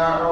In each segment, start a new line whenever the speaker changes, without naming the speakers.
Gracias.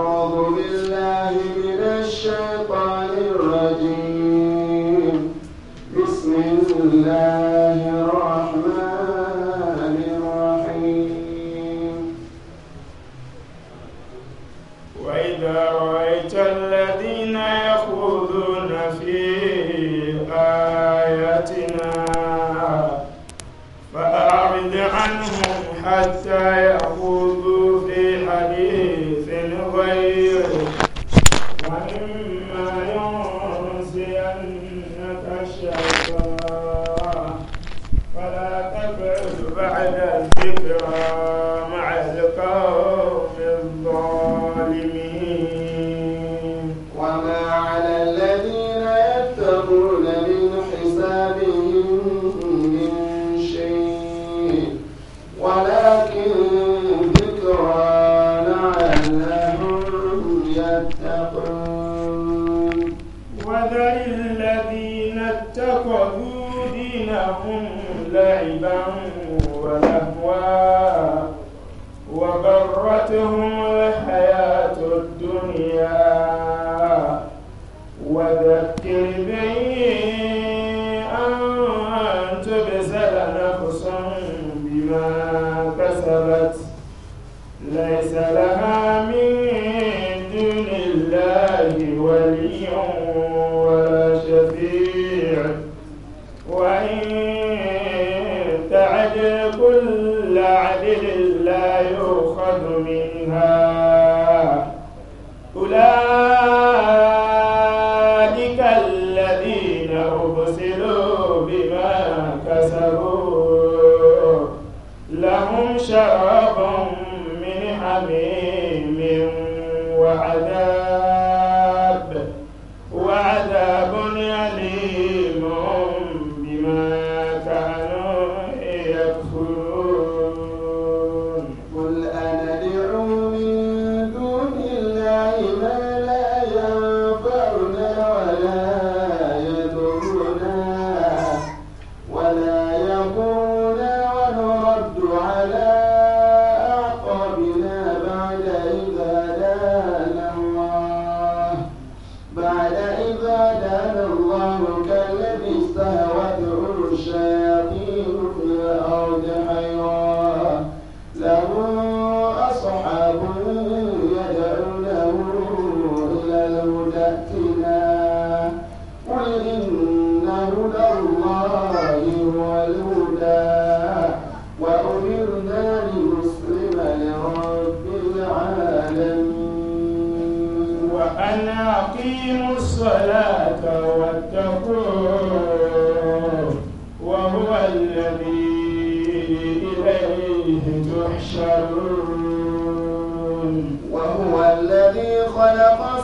أن أقيموا الصلاة واتقوه وهو الذي إليه تحشرون وهو الذي خلق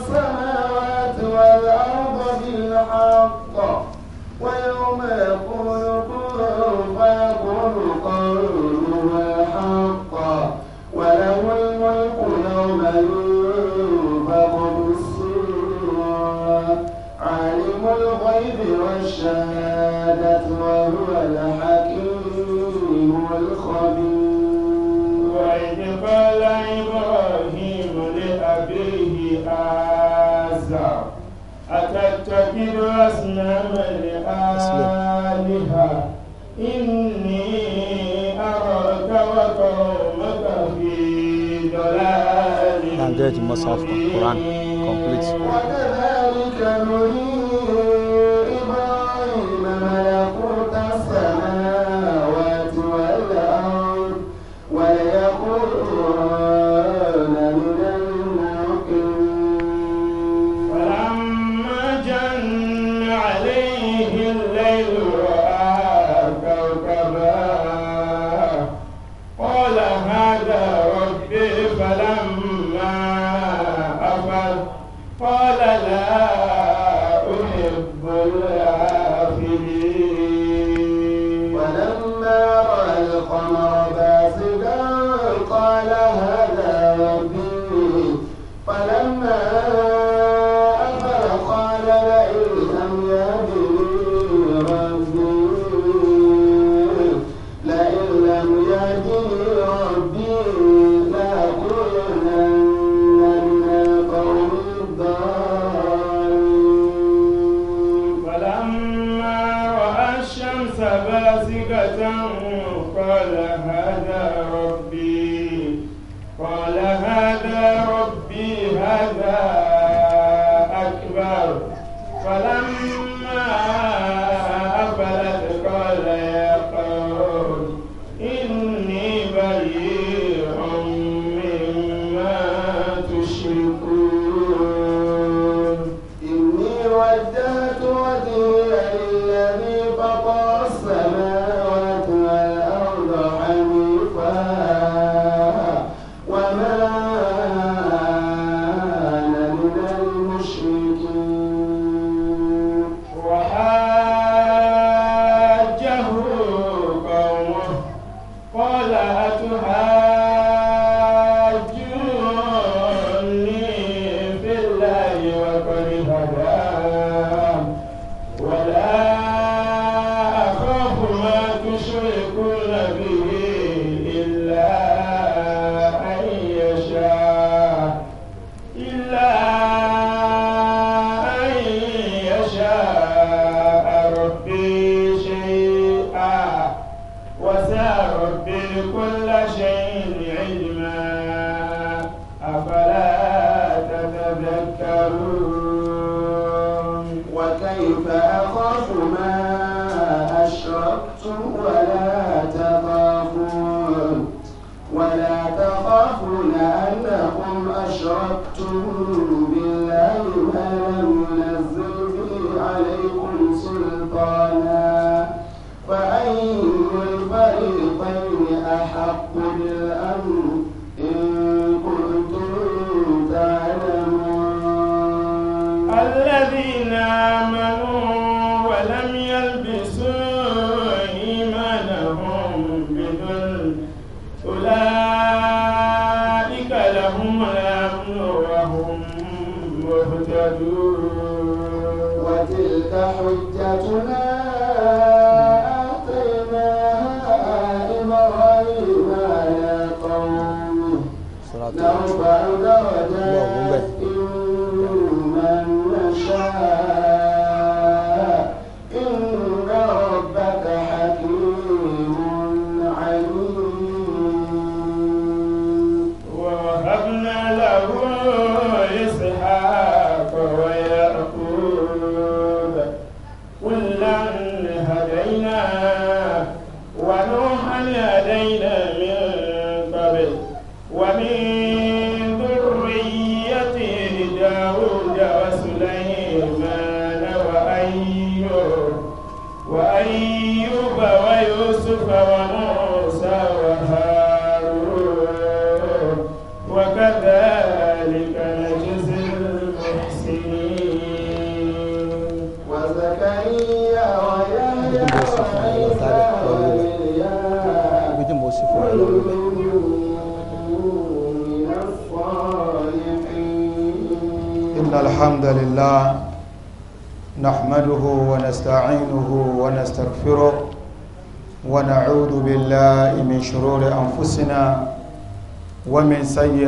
الشهادة وهو الحكيم الخبير وإذ قال إبراهيم لأبيه آزر أتتخذ أصناما لآلهة إني أراك وقومك
في ضلال مبين وكذلك نريد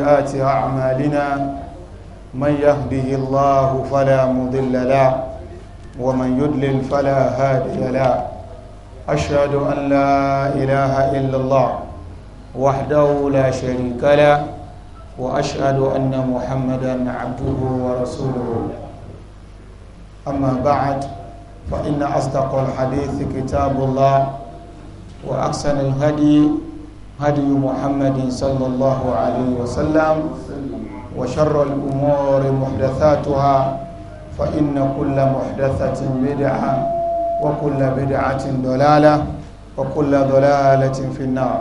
سيئات أعمالنا من يهده الله فلا مضل له ومن يدلل فلا هادي له أشهد أن لا إله إلا الله وحده لا شريك له وأشهد أن محمدا عبده ورسوله أما بعد فإن أصدق الحديث كتاب الله وأحسن الهدي هدي محمد صلى الله عليه وسلم وشر الأمور محدثاتها فإن كل محدثة بدعة وكل بدعة ضلالة وكل ضلالة في النار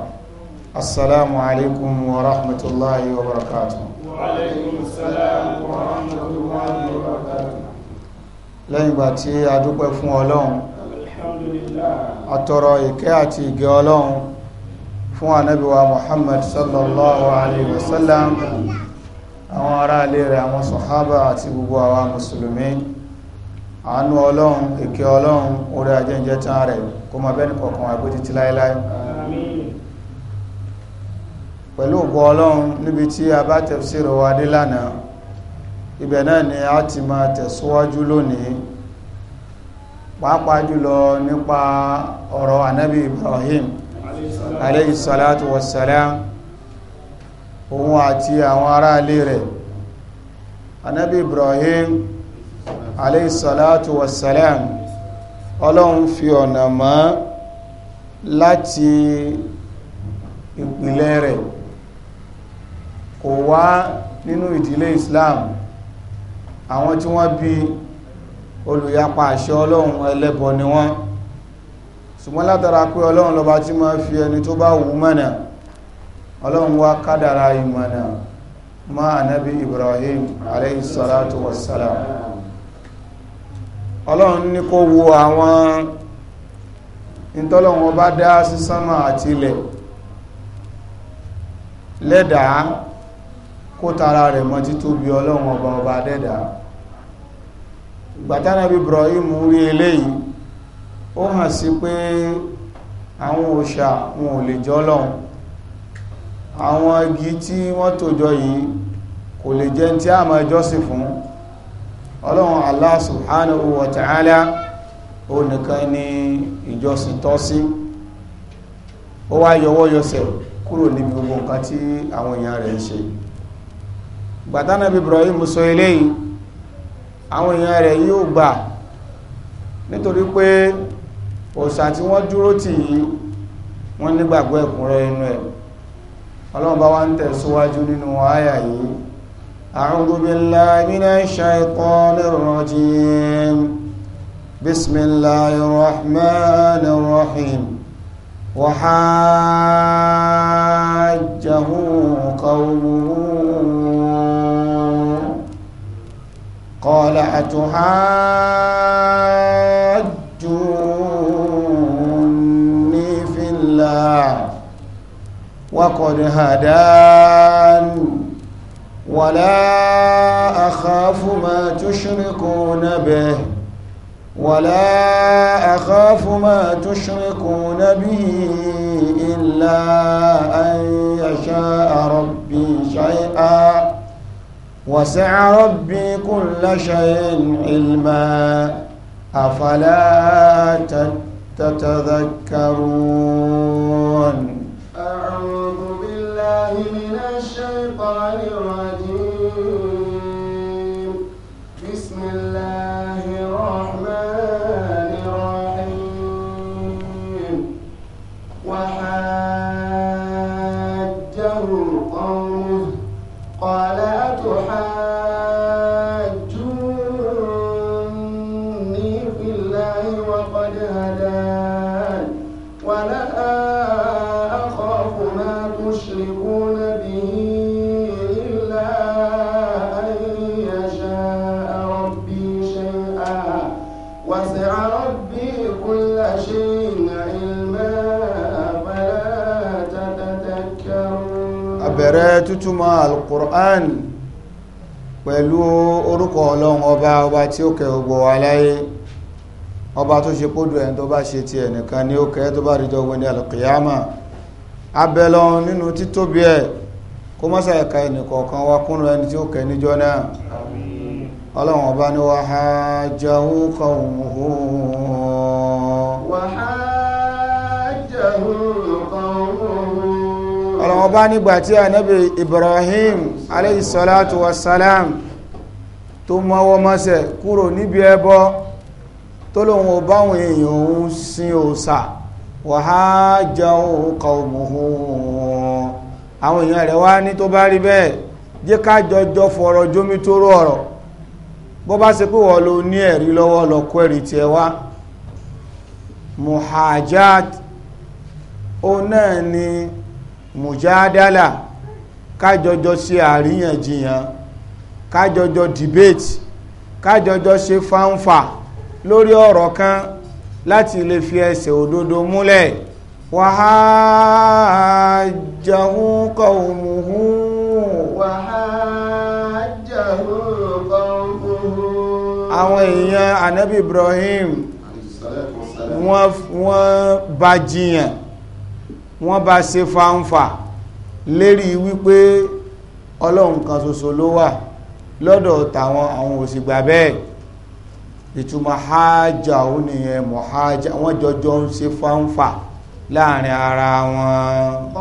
السلام عليكم ورحمة الله وبركاته
وعليكم السلام ورحمة الله وبركاته
lẹ́yìn ìgbà tí a dúpẹ́ fún ọlọ́run àtọ̀rọ̀ ìkẹ́ fún anábíwa Muhammad sallallahu alayhi wa sallam àwọn ará ilé rẹ̀ àwọn sọ̀hábà àti gbogbo àwa mùsùlùmí àánú ọlọ́run ìkẹ́ ọlọ́run orí ajẹ́jẹ́ tán rẹ̀ kó ma bẹ́ni kọ̀kan àgbé títí láíláí pẹ̀lú ògbọ́ ọlọ́run níbi tí a bá tafsir wa dé lánàá ibẹ̀ náà ni a ti máa tẹ̀síwájú lónìí pàápàá jùlọ nípa ọ̀rọ̀ ànábì Ibrahim aleyhi salatu wassalam òun àti àwọn ará ilé rẹ̀ anábì ibrahim aleyhi salatu wassalam ọlọ́run fi ọ̀nà mọ́ láti ìpìlẹ̀ rẹ̀ kò wá nínú ìdílé islam àwọn tí wọ́n bí olùyapa àṣẹ ọlọ́run ẹlẹ́bọ ni wọ́n ṣùgbọ́n látara pé ọlọ́run lọba tí ma fi ẹni tó bá wù mọ́nà ọlọ́run wá kádàrá ìmọ̀nà ma ànábí Ibrahim aleyhisalatu wassalam ọlọ́run ní kó wo àwọn ìtọ́lọ́run bá dá sí sánmà àti ilẹ̀ lẹ́dàá kó tara rẹ̀ mọ́ títóbi ọlọ́run ọba ọba dẹ́dàá gbàtánàbí Ibrahim rí eléyìí ó hàn sí pé àwọn òòṣà wọn ò lè jọ lọ́hun àwọn igi tí wọ́n tòjọ yìí kò lè jẹ́ tí a máa jọ́sìn fún ọlọ́run Allah subhanahu wa ó nìkan ni ìjọsìn tọ́ sí ó wá yọwọ́ yọsẹ̀ kúrò níbi gbogbo nǹkan tí àwọn èèyàn rẹ̀ ń ṣe gbàtánà bí Ibrahim sọ eléyìí àwọn èèyàn rẹ̀ yóò gbà nítorí pé òòṣà tí wọ́n dúró tì yí wọ́n nígbàgbọ́ ẹ̀kúnrẹ́ inú ẹ̀ ọlọ́run bá wá ń tẹ̀síwájú nínú àyà yìí a'udhu billahi minash shaytanir rajim bismillahir rahmanir rahim wa hajjahu qawmuhu الله وقد هدان ولا أخاف ما تشركون به ولا أخاف ما تشركون به إلا أن يشاء ربي شيئا وسع ربي كل شيء علما أفلا تتقون تتذكرون
أعوذ بالله من الشيطان الرجيم
tútúmọ̀ al-Qur'an pẹ̀lú orúkọ ọlọ́run ọba ọba tí ó kẹ ogbò aláyé ọba tó ṣe kódò ẹni tó bá ṣe ti ẹnìkan ní ó kẹ tó bá rí jọgbọ́ ní al-qiyama nínú títóbi ẹ̀ kó mọ́sà ẹ̀ka ẹnìkọ̀ọ̀kan wá kúnnù ẹni tí ó kẹ níjọ́ náà ọlọ́run ọba ní wa hajjahu qawmuhu
wa hajjahu
ọlọ́wọ́n bá nígbà tí ànábì Ibrahim aleyhisalatu wasalam tó mọ́wọ́ mọ́sẹ̀ kúrò níbi ẹbọ tó lóun ò báwọn èèyàn òun sin òòṣà wàhájà òun kà òmùhùn àwọn èèyàn rẹ̀ wá ní tó bá rí bẹ́ẹ̀ jẹ́ ká jọjọ fọ̀rọ̀ jómi tó rọ̀ ọ̀rọ̀ bó bá ṣe pé wọ́n lo ní ẹ̀rí lọ́wọ́ lọ ẹ̀rí tiẹ̀ wá muhajat òun náà ni mujadala kájọjọ ṣe àríyànjiyàn kájọjọ debate kájọjọ ṣe fanfa lórí ọ̀rọ̀ kan láti lè fi ẹsẹ̀ òdodo múlẹ̀ wàhájàhú kọ̀ọ̀mùhú àwọn èèyàn ànábì Ibrahim wọ́n bá jiyàn wọ́n bá se fáńfà lérí wípé ọlọ́run kan ṣoṣo ló wà lọ́dọ̀ tàwọn àwọn òsìgbà bẹ́ẹ̀ ìtumọ̀ hajjá ó nìyẹn mọ̀hájá wọ́n jọjọ́ ń ṣe fáńfà láàrin ara wọn.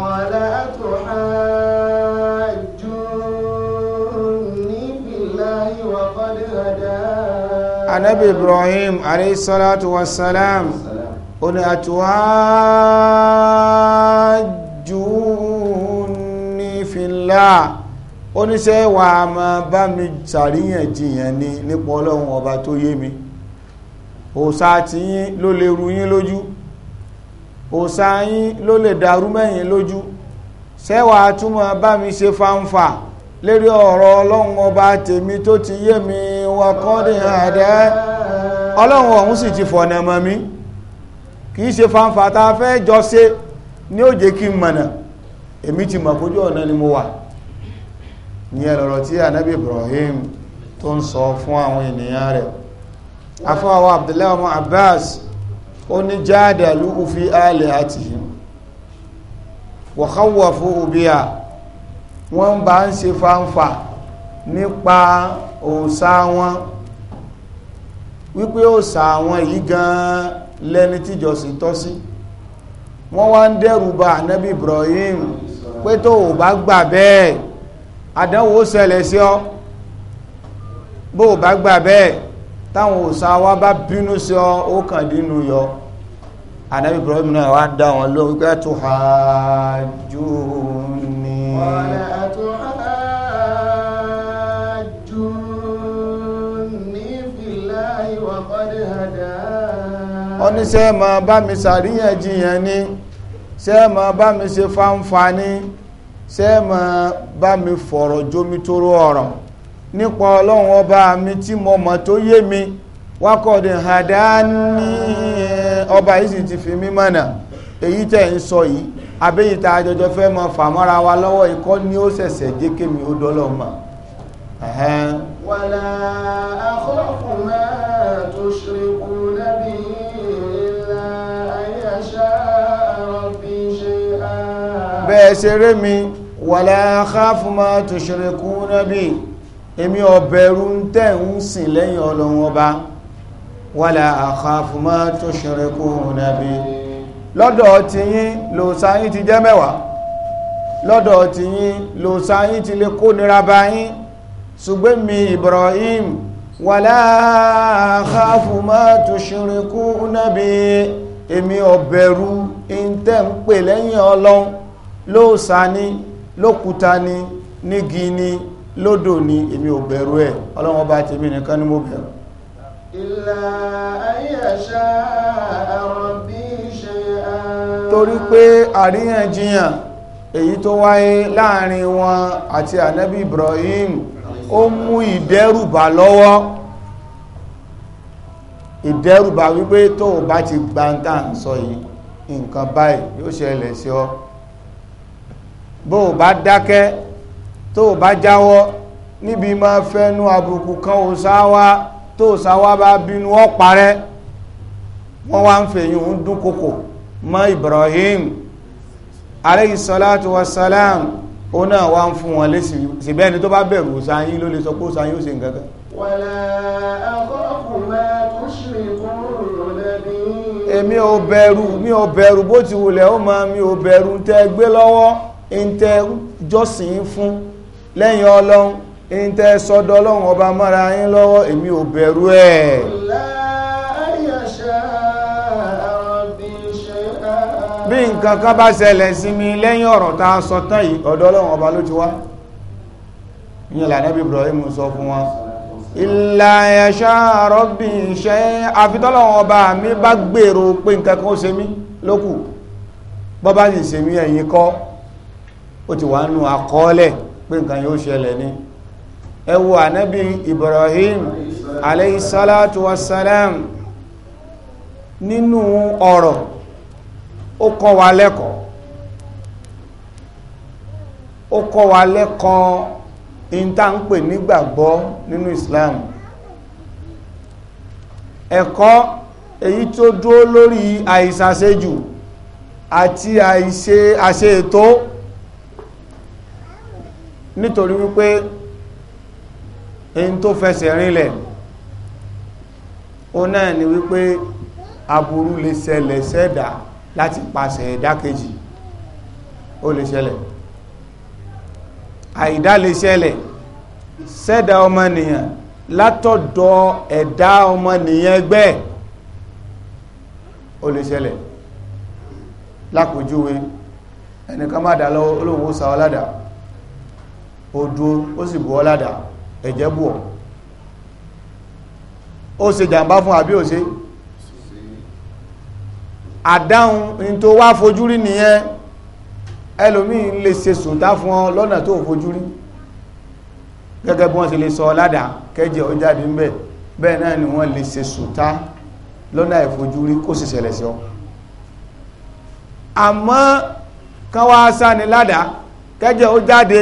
anabi ibrahim alayhi salatu wa salam ó ní àtúwájúni fìlà oníṣẹ́ wà máa bá mi ṣàríyànjiyàn ni nípa ọlọ́run ọba tó yé mi òsà tí yín ló lè ru yín lójú òsà yín ló lè dàrú mẹ́yìn mi ṣe fanfà lérí ọ̀rọ̀ ọlọ́run ọba tèmi tó ti yé mi wakọ́ ní àdẹ́ ọlọ́run ọ̀hún sì ti fọ̀nà mọ́ mi kìí ṣe fanfà tá a fẹ́ jọ ṣe ní ó jẹ́ kí n mọ̀nà èmi ti mọ̀ kójú ọ̀nà ni mo wà ní ẹ̀lọ́rọ̀ tí anábì Ibrahim tó ń sọ fún àwọn ènìyàn rẹ̀ afọ́wọ́ Abdullahi ọmọ Abbas ó ní jáàdà lúkú fi ààlẹ̀ àti wọ̀káwọ̀ fún obìyà wọ́n bá ń ṣe fanfà nípa òòṣà wọn wípé òòṣà wọn yìí gan-an lẹ́ni tíjọsìn tọ́ sí wọ́n wá ń dẹ́rù ba ànábì Ibrahim pé tó ò bá gbà bẹ́ẹ̀ àdánwò ṣẹlẹ̀ sí ọ bó ò bá gbà bẹ́ẹ̀ táwọn òsà wa bá bínú sí ọ ó kàn dínú yọ ànábì Ibrahim náà wá dá wọn lóhùn pé tó hàájú ni. wọ́n ó ní ṣé máa bá mi ṣàríyànjiyàn ni ṣé máa bá mi ṣe fáńfà ni ṣé máa bá mi fọ̀rọ̀ jomitoro ọ̀rọ̀ nípa ọlọ́run ọba mi tí mo mọ̀ tó yé mi wákọ̀dé hàdání ọba yìí sì ti fi mí mọ̀nà èyí tẹ̀ ń sọ yìí abéyìí tá fẹ́ mọ fàmọ́ra wa lọ́wọ́ ikọ́ ni ó ṣẹ̀ṣẹ̀ jẹ́ kémi ó dọ́lọ́ mọ̀. wàlá
àkọ́kọ́
bẹ́ẹ̀ ṣe rẹ́ mi wàlá káfùmá tó ṣeré kú nábì èmi ọ̀bẹ̀rù ń tẹ̀ ń sìn lẹ́yìn ọlọ́run ọba wàlá àkàfùmá tó ṣeré kú nábì lọ́dọ̀ ti yín lò sáyín ti jẹ́ mẹ́wàá lọ́dọ̀ ti yín lò sáyín ti lè kó nira bá yín ṣùgbọ́n mi Ibrahim wàlá àkàfùmá tó ṣeré kú nábì èmi ọ̀bẹ̀rù ń tẹ̀ ń pè lẹ́yìn ọlọ́run lóòsà ní lókúta ní nígi ní lódò ní èmi ò bẹ̀rù ẹ̀ ọlọ́run ọba tèmi nìkan ni mo bẹ̀rù illa ayyasha rabbi shay'an torí pé àríyànjiyàn èyí tó wáyé láàrin wọn àti ànábì Ibrahim ó mú ìdẹ́rùbà lọ́wọ́ ìdẹ́rùbà wípé tó bá ti gbáǹtà ń sọ yìí nǹkan báyìí yóò ṣẹlẹ̀ sí ọ bó o bá dákẹ́ tó o bá jáwọ́ níbi máa fẹ́nu àbùkù kan ò sáwá tó o sáwá bá bínú ọ́ parẹ́ wọ́n wá ń fèyí ń dún kòkò mọ́ Ibrahim alayhi salatu wassalam ó náà wá ń fún wọn lé síbẹ́ ni tó bá bẹ̀rù òsáyín ló lè sọ pé òsáyín ó ṣe nǹkan kan èmi ò bẹ̀rù mi ò bẹ̀rù bó ti wulẹ̀ ó máa mi ò bẹ̀rù tẹ́ gbé lọ́wọ́ ìntẹ́ jọ́sìn fún lẹ́yìn ọlọ́run ìntẹ́ sọ́dọ̀ ọlọ́run ọba mọ́ra yín lọ́wọ́ èmi ò bẹ̀rù ẹ̀ bí nǹkan kan bá ṣẹlẹ̀ sí mi lẹ́yìn ọ̀rọ̀ tá a sọ tán yìí ọ̀dọ̀ ọlọ́run ọba ló ti wá ìyẹn l'Ànábì Ibrahim sọ fún wọn ìlà ẹ̀ṣà rọ́bì ṣe àfitọ́lọ́wọ́n ọba mi bá gbèrò pé nǹkan kan ó ṣe mí lókù bọ́bá sì ṣe mí kọ́ ó ti wà nù àkọọ́lẹ̀ pé nǹkan yóò ṣẹlẹ̀ ní ẹ wo Ibrahim aleyhisalatu wasalam nínú ọ̀rọ̀ ó kọ́ wa lẹ́kọ̀ọ́ ó kọ́ wa lẹ́kọ̀ọ́ ìta ń pè nígbàgbọ́ nínú Islam ẹ̀kọ́ èyí tó dúó lórí àìsàṣejù àti àìṣe ètò nítorí wípé èyí tó fẹsẹ̀ rinlẹ̀ ó náà ni wípé aburú lè ṣẹlẹ̀ sẹ́dà láti pàṣẹ ẹ̀dá kejì ó lè ṣẹlẹ̀ àìdá lè ṣẹlẹ̀ sẹ́dà ọmọnìyàn látọ̀dọ̀ ẹ̀dá ọmọnìyàn ẹgbẹ́ ó lè ṣẹlẹ̀ lápòjúwe ẹnìkan má dà lọ́wọ́ olóòwò sàwọ́ládàá ó dúó ó sì bú ọ́ládà ẹ̀jẹ̀ O ọ́ ó ṣe jàǹbá fún àbí òṣe àdáhùn ní tó wá fojú rí nìyẹn ẹlòmíì lè ṣe sùtá fún ọ lọ́nà tó fojú rí gẹ́gẹ́ bí wọ́n ṣe lè sọ ọ́ládà kẹ́jẹ̀ ó jáde ń bẹ̀ bẹ́ẹ̀ náà ni wọ́n lè ṣe sùtá lọ́nà ìfojúrí kó sì ṣẹlẹ̀ sí ọ àmọ́ kan wá sáni ládàá kẹ́jẹ̀ ó jáde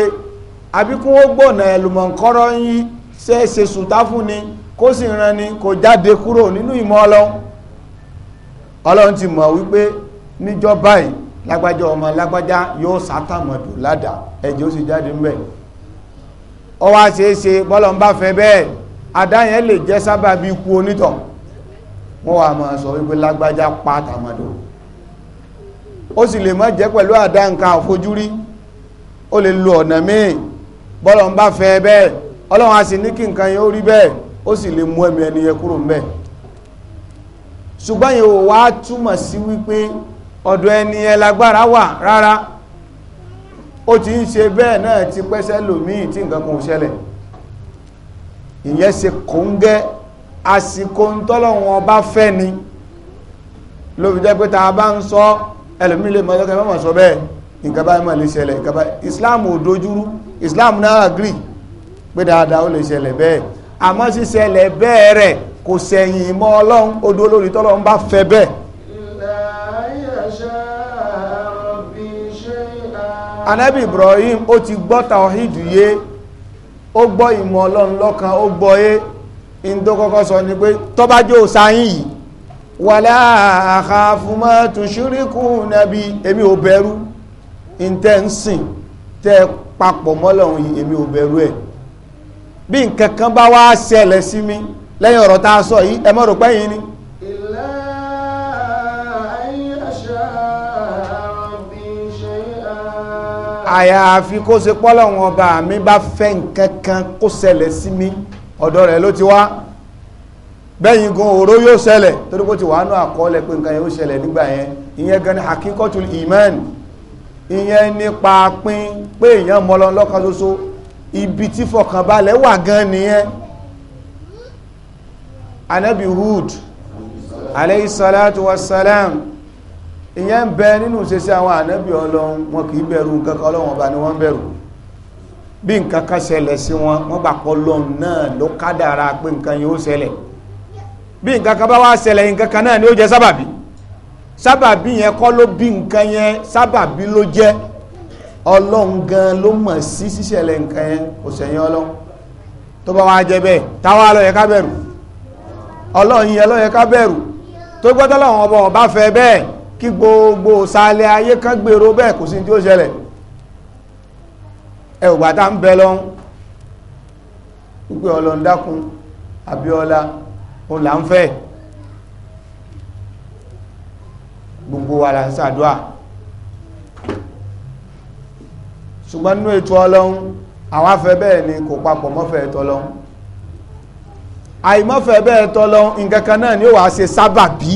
àbí kún ó gbọ̀nà ẹ̀lùmọ̀ǹkọ́rọ́ yín ṣe é ṣe sùtá fún ni kó sì ran ni kò jáde kúrò nínú ìmọ̀ ọlọ́run ọlọ́run ti mọ̀ wípé níjọ́ báyìí lágbájá ọmọ lágbájá yóò sátàmọ̀dù ládàá ẹ̀jẹ̀ ó sì jáde ń bẹ̀ ọ wá ṣe é ṣe bọ́lọ́n bá fẹ́ bẹ́ẹ̀ adáyẹn lè jẹ́ sábàbí ikú onítọ̀ wọ́n wà máa sọ wípé lágbájá pa tàmọ̀dù ó sì lè má jẹ́ pẹ̀lú àdá nǹkan àfojúrí ó lè lo ọ̀nà míì bọ́lọ̀ ń bá fẹ́ bẹ́ẹ̀ ọlọ́run a sì ní kí nǹkan yẹn ó rí bẹ́ẹ̀ ó sì lè mú ẹ̀mí ẹni yẹn kúrò ń bẹ̀ ṣùgbọ́n yẹn ò wá túmọ̀ sí wípé ọ̀dọ̀ ẹni yẹn lágbára wà rárá ó ti ń ṣe bẹ́ẹ̀ náà ti pẹ́sẹ́ lòmíì tí nǹkan kan ṣẹlẹ̀ ìyẹn ṣe kóńgẹ́ àsìkò ń tọ́lọ̀wọ̀n bá fẹ́ ni ló jẹ́ pé ta bá ń sọ ẹlòmí mọ́ ọjọ́ kẹfẹ́ mọ̀ sọ bẹ́ẹ̀ nǹkan báyìí lè ṣẹlẹ̀ nǹkan báyìí Islam Islam náà agri pé dáadáa ó lè ṣẹlẹ̀ bẹ́ẹ̀ àmọ́ ṣíṣẹlẹ̀ bẹ́ẹ̀ rẹ̀ kò sẹ̀yìn mọ́ ọlọ́run odò olórí tọ́lọ́run bá fẹ́ bẹ́ẹ̀ anabi Ibrahim ó ti gbọ́ tawhid yé ó gbọ́ ìmọ̀ ọlọ́run lọ́kan ó gbọ́ yé in tó kọ́kọ́ sọ ni pé tọ́bájó sáyìn yìí wà láàkà fúnmọ́ nàbí èmi ò bẹ̀rù in tẹ́ papọ̀ mọ́lọ́run yìí èmi ò bẹ̀rù ẹ̀ bí nǹkan kan bá wá ṣẹlẹ̀ sí mi lẹ́yìn ọ̀rọ̀ tá a sọ yìí ẹ yìí ni. àyàfi kó ṣe pọ́lọ́run ọba mi bá fẹ́ nǹkan kan kó ṣẹlẹ̀ sí mi ọ̀dọ̀ rẹ̀ ló ti wá bẹ́yìn gan òró yóò ṣẹlẹ̀ torí kó ti nù àkọọ́lẹ̀ pé nǹkan ṣẹlẹ̀ nígbà yẹn ìyẹn gan ni ìyẹn nípa pín pé èèyàn mọ́lọ lọ́kan ṣoṣo ibi tí fọkànbalẹ̀ wà gan nìyẹn anabi Hud alayhi salatu wassalam ìyẹn ń bẹ nínú ìṣẹ́sẹ́ àwọn anabi ọlọ́run wọn kìí bẹ̀rù nǹkan kan ọlọ́run ọba ni wọ́n bẹ̀rù bí nǹkan kan ṣẹlẹ̀ sí wọn wọ́n gbà pọ̀ lọ́run náà ló kádàra pé nǹkan yóò ṣẹlẹ̀ bí nǹkan kan bá wá ṣẹlẹ̀ nǹkan kan náà ni ó jẹ sábàbí sábàbí yẹn kọ́ ló bí nǹkan yẹn sábàbí ló jẹ́ ọlọ́run gan ló mọ̀ sí ṣíṣẹ̀lẹ̀ nǹkan yẹn kò sẹ̀yìn ọlọ́run tó bá wá jẹ bẹ́ẹ̀ táwa ló yẹ ká bẹ̀rù ọlọ́run yẹn ló yẹ ká bẹ̀rù tó gbọ́dọ̀ làwọn ọba ọba fẹ́ bẹ́ẹ̀ kí gbogbo sàlẹ̀ ayé kan gbèrò bẹ́ẹ̀ kò sí tí ó ṣẹlẹ̀ ẹ ò gbà ń bẹ lọ́hún wípé ọlọ́run dákun abiola òun là ń fẹ́ẹ́ gbogbo wa la ṣàdúà ṣùgbọ́n nínú ètò ọlọ́run àwọn afẹ́ bẹ́ẹ̀ ni kò papọ̀ mọ́fẹ́ tọ́lọ́run àìmọ́fẹ́ bẹ́ẹ̀ tọ́lọ́run nǹkankan náà ni ó wàá ṣe sábàbí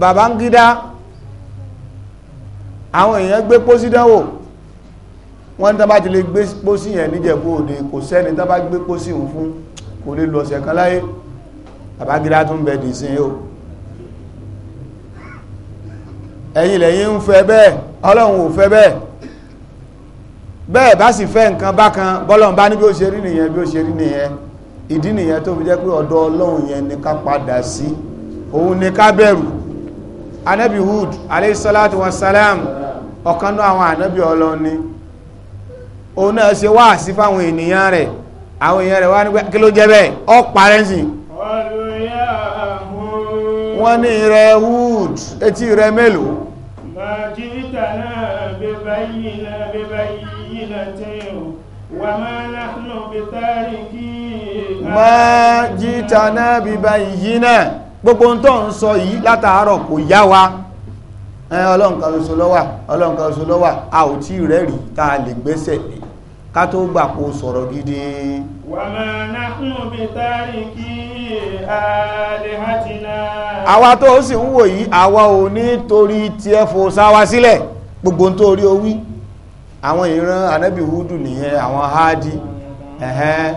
Babangida àwọn èèyàn gbé pósí dánwò wọ́n tán bá ti lè gbé pósí yẹn níjẹ̀bú òde kò sẹ́ni tán gbé pósí òun fún kò lè lọ ọ̀sẹ̀ kan láyé babangida tún bẹ dì sí o ẹ̀yin lẹ́yìn ń fẹ́ bẹ́ẹ̀ ọlọ́run ò fẹ́ bẹ́ẹ̀ bẹ́ẹ̀ bá sì fẹ́ nǹkan bákan bọ́lọ́run bá ní bí ó ṣe rí nìyẹn bí ó ṣe rí nìyẹn ìdí nìyẹn tó fi jẹ́ pé ọ̀dọ̀ ọlọ́run yẹn ni ká padà sí òun ni ká bẹ̀rù anabi Hud aleyhisalatu wasalam ọ̀kan náà àwọn anabi ọlọ́run ni òun náà ṣe wáàsí fáwọn ènìyàn rẹ̀ àwọn èèyàn rẹ̀ wá ní kí ló jẹ́ bẹ́ẹ̀ ọ́ parẹ́sìn wọ́n ní rẹ̀ Hud etí rẹ̀ mélòó
ma jíta náà
bí báyìí náà gbogbo tó ń sọ yìí látàárọ̀ kò yá wa ọlọ́nkà oṣù lọ́wà ọlọ́nkà oṣù lọ́wà a ò tí rẹ̀ rí ta lè gbẹ́sẹ̀ lè ká tó gbà kó sọ̀rọ̀ gidi àwa tó sì ń wò yí àwa ò ní torí tí ẹ fò sáwá sílẹ̀ gbogbo tó rí owí àwọn ìran ànábì Húdù nìyẹn àwọn háàdì ẹ̀hẹ́n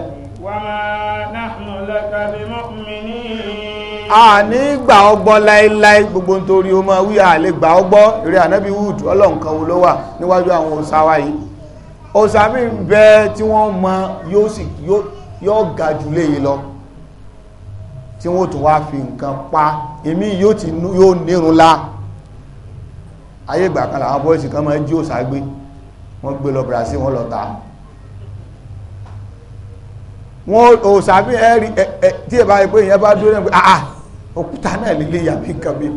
a ní gbà ọgbọ́ láíláí gbogbo nítorí o máa wí àlè gbà ọgbọ́ eré ànábì Húdù ọlọ́nkan wo ló wà níwájú àwọn òsáwá yìí òsàmì ń bẹ tí wọ́n mọ yóò sì yóò ga jù léyìí lọ tí wọ́n tún wá fi nǹkan pa èmi yóò ti yóò nírun la ayé ìgbà kan làwọn bọ́ìsì kan máa jí òsà gbé wọ́n gbé lọ Brazil wọ́n lọ ta wọ́n òsàmì ẹ̀rí tí ẹ̀ bá rí pé ìyẹn bá dúró náà pé àà ah, ah, òkúta náà lílé yàbí kan bí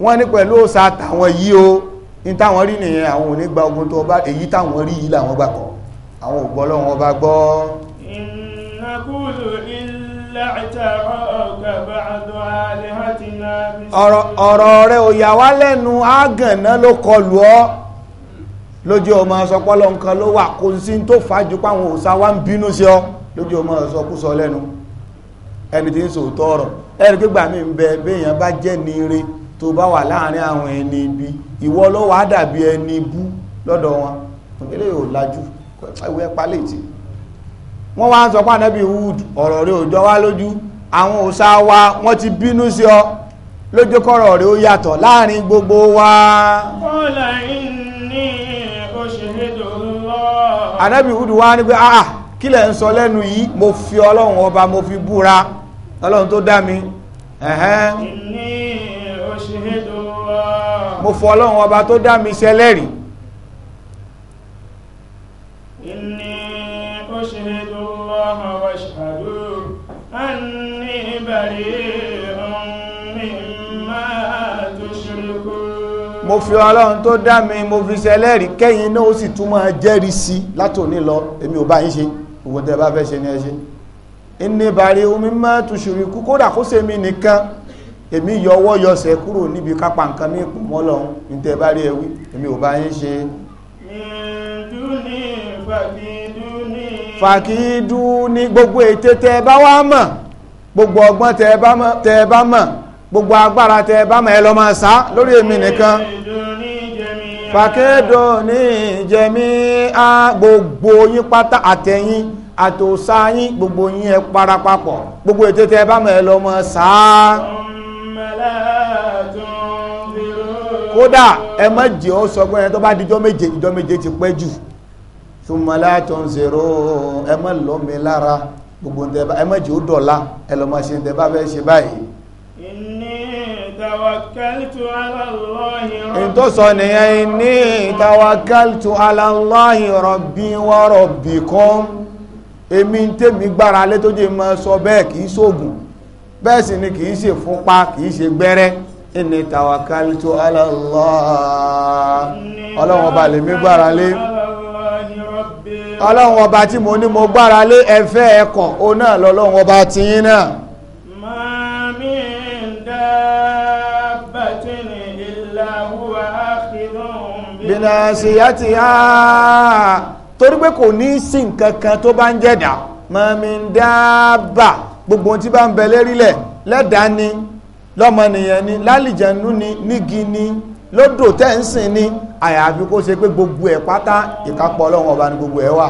wọ́n ní pẹ̀lú òsà tàwọn yìí o ní táwọn rí nìyẹn àwọn ò ní gba ogun tó bá èyí táwọn rí yìí làwọn gbà kọ́ àwọn ò gbọ́ lọ́wọ́ bá gbọ́ ọ̀rọ̀ rẹ̀ ò yà wá lẹ́nu ágànná ló kọlù ọ́ lójú ọmọ sọpọ́lọ nǹkan ló wà kò sí tó fàájú páwọn òsá wá ń bínú sí ọ lójú ọmọ sọkúsọ lẹ́nu ẹni tí ń sòótọ́ ọ̀rọ̀ ẹni gbígbà mí ń bẹ béèyàn bá jẹ́ ní rí tó bá wà láàrin àwọn ẹni ibi ìwọ ló wá dàbí ẹni bú lọ́dọ̀ wọn ilé yóò lajú ìwé palẹ̀tì wọ́n wá ń sọ pá nẹ́bí wood ọ̀rọ̀ rẹ̀ ò jọ wá lójú àwọn òsà wa wọ́n ti bínú sí ọ lójókọ̀rọ̀ rẹ̀ ó yàtọ̀ láàrin gbogbo wa kọ́lá wood wá ní pé àà kí lẹ̀ ń sọ lẹ́nu yìí mo fi ọlọ́run ọba mo fi búra ọlọ́run tó dá mi ẹ̀hẹ́n mo fọ ọlọ́run ọba tó dá mi ṣe ẹlẹ́rìí
inni ushhidu Allaha washhadu anni bari'un mimma
tushrikun mo fi ọlọ́run tó dá mi mo fi ṣe ẹlẹ́rìí kẹ́yìn náà ó sì tún máa jẹ́rìí sí látòní lọ èmi ò bá yín ṣe gbogbo bá fẹ́ ṣe ní ẹ ṣe inni bari'un mimma tushrikun kódà kó ṣe nìkan èmi yọ ọwọ́ yọsẹ̀ kúrò níbi kápá nǹkan mí pò mọ́ lọ́hún ní tẹ́ bá rí ẹwí èmi ò bá yín ṣe fàkídú ní gbogbo ète tẹ́ bá wá mọ̀ gbogbo ọgbọ́n tẹ́ bá mọ̀ gbogbo agbára tẹ́ bá mọ̀ ẹ lọ máa sá lórí èmi nìkan fàkídú ní jẹmí á gbogbo yín pátá àtẹ̀yìn àtòsáyín gbogbo yín ẹ parapapọ̀ gbogbo ète tẹ́ bá mọ̀ ẹ lọ máa sá kódà ẹ má jẹ́ ó sọ pé ẹni tó bá di ijọ́ méje ijọ́ méje ti pẹ́ jù thumma la tunziru ẹ má lọ́mi lára gbogbo ǹdẹ́bá ẹ má jẹ́ ó dọ̀la ẹ lọ́mọ ṣe ǹdẹ́bá fẹ́ ṣe báyìí.
inni tawakkaltu ala Allahi rabbi.
nìyẹn inni tawakkaltu ala Allahi rabbi wa rabbikum èmi ń tèmi gbára lé tó sọ bẹ́ẹ̀ kì í ṣoògùn bẹ́ẹ̀ sì ni kìí ṣe fúnpá kìí ṣe gbẹ́rẹ́ inni tawakkaltu ala Allah ọlọ́run ọba lè mí gbára lé ọlọ́run ọba tí mo ní mo gbára lé ẹfẹ́ ẹkàn ó náà lọ́lọ́run ọba ti yín náà
ma min dabbatin illa huwa
torí pé kò ní sí nǹkan kan tó bá ń jẹ̀dá ma min gbogbo ohun tí bá ń bẹ lérílẹ̀ lẹ́dàá ni lọ́mọnìyàn ni lálìjẹ̀nú ni nígi ni lódò tẹ́ǹsìn ni àyàfi kó ṣe pé gbogbo ẹ̀ pátá ìkápọ̀ ọlọ́run ọba ni gbogbo ẹ̀ wà.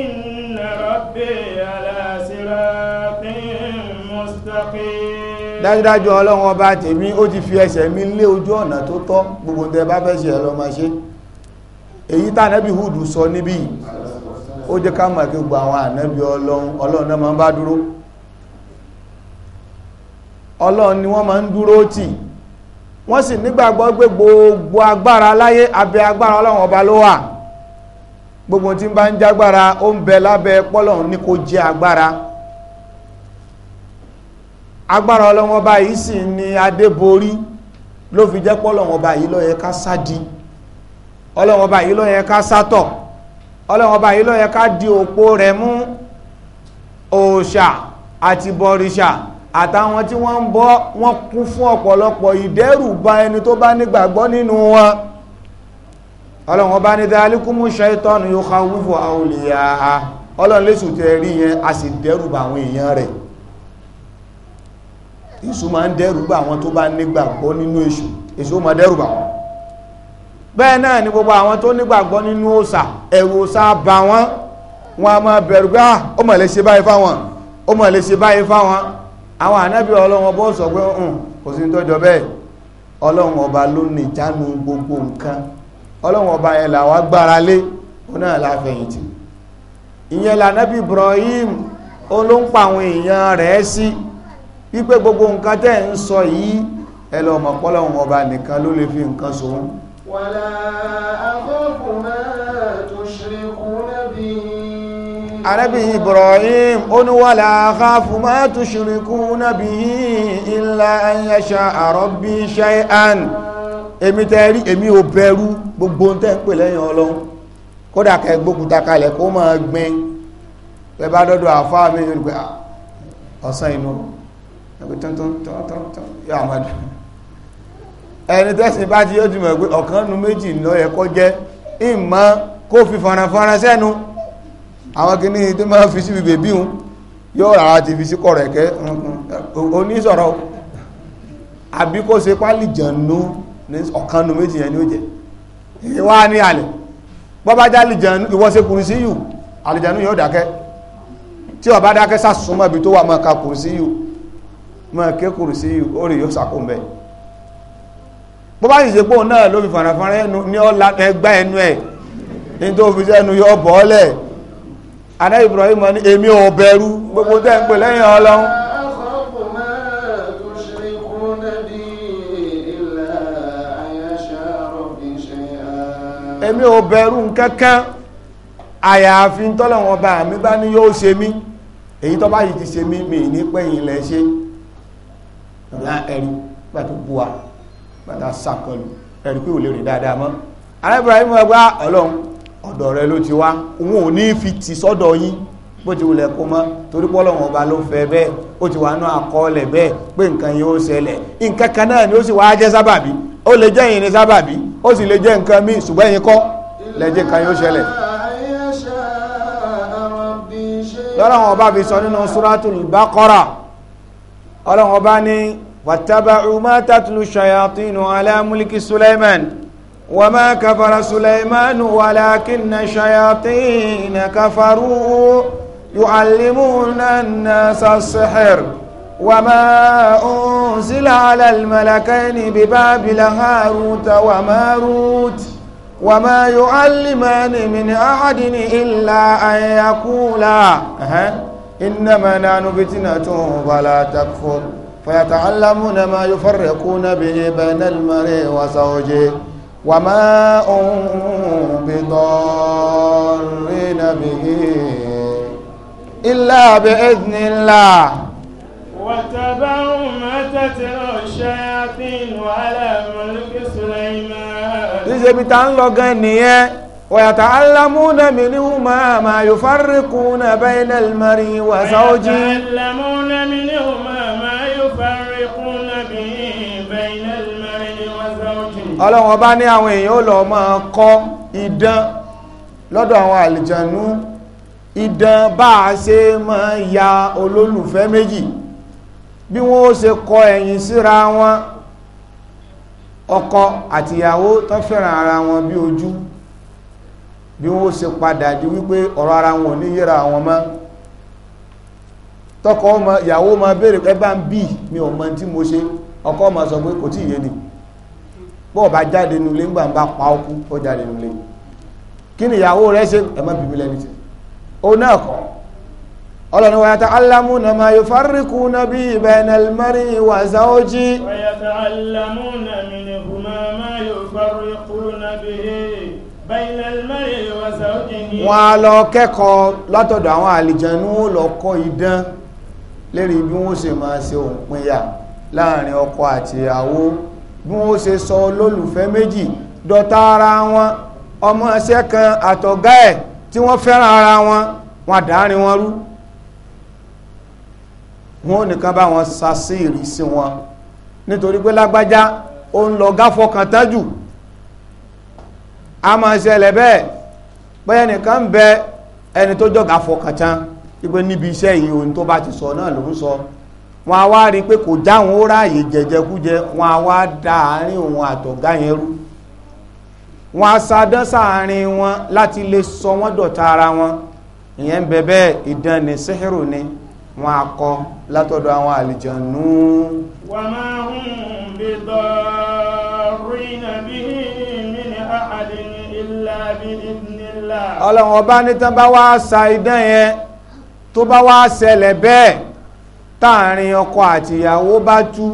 inna rabbi ala siratin mustaqim.
dájúdájú ọlọ́run ọba tèmi ó ti fi ẹsẹ̀ mi lé ojú ọ̀nà tó tọ́ gbogbo tẹ bá fẹ́ ṣe ẹ lọ máa ṣe èyí tá ànábì Húdù sọ níbí ó jẹ́ ká mọ̀ kí gbogbo àwọn ànábì ọlọ́run ọlọ́run náà máa ń bá dúró ọlọ́run ni wọ́n máa ń dúró tì wọ́n sì nígbàgbọ́ pé gbogbo agbára láyé abẹ́ agbára ọlọ́run ọba ló wà gbogbo tí ń bá ń jágbára ó ń bẹ lábẹ́ pọ́lọ́run ní kó jẹ́ agbára agbára ọlọ́run ọba yìí sì ni adéborí ló fi jẹ́ pọ́lọ́run ọba yìí ló ká sádi ọlọ́run ọba yìí ló ká sátọ̀ ọlọ́run ọba yìí ló ká di òpó rẹ̀ mú òòṣà àti bọ̀rìṣà àtàwọn tí wọ́n ń bọ́ wọ́n kún fún ọ̀pọ̀lọpọ̀ ìdẹ́rù bá ẹni tó bá nígbàgbọ́ nínú wọn ọlọ́run bá ní dáálíkúmú ṣaitọ́nù yóò ká wúfò àwòlìyà ọlọ́run lè sùtẹ̀ rí yẹn a sì dẹ́rù bá àwọn èèyàn rẹ̀ èṣù máa ń dẹ́rù bá àwọn tó bá nígbàgbọ́ nínú èṣù èṣù máa dẹ́rù bá wọn bẹ́ẹ̀ àwọn ànábì ọlọ́run ọbọ̀ sọ pé ń kò sí tọ́jọ bẹ́ẹ̀ ọlọ́run ọba ló ní gbogbo nǹkan ọlọ́run ọba yẹn gbára lé Ibrahim àwọn èèyàn rẹ̀ sí wípé gbogbo nǹkan tẹ́ ń arábì Ibrahim ó ní wala akhafu ma tushrikuna bihi illa an yasha rabbi shay'an èmi tẹ́ rí èmi ò bẹ̀rù gbogbo tẹ́ ń pè lẹ́yìn ọlọ́run kódà kẹ́ gbókúta kalẹ̀ kó máa gbin ẹ dọ́dọ̀ àfáà mi yóò gbé ọ̀sán inú ẹni tẹ́sìn bá ti yóò jùmọ̀ pé ọ̀kan nu méjì lọ ẹ̀kọ́ jẹ́ ìmọ̀ kó fi fọ̀nàfọ̀nà sẹ́nu àwọn kìíní tó máa fi síbi bèbí hun yóò rárá ti fi sí kọ̀rẹ̀kẹ́ onísọ̀rọ̀ àbí kó ṣe pálì jànú ní ọ̀kanu méjì yẹn ni ó jẹ ìwá ní alẹ̀ bọ́bá já àlìjànú ìwọ́sẹ̀ kùrù sí yù àlìjànú yóò dákẹ́ tí ó bá dákẹ́ sásùnmọ́ ibi tó wà máa ka kùrù sí yù máa ké kùrù sí yù ó rí yóò sàkóhùn bẹ́ẹ̀ bọ́bá sì ṣe pòun náà ló fi fàràfàrà ẹnu ní ọ̀la ẹgbá ẹnu ẹ̀ ní tó fi sẹ́nu yọ bọ́ọ̀lẹ̀ aná Ibrahim ní èmi ò bẹ̀rù gbogbo tẹ́ ń pè lẹ́yìn Ọlọ́run èmi ò bẹ̀rù nǹkankan àyàfi tọ́lọ̀wọ̀n bá mi bá ní yóò ṣe mí èyí tó bá yìí ti ṣe mí mi ní pẹ̀yìn lẹ́ ṣe ọ̀lá ẹ̀rù pàtó búwa pàtó sàkọlù ẹ̀rù pé ò lè rìn dáadáa mọ́ aná Ibrahim ọgbà Ọlọ́run ọ̀dọ̀ rẹ ló ti wá òun ò ní fi ti sọ́dọ̀ yín bó ti wulẹ̀ kó mọ́ torí pọ́lọ̀wọ̀n ọba ló fẹ́ bẹ́ẹ̀ ó ti wà náà kọ́ọ̀lẹ̀ bẹ́ẹ̀ pé nǹkan yìí ó ṣẹlẹ̀ nǹkan náà ni ó sì wá sábàbí ó lè jẹ́ ìrìn sábàbí ó sì lè jẹ́ nǹkan míì ṣùgbọ́n ẹ̀yin kọ́ lẹ́jẹ́ kan yóò ṣẹlẹ̀ lọ́lọ́wọ́n ọba fi sọ nínú Suratul Baqara ọlọ́wọ́n ọba ní wattaba'u ma tatlu shayatinu ala mulki وما كفر سليمان ولكن الشياطين كفروا يعلمون الناس السحر وما أنزل على الملكين ببابل هاروت وماروت وما يعلمان من أحد إلا أن يقولا إنما نحن فتنة فلا تكفر فيتعلمون ما يفرقون به بين المرء وزوجه وما هم بضارين به إلا بإذن الله
وتبعوا ما تتلو الشياطين على ملك سليمان níṣẹ́bi
tá ń lọ gan nìyẹn wàyàtà alámúnà mìíràn máa máa yóò fárikùn náà bẹ́ẹ̀ náà mẹ́rin wà sáwọ́jì.
alámúnà mìíràn ọlọ́run
ọba ní àwọn èèyàn ó lọ máa kọ́ idán lọ́dọ̀ àwọn àlìjànú idán bá a ṣe máa ya olólùfẹ́ méjì bí wọ́n ó ṣe kọ ẹ̀yìn síra wọn ọkọ àtìyàwó tó fẹ́ràn ara wọn bí ojú bí wọ́n ó ṣe padà di wípé ọ̀rọ̀ ara wọn ní yíra wọn mọ́ tọkọ ìyàwó máa béèrè pé bá ń bì mi ò mọ tí mo ṣe ọkọ máa sọ pé kò tí ì yé bó o bá jáde nulẹ̀ ńgbà ń bá pa ọkú ó jáde nulẹ̀ kí ni ìyàwó rẹ ṣe ẹ má lẹ́ni tí ó náà kọ́ ọlọ́ni wa yata'allamuna ma yufarriquna bihi bayna al-mar'i wa zawji wa wọ́n á lọ kẹ́kọ̀ọ́ látọ̀dọ̀ àwọn àlìjẹnú ó lọ lérí bí wọ́n ṣe máa ṣe òǹpinya láàrin ọkọ àti ìyàwó bí wọ́n se sọ olólùfẹ́ méjì dọ̀tá ara wọn ọmọ ẹsẹ̀ kan àtọ̀gá ẹ̀ tí wọ́n fẹ́ràn ara wọn wọn àdáárín wọn rú wọn ò nìkan bá wọn sí wọn nítorí pé lágbájá ó ń lọ gáfọkàn tán jù a máa ṣẹlẹ̀ bẹ́ẹ̀ bóyá nìkan ń bẹ ẹni tó tán sọ náà ló sọ. wọn a wá rí i pé kò jáwọn ó ráàyè jẹjẹkújẹ wọn a wá da àárín òun àtọ̀gá yẹn rú wọn a sadán sáàárín wọn láti lè sọ wọn dọ̀tá ara wọn ìyẹn ń ìdán ni sẹ́hìrò ni wọn a kọ látọ̀dọ̀ àwọn àlìjànú.
wà á máa ń bí dọ́ọ̀rí nàbí mi ní àhàdì ilá bí ìdínlá.
ọlọ́run ọba ní tán bá wá sa idán yẹn tó bá wá ṣẹlẹ̀ bẹ́ẹ̀ táàrin ọkọ àti ìyàwó bá tú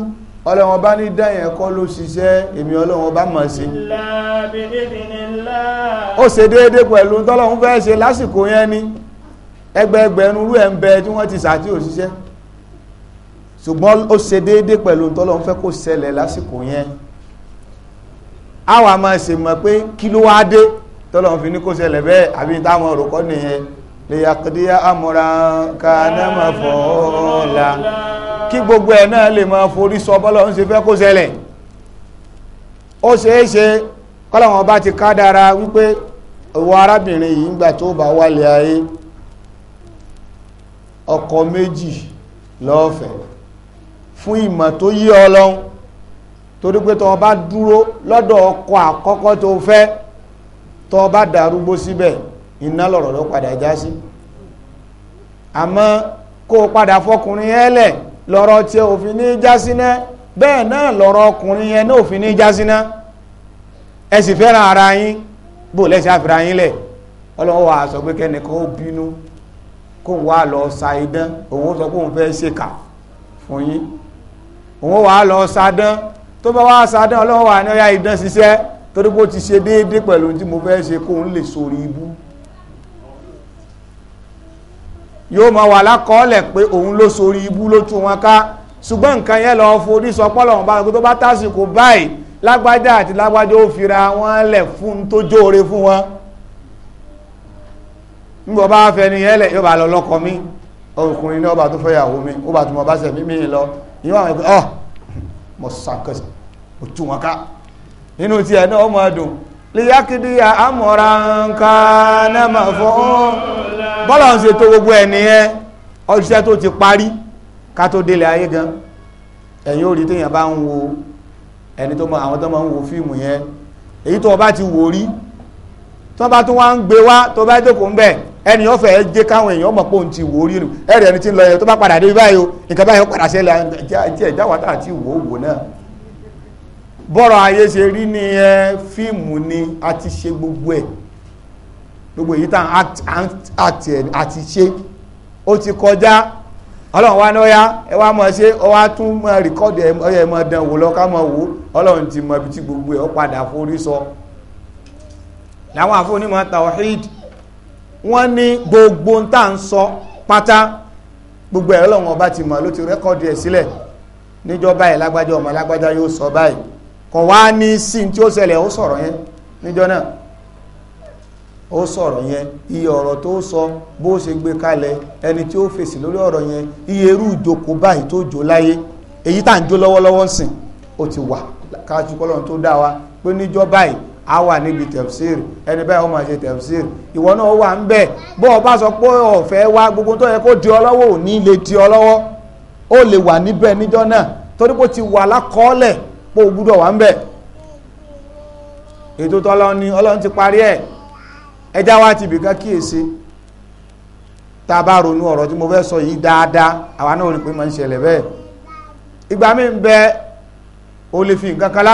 ọlọ́wọ́n bá ní dáyẹ̀ ẹ̀kọ́ ló ṣiṣẹ́ èmi ọlọ́wọ́n bá mọ̀ sí ó ṣe déédé pẹ̀lú tọ́lọ́run fẹ́ ṣe lásìkò yẹn ni ẹgbẹẹgbẹ̀rún ẹ̀ ń bẹ tí wọ́n ti sàtí ò ṣiṣẹ́ ṣùgbọ́n ó ṣe déédé pẹ̀lú tọ́lọ́run fẹ́ kó ṣẹlẹ̀ lásìkò yẹn lèyàkìdíyà amúran kàánà ma fọ́ kí gbogbo ẹ̀ náà lè máa forí sọ bọ́lọ̀ ń ṣe fẹ́ kó ṣẹlẹ̀ ó ṣeéṣe kọ́lọ̀wọ̀n bá ti ká dára wípé ìwọ arábìnrin yìí ń gbà tó bá wálé ayé méjì lọ́ọ̀fẹ́ fún ìmọ̀ tó yí ọlọ́run torí pé tọ́ bá dúró lọ́dọ̀ àkọ́kọ́ tó iná lọ̀rọ̀ ló padà já sí àmọ́ kó o padà fọkùnrin yẹn lẹ̀ lọ́rọ̀ tí òfin ní já síná bẹ́ẹ̀ náà lọ́rọ̀ ọkùnrin yẹn náà òfin ní já síná ẹ sì fẹ́ràn ara yín bó lẹ́sẹ̀ àfihàn yín lẹ̀ ọlọ́wọ́ wa sọ pé kẹ́nìkan ó bínú kóun wá lọ sa idán òun sọ pé òun fẹ́ ṣèkà fún yín òun wà á lọ sadán tó bá wá sadán ọlọ́wọ́ wa ní ọ̀yá idán ṣiṣẹ́ torí pé ó ti ṣe déédéé pẹ̀lú ohun tí mo fẹ́ ṣe kóun lè sórí ibú yóò máa wà lákọọ́lẹ̀ pé òun ló sorí ibú ló tú wọn ká ṣùgbọ́n nǹkan yẹn lọ forí sọ pọ́lọ̀ wọn bá tó bá tásìkò báyìí lágbájá àti lágbájá ó fira wọn lẹ̀ fún tó jóore fún wọn nígbà bá fẹni yẹn lẹ̀ yóò bá lọ lọ́kọ mi ọkùnrin ní ọba tó fẹ́yàwó mi ó bá tún mọ bá sẹ̀ mímí lọ ìwọ̀n àwọn ẹgbẹ́ ọ mọ̀ sàkẹ́sì ó tú wọn ká nínú tiẹ̀ náà ó mọ̀ ẹdùn liyakidi amọ̀ran kana maf'ul bọ́lá ń ṣètò gbogbo ẹ̀ nìyẹn ọ̀ṣiṣẹ́ tó ti parí ká tó délé ayé gan ẹ̀yin ò rí téèyàn bá ẹni tó àwọn tó máa ń wo fíìmù yẹn èyí tó bá ti wò rí tó bá tún wá ń gbé wá tó bá jókòó ẹni yóò fẹ́ jẹ́ káwọn èèyàn mọ̀ pé òun ti wò ẹni tí ń lọ yẹn tó bá padà dé báyìí o nǹkan báyìí ó padà ṣẹlẹ̀ àti wò náà bọ́rọ̀ ayé ṣe rí ní ẹ fíìmù ni a ti ṣe gbogbo ẹ̀ gbogbo èyí tàn àti ẹ̀ àti ṣe ó ti kọjá ọlọ́run wá náà yá ẹ wá mọ̀ ṣe ọ wá tún mọ̀ rìkọ́dì ọyẹ mọ̀ dán wò lọ ká mọ̀ wò ọlọ́run ti mọ̀ ibi tí gbogbo ẹ̀ ó padà forí sọ làwọn àfọnímọ̀ tawhid wọ́n ní gbogbo ń tà ń sọ pátá gbogbo ẹ̀ ọlọ́run ọba ti mọ̀ ló ti rẹ́kọ́dì ẹ̀ sílẹ̀ níjọba ẹ̀ lágbájá ọmọ lágbájá yóò sọ báyìí kọ̀ wá ní sí tí ó ṣẹlẹ̀ ó sọ̀rọ̀ yẹn níjọ́ náà ó sọ̀rọ̀ iye ọ̀rọ̀ tó sọ bó ṣe gbé kalẹ̀ ẹni tí ó fèsì lórí ọ̀rọ̀ yẹn iye eru ìjòkó báyìí tó jò láyé èyí tá jó lọ́wọ́lọ́wọ́ ń sìn ó ti wà káàtú kọ́lọ́run tó dá wa pé níjọ́ báyìí a wà níbi tẹ̀fsíìrì ẹni báyìí ó máa ṣe ìwọ náà wà ń bẹ̀ o wa gbogbo tó yẹ kó di ọ lọ́wọ́ di ọ lọ́wọ́ ó lè wà níbẹ̀ níjọ́ náà pé o wà ń bẹ̀ ètò tọ́lọ́ ni ọlọ́run ti parí ẹ̀ ẹjá wá ti bìkan kíyèsí bá ronú ọ̀rọ̀ tí mo fẹ́ sọ yìí dáadáa àwa náà rí pé máa ń mi ń bẹ o lè fi nǹkan kan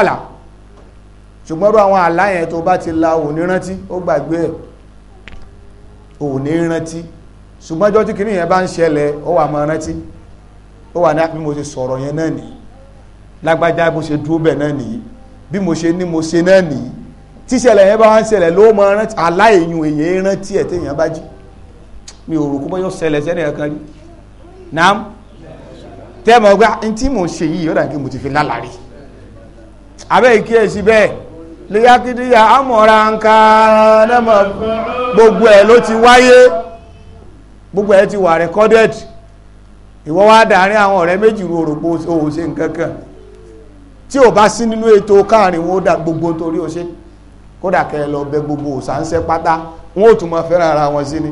ṣùgbọ́n àwọn ti la òní rántí ó gbàgbé ẹ̀ òní rántí ṣùgbọ́n ọjọ́ tí kìnìyàn bá ń ṣẹlẹ̀ ó wà máa rántí ó wà ní ti sọ̀rọ̀ yẹn náà nìyí lágbájá bó ṣe dúró bẹ̀ náà nìyí bí mo ṣe ní mo ṣe náà nìyí tíṣẹ̀lẹ̀ yẹn bá wá ń ṣẹlẹ̀ ló mọ rántí aláìyún èyàn rántí ẹ̀ téèyàn bá jí mi ò rò kó bóyá ṣẹlẹ̀ sẹ́ni ẹ̀kan rí naam tẹ́ mọ̀ n tí mò ṣe yìí ọ̀dà kí mo ti fi lálàrí abẹ́ ìkíyèsí bẹ́ẹ̀ lèyàkídíyà àmọ̀ra nǹka nẹ́mọ̀ gbogbo ẹ̀ ló ti wáyé gbogbo ẹ̀ ti wà recorded ìwọ wá dàárín àwọn ọ̀rẹ́ méjì rò rò tí ò bá sí nínú ètò káàrin wọn ó dá gbogbo torí ó ṣe kódà kẹ lọ bẹ gbogbo òsànṣẹ́ pátá wọn ò tún mọ fẹ́ràn ara wọn sí ni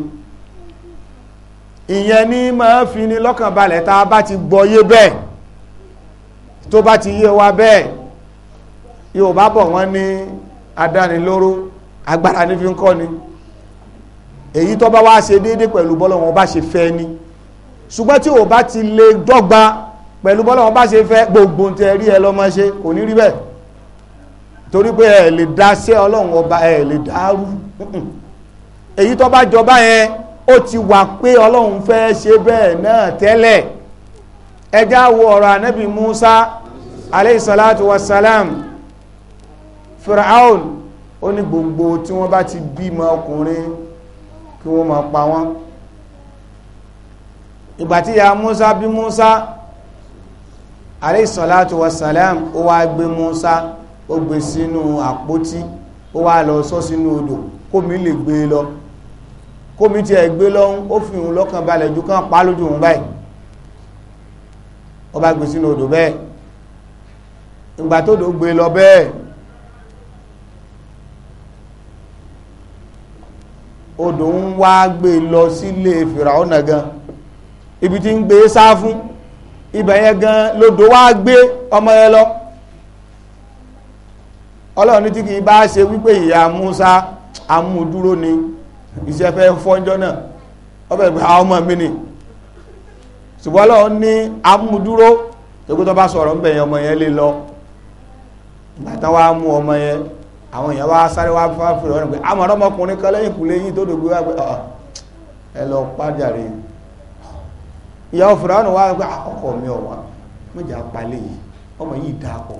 ìyẹn ní máa fi ni lọ́kàn balẹ̀ tá a bá ti gbọ́yé bẹ́ẹ̀ tó bá ti yé wa bẹ́ẹ̀ yóò bá bọ̀ wọ́n ní adánilóró agbára ní fi ń kọ́ ni èyí tó bá wá ṣe déédé pẹ̀lú bọ́lọ̀ wọn bá ṣe fẹ́ ni ṣùgbọ́n tí ò bá ti lè dọ́gba pẹ̀lú bọ́lá wọn bá ṣe fẹ́ gbogbo tẹ rí ẹ lọ́mọ ṣe kò ní rí bẹ́ẹ̀ torí pé ẹ lè dá sí ọlọ́run ọba ẹ lè dàrú èyí tó bá jọba yẹn ó ti wà pé ọlọ́run fẹ́ ṣe bẹ́ẹ̀ náà tẹ́lẹ̀ ẹjá wo ọ̀rọ̀ ànábì Musa alayhi salatu wassalam Fir'aun ó ní gbogbo tí wọ́n bá ti bímọ ọkùnrin kí wọ́n máa pa wọ́n ìgbà tí ya Musa bí Musa alayhi salatu wassalam ó wá gbé Musa ó gbé sínú àpótí ó wá lọ sọ sínú odò kómi lè gbé e lọ kómi tí ẹ gbé e lọ́hún ó fi òun lọ́kàn balẹ̀ ju kán pa lójú òun báyìí ó bá gbé sínú odò bẹ́ẹ̀ ìgbà tó dò gbé e lọ bẹ́ẹ̀ odò ń wá gbé lọ sílé Fìràwọ́nà gan ibi tí ń gbé sá fún ibẹ̀ yẹn gan lodò wá gbé ọmọ yẹn lọ ọlọ́run ní tí kì í bá ṣe wípé ìyá Musa amúdúró ni iṣẹ́ fẹ́ fọ́njọ́ náà ọbẹ̀ pé àwọn ọmọ mi ni ṣùgbọ́n ọlọ́run ní amúdúró tókù tó bá sọ̀rọ̀ ń bẹ̀yẹn ọmọ yẹn lè lọ ìgbàtán wá mú ọmọ yẹn àwọn èèyàn wá sáré wá fáfẹ́ rẹ̀ pé àmọ́ ọmọkùnrin kan lẹ́yìn kù lẹ́yìn tó dògbé wá pé ah, ẹ lọ pàjáre ìyàwó fìràánù wá gbá ọkọ mi ọ̀wà mẹ́jà palẹ̀ yìí ọmọ yìí dàpọ̀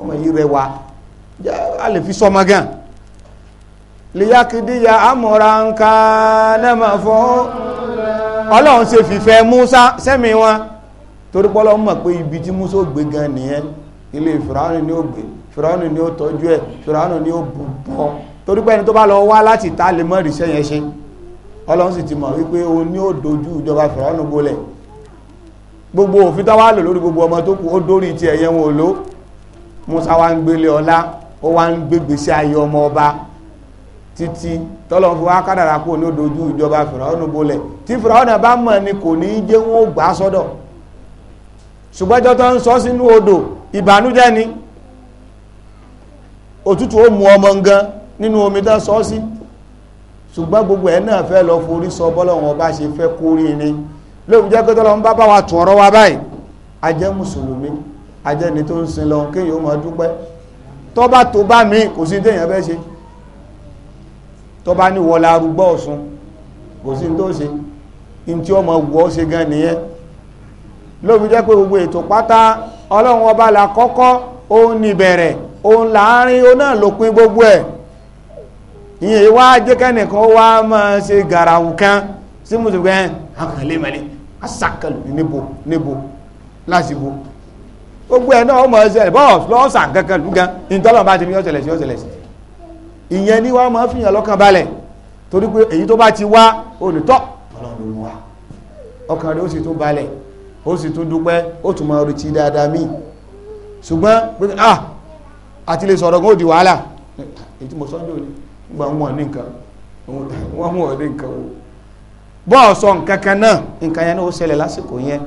ọmọ yìí rẹwà a lè fi sọmọ gan lìyàkìdíyà lẹ́mà fún ọlọ́run ṣe fìfẹ́ Musa sẹ́mi wọn torí pọ́lọ́ mọ̀ pé ibi tí ó gbé gan nìyẹn ilé ni ó gbé ni ó tọ́jú ẹ̀ ni ó torí tó bá lọ wá láti ta lè mọ́ ìrìṣẹ́ yẹn ṣe ọlọ́run sì ti mọ̀ wípé o ní ó dojú ìjọba fìrànù gbolẹ̀ gbogbo òfin tó wá lò lórí gbogbo ọmọ tó kù ó dórí ti ẹ̀yẹ wọn ò ló musa wa ń gbélé ọlá ó wá ń gbégbé sí ayé ọmọ ọba títí tọ́lọ́run fi wá kádàrà ní ó dojú ìjọba fìrànù gbolẹ̀ tí fìrànù bá mọ̀ ni kò ní í jẹ́ wọn ó gbà sọ́dọ̀ ṣùgbọ́jọ́ tó ń sọ sínú odò ìbànújẹ́ ni òtútù ó mu ọmọ ngan nínú omi tó sọ sí ṣùgbọ́n gbogbo ẹ̀ náà fẹ́ lọ forí sọ bọ́lọ́run ọba ṣe fẹ́ kórí ni lóòrùn jẹ́ pé tọ́lọ́run bá bá wa tún ọ̀rọ̀ wa báyìí a jẹ́ mùsùlùmí a jẹ́ ni tó ń sin lọ kéèyàn máa dúpẹ́ tọ́ bá tó bá mi kò sí téèyàn fẹ́ ṣe tọ́ bá ní wọlé arúgbó ọ̀sun kò sí tó ṣe in tí ọmọ wù ọ́ ṣe gan nìyẹn lóòrùn jẹ́ pé gbogbo ètò pátá ọlọ́run ọba là kọ́kọ́ òun níbẹ̀rẹ̀ òun láàrin òun náà lópin gbogbo ẹ̀ ìyẹn wá jẹ́ kẹ́nìkan wá máa ṣe gàràwù kan sí mùsùlùmí ẹ̀ àkànlé mẹ́lẹ́ asàkàlù níbo níbo lásìkò gbogbo ẹ̀ náà ọmọ ẹsẹ̀ bọ́ọ̀sì lọ́sàn kankan lùgán ìtọ́lọ̀ bá ti ní ọ̀sẹ̀lẹ̀ sí ọ̀sẹ̀lẹ̀ sí ìyẹn ni wọ́n máa fìyàn lọ́kàn balẹ̀ torí pé èyí tó bá ti wá olùtọ́ ọkàn rẹ̀ ó sì tún balẹ̀ ó sì tún dúpẹ́ ó tún máa retí dáadáa míì ṣùgbọ́n pé ah àti lè sọ̀rọ̀ gan ó di wàhálà èyí tí mo sọ́jọ́ gba wọn ní nǹkan wọn wọn ní nǹkan o bọ́ọ̀ sọ nǹkan kan náà nǹkan yẹn ní ó ṣẹlẹ̀ lásìkò yẹn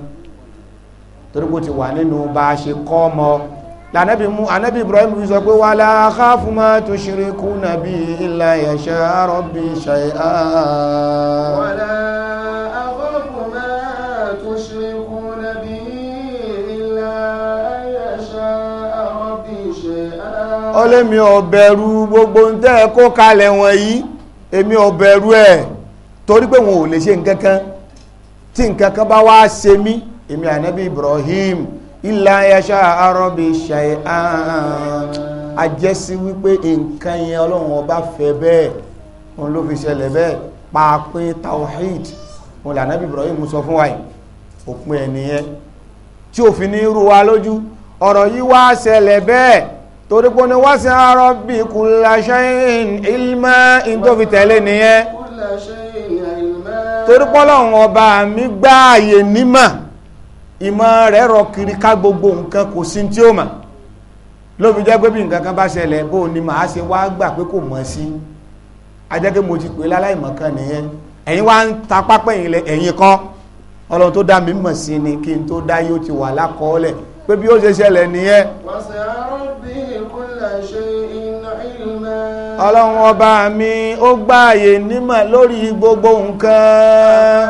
torí kò ti wà nínú bá a ṣe kọ́ ọmọ lànàbí mú ànàbí Ibrahim fi sọ pé wà láàká fún tó ṣeré kú nàbí ilà ẹ̀ṣẹ̀ àrọ́bí ṣàìhàn. ó lé mi ò bẹ̀rù gbogbo ń tẹ́ kó kalẹ̀ wọn yìí èmi ò bẹ̀rù ẹ̀ torí pé wọn ò lè ṣe nǹkan tí nǹkan bá wá ṣe mí èmi ànábì Ibrahim ilá yasá arọ́bì ṣàìhàn ajẹ́sí wípé nǹkan yẹn ọlọ́run ọba fẹ́ bẹ́ẹ̀ òun ló fi ṣẹlẹ̀ bẹ́ẹ̀ pàápẹ́ tawhid òun lànábì Ibrahim sọ fún wa yìí òpin ẹ̀ nìyẹn tí òfin ní rú wa lójú ọ̀rọ̀ yìí wá ṣẹlẹ̀ bẹ́ẹ̀ torí pé ní wá sí àárọ̀ bí kulla shay'in ilma in tẹ̀lé nìyẹn torí kiri ká gbogbo nǹkan kò sí tí ó mà ló jẹ́ pé bí nǹkan kan bá ṣẹlẹ̀ bó ni màá ṣe gbà pé kò mọ̀ sí ajẹ́kẹ́ mo ti pè láláìmọ̀kan nìyẹn ẹ̀yin wá ń ta pápẹ́ lẹ Ọlọ́run tó dá mi pé bí ó ṣe ṣẹlẹ̀ nìyẹn ọlọ́run ọba mi ó gbáàyè nímọ̀ lórí gbogbo nǹkan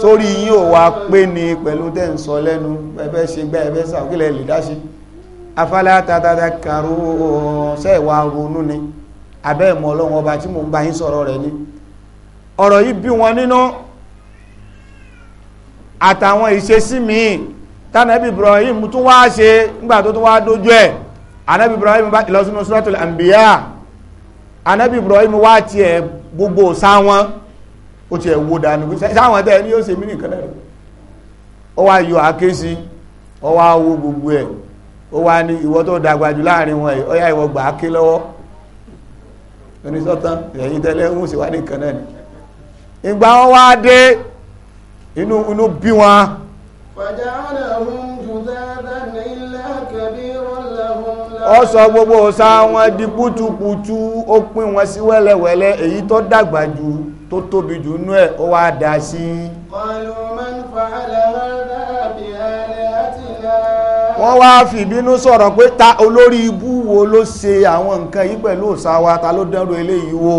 sórí yín ò wá pé ni pẹ̀lú tẹ́ ń sọ lẹ́nu ẹ̀bẹ́ ṣe gbẹ́ ẹ̀bẹ́ sàkílẹ̀ lè dáṣe afálá tàtàtà kàrò sẹ́ẹ̀wà ronú ni abẹ́ ìmọ̀ ọlọ́run ọba tí mo ń bá yín sọ̀rọ̀ rẹ̀ ni ọ̀rọ̀ yìí bí wọn nínú àtàwọn ìṣesí míì tánàbí Ibrahim tún wá ṣe nígbà tó tún wá dójú ẹ̀ anábí Ibrahim bá lọ sínú suratul anbiya anábí Ibrahim wá tiẹ̀ gbogbo sáwọn ó tiẹ̀ wo dànù sáwọn tẹ́ ní yóò ṣe mí nìkan náà ó wá yọ àkéṣí ó wá wo gbogbo ẹ̀ ó wá ní ìwọ tó dàgbà jù láàrin wọn ẹ̀ ó yá ìwọ gbà á ké lọ́wọ́ onísọ́tán ẹ̀yìn tẹ́lẹ̀ ń ṣe wá nìkan náà ni ìgbà wọn wá dé inú inú bí wọn
ó sọ gbogbo ọ̀sá wọn
di pútùpútù ó pín wọn sí wẹ́lẹ̀wẹ́lẹ̀ èyí tó dàgbà jù tó tóbi jù nú ẹ̀ ó wá dá sí
wọ́n wá fìbínú
sọ̀rọ̀ pé ta olórí ibú wo ló ṣe àwọn nǹkan yìí pẹ̀lú ọ̀sá ta ló dẹ́rù eléyìí wò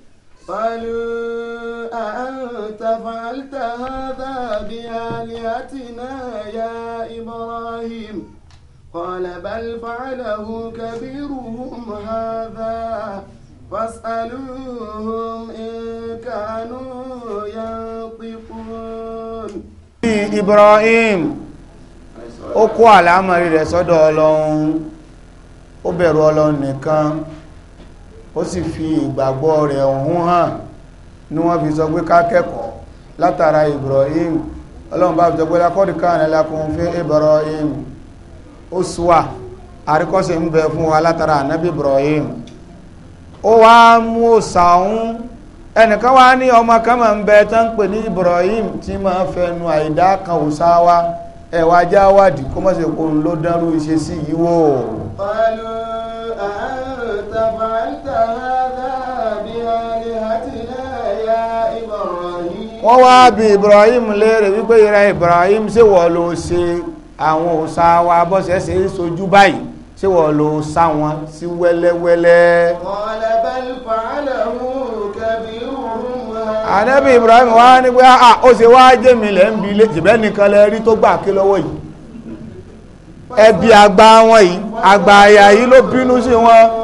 قالوا أأنت فعلت هذا بآلهتنا يا إبراهيم قال بل فعله كبيرهم هذا فاسألوهم إن كانوا ينطقون
إبراهيم ó kó àlámọ̀rí rẹ̀ sọ́dọ̀ ọlọ́run ó ó sì fi ìgbàgbọ́ rẹ̀ ọ̀hún hàn ní wọ́n fi sọ pé ká látara Ibrahim ọlọ́run bá jọ pé lákọ́dìká nílákun fún Ibrahim ó súwà àríkọ́sẹ̀ ń bẹ fún wa látara ànábì Ibrahim ó wá mú òsà ọ̀hún ẹnìkan wá ní ọmọ kan ń bẹ tán pè ní Ibrahim tí máa fẹnu àìdá kan òsà wa ẹ̀wà jáwádìí kó mọ́sẹ̀ kó ń ló dánrú ìṣesí yìí
لقد فعلت هذا بآلهتنا يا
إبراهيم wọ́n wá bí Ibrahim léèrè wípé ìrẹ Ibrahim ṣé wọ́n ló ṣe àwọn òòṣà wa bọ́sẹ̀ ṣe ń sojú báyìí ṣé wọ́n ló sá wọn sí wẹ́lẹ́wẹ́lẹ́.
ànábì Ibrahim wá ní pé
ó ṣe wá jẹ́mi lẹ́ ń bi ilé jìbẹ́ nìkan lẹ rí tó gbà kí lọ́wọ́ yìí ẹbí àgbà wọn yìí àgbà àyà yìí ló bínú sí wọn.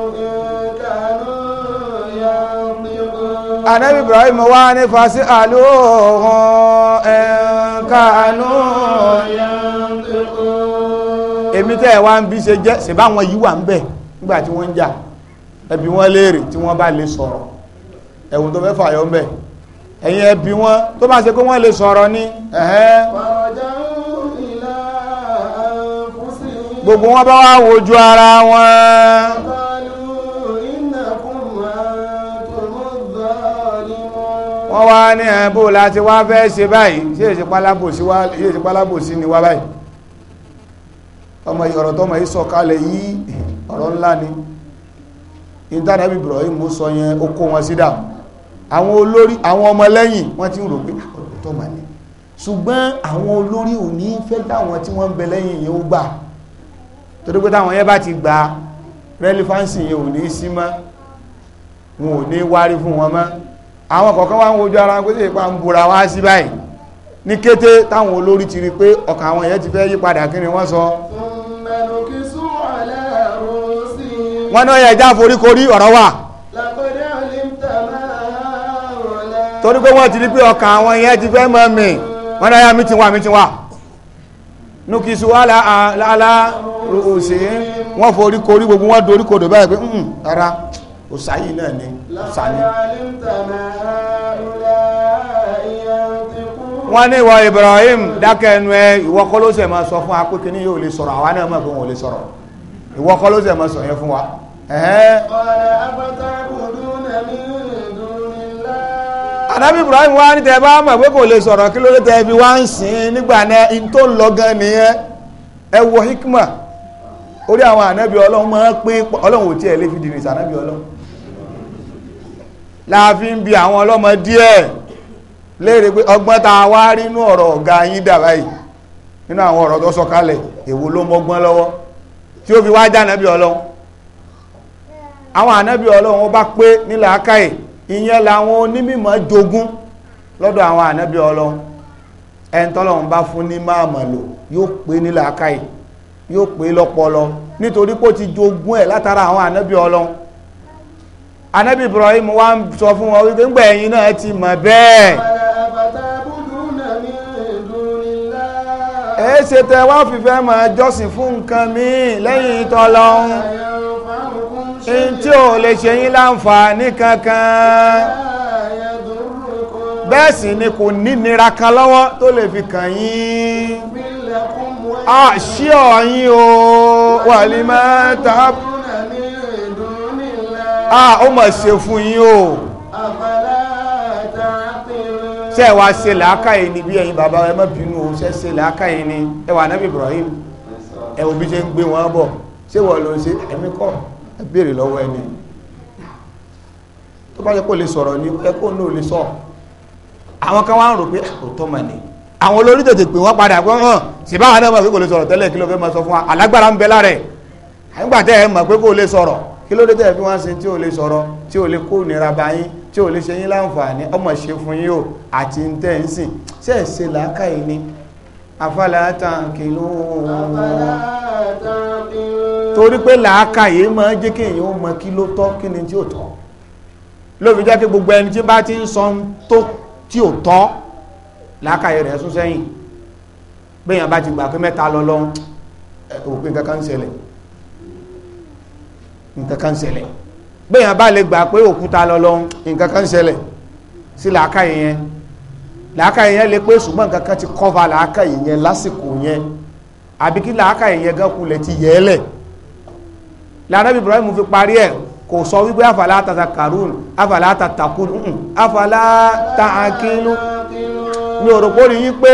anabi ibrahim wá ní fasi alóhùn ẹ̀ǹkanú èmi tẹ́ ẹ̀ wá ń bí ṣe jẹ́ ṣe bá wọn yíwà ń bẹ̀ nígbà tí wọ́n ń jà ẹbí wọn léèrè tí wọ́n bá lè sọ̀rọ̀ ẹ̀wùn tó fẹ́ fàyọ́ ń bẹ̀ ẹ̀yin ẹbí wọn tó bá ṣe pé wọ́n lè sọ̀rọ̀ ní ẹ̀hẹ́n gbogbo wọn bá wá wojú ara wọn. wọ́n wá ní ẹ̀bù láti wá fẹ́ ṣe báyìí ṣe èṣe pálábòsí ni wá báyìí ọmọ ọ̀rọ̀ tọ́mọ yìí sọ kalẹ̀ yìí ọ̀rọ̀ ńlá ni ìtànàbí Ibrahim mú sọ yẹn ó kó wọn sídà àwọn olórí àwọn ọmọ lẹ́yìn wọ́n ti ń rò pé ah, ọ̀rọ̀ tọ́mọ ni ṣùgbọ́n àwọn olórí àwọn kọ̀ọ̀kan wá ń wojú ara pé ìpa ń búra wá sí báyìí ní kété táwọn olórí ti rí pé ọkàn àwọn èèyàn ti fẹ́ yí padà kí ni wọ́n sọ wọ́n náà yẹ já foríkorí ọ̀rọ̀ wà torí pé wọ́n ti rí pé ọkàn àwọn èèyàn ti fẹ́ mọ́ mi wọ́n náà yá mi ti wà mi ti wà nukisu ala ruusi wọ́n foríkorí gbogbo wọ́n doríkodò báyìí pé ara òsà yìí náà ni òsà wọ́n ní ìwọ Ibrahim dákẹ́ ẹnu ẹ ìwọ kọ́ ló sẹ̀ máa sọ fún wa pé kíní yóò lè sọ̀rọ̀ àwa náà mọ̀ lè sọ̀rọ̀ ìwọ kọ́ máa sọ yẹn fún wa. àdábì Ibrahim wá ní tẹ bá mọ̀ pé kò lè sọ̀rọ̀ kí ló dé tẹ fi wá ń sìn nígbà náà in tó lọ gan nìyẹn ẹ wo hikma orí àwọn ànábì ọlọ́run máa ń pín ọlọ́run ò tiẹ̀ lè fi dìrìsà ànábì ọlọ́run láàfin ń bi àwọn ọlọ́mọ díẹ̀ léèrè pé ọgbọ́n ta a wá rí inú ọ̀rọ̀ ọ̀gá yín dà báyìí nínú àwọn ọ̀rọ̀ tó sọ kalẹ̀ èwo ló mọ́gbọ́n lọ́wọ́ tí ó fi wá já ànábì ọlọ́run àwọn ànábì ọlọ́run ó bá pé nílẹ̀ akáyè ìyẹn làwọn onímọ̀ jogún lọ́dọ̀ àwọn ànábì ọlọ́run ẹni tọ́lọ́run bá fún ní máa mọ̀ lò yóò pé nílẹ̀ akáyè yóò pé lọ́pọlọ nítorí pé ti jogún ẹ̀ látara àwọn ànábì ọlọ́run anabi ibrahim wa ń sọ fún wọn wípé ńgbà ẹ̀yin náà ti mọ̀ bẹ́ẹ̀. ẹ ṣe tẹ wá fìfẹ́ máa jọ́sìn fún nǹkan míì lẹ́yìn tọ́lọ́hún ntí ò lè ṣe yín láǹfààní kankan bẹ́ẹ̀ sì ni kò nínira kan lọ́wọ́ tó lè fi kàn yín àṣìọ̀ yín o wàlímọ́ tàbí ah ó mọ̀ Se fún yín o ṣe ẹ̀ wá ṣe làákàyè ni bí ẹ̀yin bàbá ẹ má bínú o ṣe ṣe làákàyè ni ẹ wà nábì Ibrahim ẹ òbí ṣe ń gbé wọn bọ̀ ṣé wọ́n ló ń ṣe ẹ̀mí kọ́ ẹ béèrè lọ́wọ́ ẹni tó bá yẹ kó lè sọ̀rọ̀ ni ẹ kó náà lè sọ àwọn kan wá ń rò pé àkótọ́ ah, mà ní àwọn olórí tètè pè wọ́n padà pé hàn sì báwọn náà mọ̀ pé kò lè sọ̀rọ̀ tẹ́lẹ̀ kí ló fẹ́ máa sọ fún wa alágbára ń bẹ lára àyíngbà tẹ́ ẹ mọ̀ pé kò lè sọ̀rọ̀ kí ló dé tẹ̀ fi wọ́n ṣe tí ò lè sọ̀rọ̀ tí ò lè kó nira bá yín tí ò lè ṣe yín láǹfààní ọmọ ṣe fún yín o àti ń tẹ̀ ń sìn ṣe é ṣe làákàyè ni afálàátàn kìlú torí pé làákàyè máa jẹ́ kí èèyàn mọ kí ló tọ́ kí ni tí ò tọ́ lóbi jẹ́ kí gbogbo ẹni tí bá ti ń sọ tó tí ò tọ́ làákàyè rẹ̀ sún sẹ́yìn bẹ́yàn bá ti gbà pé mẹ́ta lọ lọ́hún òpin kankan ń ṣẹlẹ̀ nǹkan kan ṣẹlẹ̀ bẹ́ẹ̀ yẹn bá lè gbà pé òkúta lọ́lọ́run nǹkan kan ṣẹlẹ̀ sí làákà yẹn làákà yẹn lè pé ṣùgbọ́n nǹkan kan ti kọ́va làákà yẹn lásìkò yẹn àbí kí làákà yẹn gan kulẹ̀ ti yẹ lẹ̀ lára bí Ibrahim fi parí ẹ̀ kò sọ wípé àfàlà tata karun àfàlà tata kun àfàlà ta akínú mi ò rò pé ó yín pé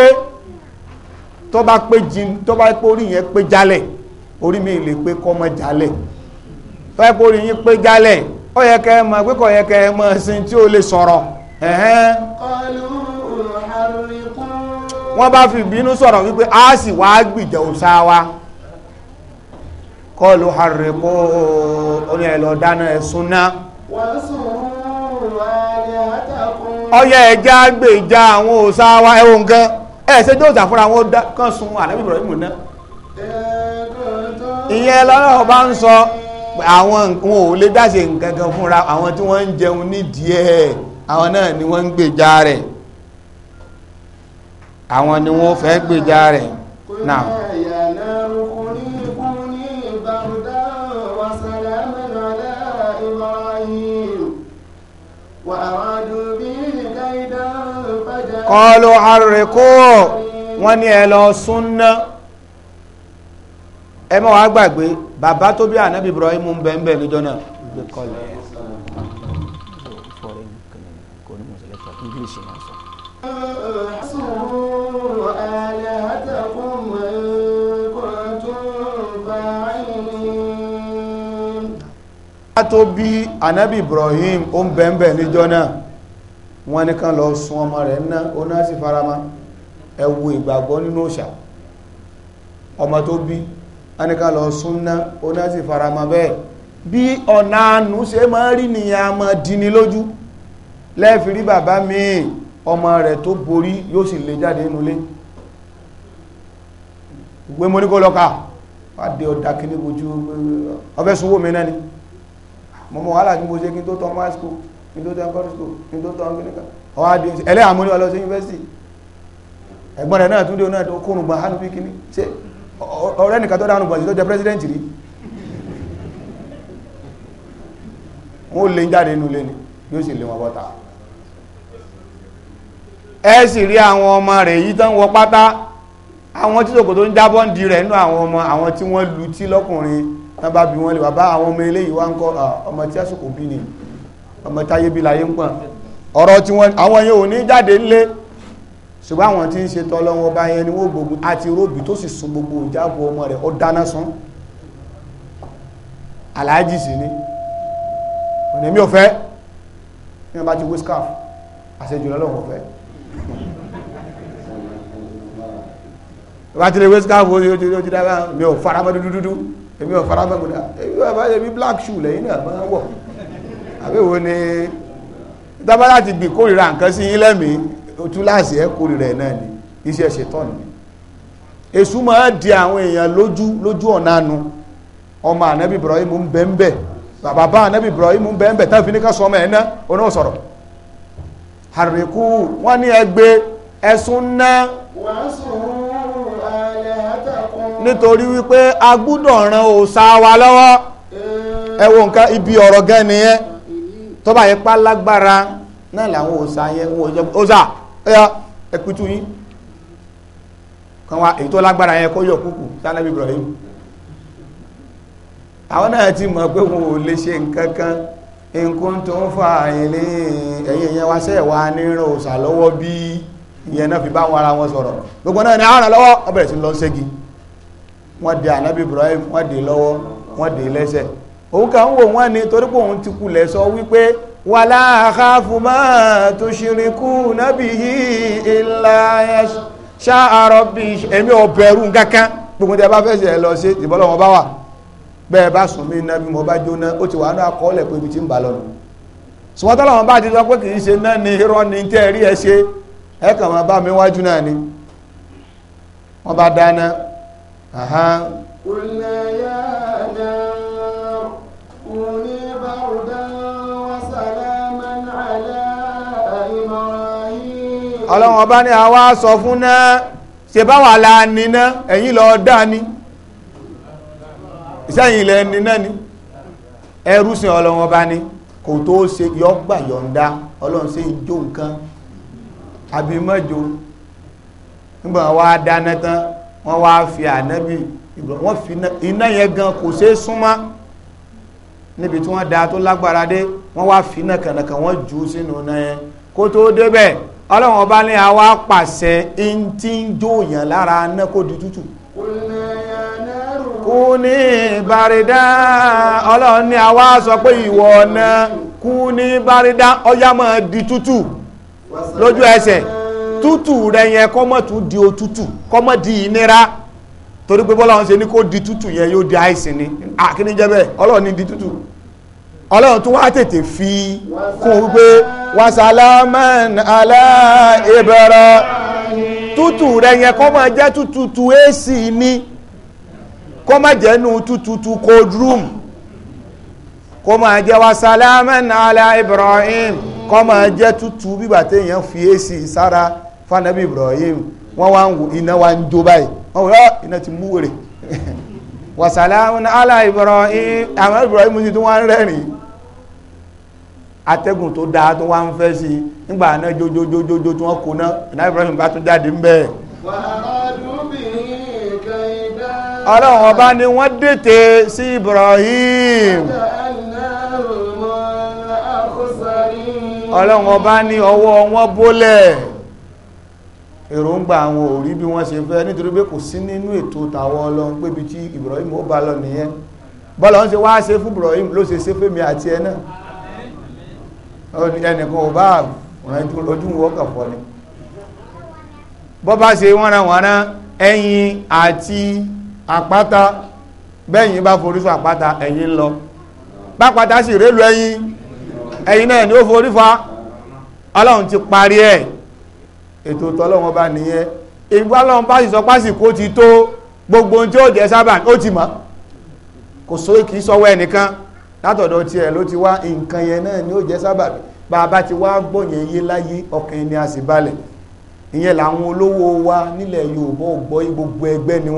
tó pé jin tó pé orí yẹn pé jalẹ̀ orí mi lè pé kọ́mọ jalẹ̀ tọ́ẹ̀pọ̀ orí yín pé jálẹ̀ ó yẹ kẹ́ mọ̀ yẹ kẹ́ mọ̀ sin tí ó lè sọ̀rọ̀ wọ́n bá fi bínú sọ̀rọ̀ wípé a sì wá gbìjẹ̀ òsá wa kọlu harimu oní ẹ̀lọ dáná ẹ̀ náà ọyẹ ẹja àwọn wa ẹwọ nǹkan fúnra wọn kan sun ìmùná ìyẹn lọ́rọ̀ bá ń sọ àwọn wọn ò lè dáṣe nǹkan fúnra àwọn tí wọ́n ń jẹun ní díẹ̀ àwọn náà ni wọ́n ń gbèjà rẹ̀ àwọn ni wọ́n fẹ́ gbèjà rẹ̀ náà kọlu àrẹ̀kọ́ wọ́n ní ẹ lọ súnná ẹ mọ̀ wá gbàgbé bàbá tó bí ànábì Ibrahim ń bẹ ń bẹ níjọ́ náà gbé kọ́lẹ̀. tó bí ànábì Ibrahim ó ń bẹ ń bẹ níjọ́ náà wọ́n ní kan lọ sun ọmọ rẹ̀ ná ó náà sì farama ẹ wo ìgbàgbọ́ nínú òòṣà ọmọ tó bí ẹnìkan lọ súnná oná sì faramọ́ bẹ́ẹ̀ bí ọ̀nà àánú ṣe máa rí nìyàn àmọ́ dini lójú lẹ́ẹ̀fì rí bàbá míì ọmọ rẹ̀ tó borí yóò sì lè jáde nínú ilé gbé mo ní kó lọ́ka pàdé ọ̀dà kìíní bojú ọfẹ́ súnwó mi náà ni mọ́mọ́ wàhálà ní mo ṣe kí n tó tán high school kí n tó tán college school kí n tó tán kí nìkan ọwá di ẹlẹ́ àmúrí ọlọ́sẹ̀ yúnivẹ́sìtì ẹ̀gbọ́n rẹ̀ náà túndé náà tó kórùn gbà hánú bí kìíní ṣe ọ̀rẹ́ nìkan tó dánù bọ̀sí tó jẹ pẹ́sidẹ́ntì rí wọ́n lè jáde inú lé ní yóò sì lè wọn bọ́ta ẹ sì rí àwọn ọmọ rẹ̀ yí tán wọ pátá àwọn tí sòkòtò ń jábọ́ ń di rẹ̀ nínú àwọn ọmọ àwọn tí wọ́n lu tí lọ́kùnrin tán bá bí wọ́n lè wà bá àwọn ọmọ eléyìí wá ń kọ́ ọmọ tí àsìkò bí ni ọmọ táyé bí láyé ń pọ̀n ọ̀rọ̀ tí wọ́n àwọn yóò ní jáde ńlé ṣùgbọ́n àwọn tí ń ṣe tọ́lọ́wọ́ bá yẹn ni wọ́n gbogbo àti róbì tó sì sun gbogbo ìjábò ọmọ rẹ̀ ó dáná sun aláàjì sí ni ọ̀nà mi ò fẹ́ ní wọ́n bá ti wé scarf àṣejù lọ́lọ́wọ́ fẹ́ bá ti lè wé scarf ó ti dára mi ò faramọ́ dúdúdú èmi ò faramọ́ gbọ́dá èmi ò bá yẹbi black shoe lẹ́yìn náà máa wọ̀ àbẹ́wò ni tábàlá ti gbì kórìíra nǹkan sí yín lẹ́mìí túláàsì ẹ rẹ̀ náà ni iṣẹ́ ṣetán ni èṣù máa di àwọn èèyàn lójú lójú ọ̀nà anu ọmọ ànábì Ibrahim ń bẹ́ ń bẹ́ bàbá bá ànábì Ibrahim ń bẹ́ ń bẹ́ tá fi ní ká sọ ọmọ ẹ̀ wọ́n ní ẹgbẹ́ ẹ̀sùn nítorí wípé a ran wa lọ́wọ́ ẹ wo ibi ọ̀rọ̀ gan pa lágbára náà làwọn ẹ̀yà ẹ̀pìtú yín kan wá èyí tó lágbára yẹn kọ́ yọ kúkú sanabi Ibrahim àwọn náà ti mọ̀ pé wọn ò lè ṣe nǹkan kan nǹkan tó ń fa ilé ẹ̀yìn ìyẹn wá sẹ́ẹ̀ wá nírun òsà bí ìyẹn náà fi bá wọn ara wọn sọ̀rọ̀ gbogbo náà ni ara lọ́wọ́ wọ́n bẹ̀rẹ̀ sí lọ ségi wọ́n dé anabi Ibrahim wọ́n dé lọ́wọ́ wọ́n dé lẹ́sẹ̀ òun kà ń wò wọ́n ni torí òun ti kulẹ̀ sọ wípé ولا أخاف ما تشركون به إلا يشاء ربي èmi ò bẹ̀rù kankan gbogbo tẹ́ bá fẹ́ ṣe lọ ṣe tí Ọlọ́run bá wà bẹ́ẹ̀ bá sùn mí iná bí mo bá jóná ó ti wà ní àkọọ́lẹ̀ pé ibi tí ń kìí ṣe náà ni irọ́ ni tẹ́ rí ẹ ṣe ẹ bá mi wájú náà ni wọ́n bá dáná. قلنا يا ọlọ́run ọba ní àwa sọ fún náà ṣe báwa la níná ẹ̀yin lọ dá ni ìṣẹ́yìn ilẹ̀ níná ni ẹrú sin ọlọ́run ọba ni kò tó ṣe yọ́gbà yọ̀ǹda ọlọ́run ṣe ìjó nǹkan àbí mọ́jọ nígbà wá dáná tán wọ́n wá fi ànábì wọ́n fi iná yẹn gan kò ṣe súnmọ́ níbi tí wọ́n da tó lágbára dé wọ́n wá fi iná kànàkàn wọ́n jù sínú náà kó tó débẹ̀ ọlọ́run ọba ní àwa pàṣẹ ń tí ń jóòyàn lára aná kó di tútù kú ní bàrídá ọlọ́run ní àwa sọ pé ìwọ ọ̀nà kú ní bàrídá ọyá di tútù lójú ẹsẹ̀ tútù rẹ̀ yẹn kọ́mọ̀ tún di òtútù kọ́mọ̀ di ìnira torí pé bọ́lá wọn ṣe ní kó di tútù yẹn yóò di àìsàn ni àkíní jẹ́ bẹ́ẹ̀ ọlọ́run ní di tútù ọlọ́run tún wá tètè fi kún wípé wasalaman ala ibra tútù rẹ̀ yẹn kọ́ máa jẹ́ tútù ac ní kọ́ máa jẹ́ nu cold room kọ́ máa jẹ́ wasalaman ala ibrahim kọ́ máa jẹ́ tútù bíbà téèyàn fi ac sára fanabi ibrahim wọ́n wá ń wò iná wá ń jó báyìí wọ́n wò ó ah, iná ti mú wàsàlámù ala Ibrahim àwọn Ibrahim sí tó wá ń rẹ́rìn atẹ́gùn tó dáa tó wá ń fẹ́ sí nígbà náà jójójójójó tí wọ́n kò náà ìná Ibrahim bá tún jáde ń bẹ́ẹ̀ ọlọ́run ọba ni wọ́n dètè sí Ibrahim ọlọ́run ọba ni ọwọ́ wọn bólẹ̀ èròǹgbà àwọn òrí bí wọ́n ṣe fẹ́ nítorí pé kò sí nínú ètò tàwọn ọlọ́run pébi tí Ibrahim ó bá lọ nìyẹn bọ́lọ̀ ń ṣe wá ṣe fún Ibrahim ló ṣe ṣe fẹ́mi àti ẹ náà ẹnìkan ò bá ojú wọn kàn fọ́ ni bọ́ bá ṣe wọ́n ran wọ́n rán ẹ̀yìn àti àpáta bẹ́yìn bá forífà àpáta ẹ̀yìn lọ pápátá sì rélu ẹ̀yìn ẹ̀yìn náà ni ó forífà ọlọ́run ti parí ẹ̀ ètò tọ́lọ́wọ́n bá nìyẹn ìgbàlọ́wọ́n bá ìsọ pásìkò ti tó gbogbo tí ó jẹ sábà ó ti mọ̀ kò só kìí sọwọ́ ẹnìkan látọ̀dọ̀ tiẹ̀ ló ti wá nǹkan yẹn ni ó sábà bá a bá ti wá gbọ̀yẹn yé láyé ọkàn a sì balẹ̀ ìyẹn làwọn olówó wa nílẹ̀ gbogbo ẹgbẹ́ ni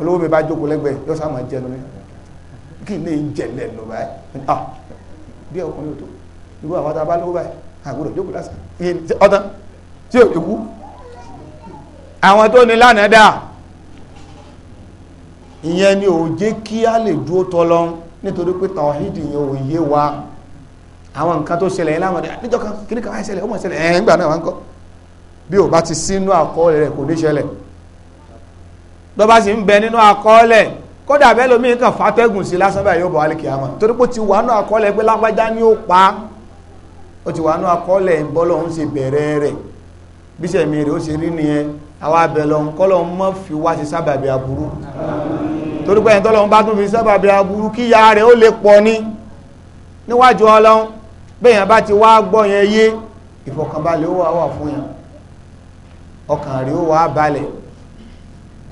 olówó mi bá jókòó lẹ́gbẹ̀ẹ́ yóò máa jẹnu kí lọ báyìí ah, bí àgbọ̀dọ̀ jókòó lásán ọ̀tán tí ò ikú àwọn tó ní lánàá dà ìyẹn ni ò jẹ́ kí a lè dúró tọ́lọ́n nítorí pé tàwáhídì yẹn ò yé wa àwọn nǹkan tó ṣẹlẹ̀ yẹn láwọn níjọ́ kan kí ní kàwáyé ṣẹlẹ̀ ó mọ̀ ṣẹlẹ̀ ẹ̀ ń gbà náà wá ń kọ́ bí ò bá ti sínú àkọọ́lẹ̀ rẹ̀ kò ní ṣẹlẹ̀ tó bá sì ń bẹ nínú àkọọ́lẹ̀ kódà bẹ́ẹ̀ lómi kan fàtẹ́gùn sí lásán báyìí yóò bọ̀ wálé kìámà torí pé ti wà nínú àkọọ́lẹ̀ pé lágbájá ni ó pa á ó ti wà ní akọ́lẹ̀ ìbọ́lọ̀ ń ṣe bẹ̀rẹ̀ rẹ̀ bíṣẹ̀ mi rẹ̀ ó ṣe rí nìyẹn àwọn abẹ̀lọ̀ ń kọ́lọ̀ ń mọ́ fi wá sí sábàbí aburú torí pé ìtọ́lọ̀ ń bá tún fi sábàbí aburú kí ya rẹ̀ ó lè pọ̀ ní níwájú ọlọ́run bẹ́yàn bá ti wá gbọ́ yẹn yé ìfọ̀kànbalẹ̀ ó wà fún yàn ọkàn rẹ̀ ó wà balẹ̀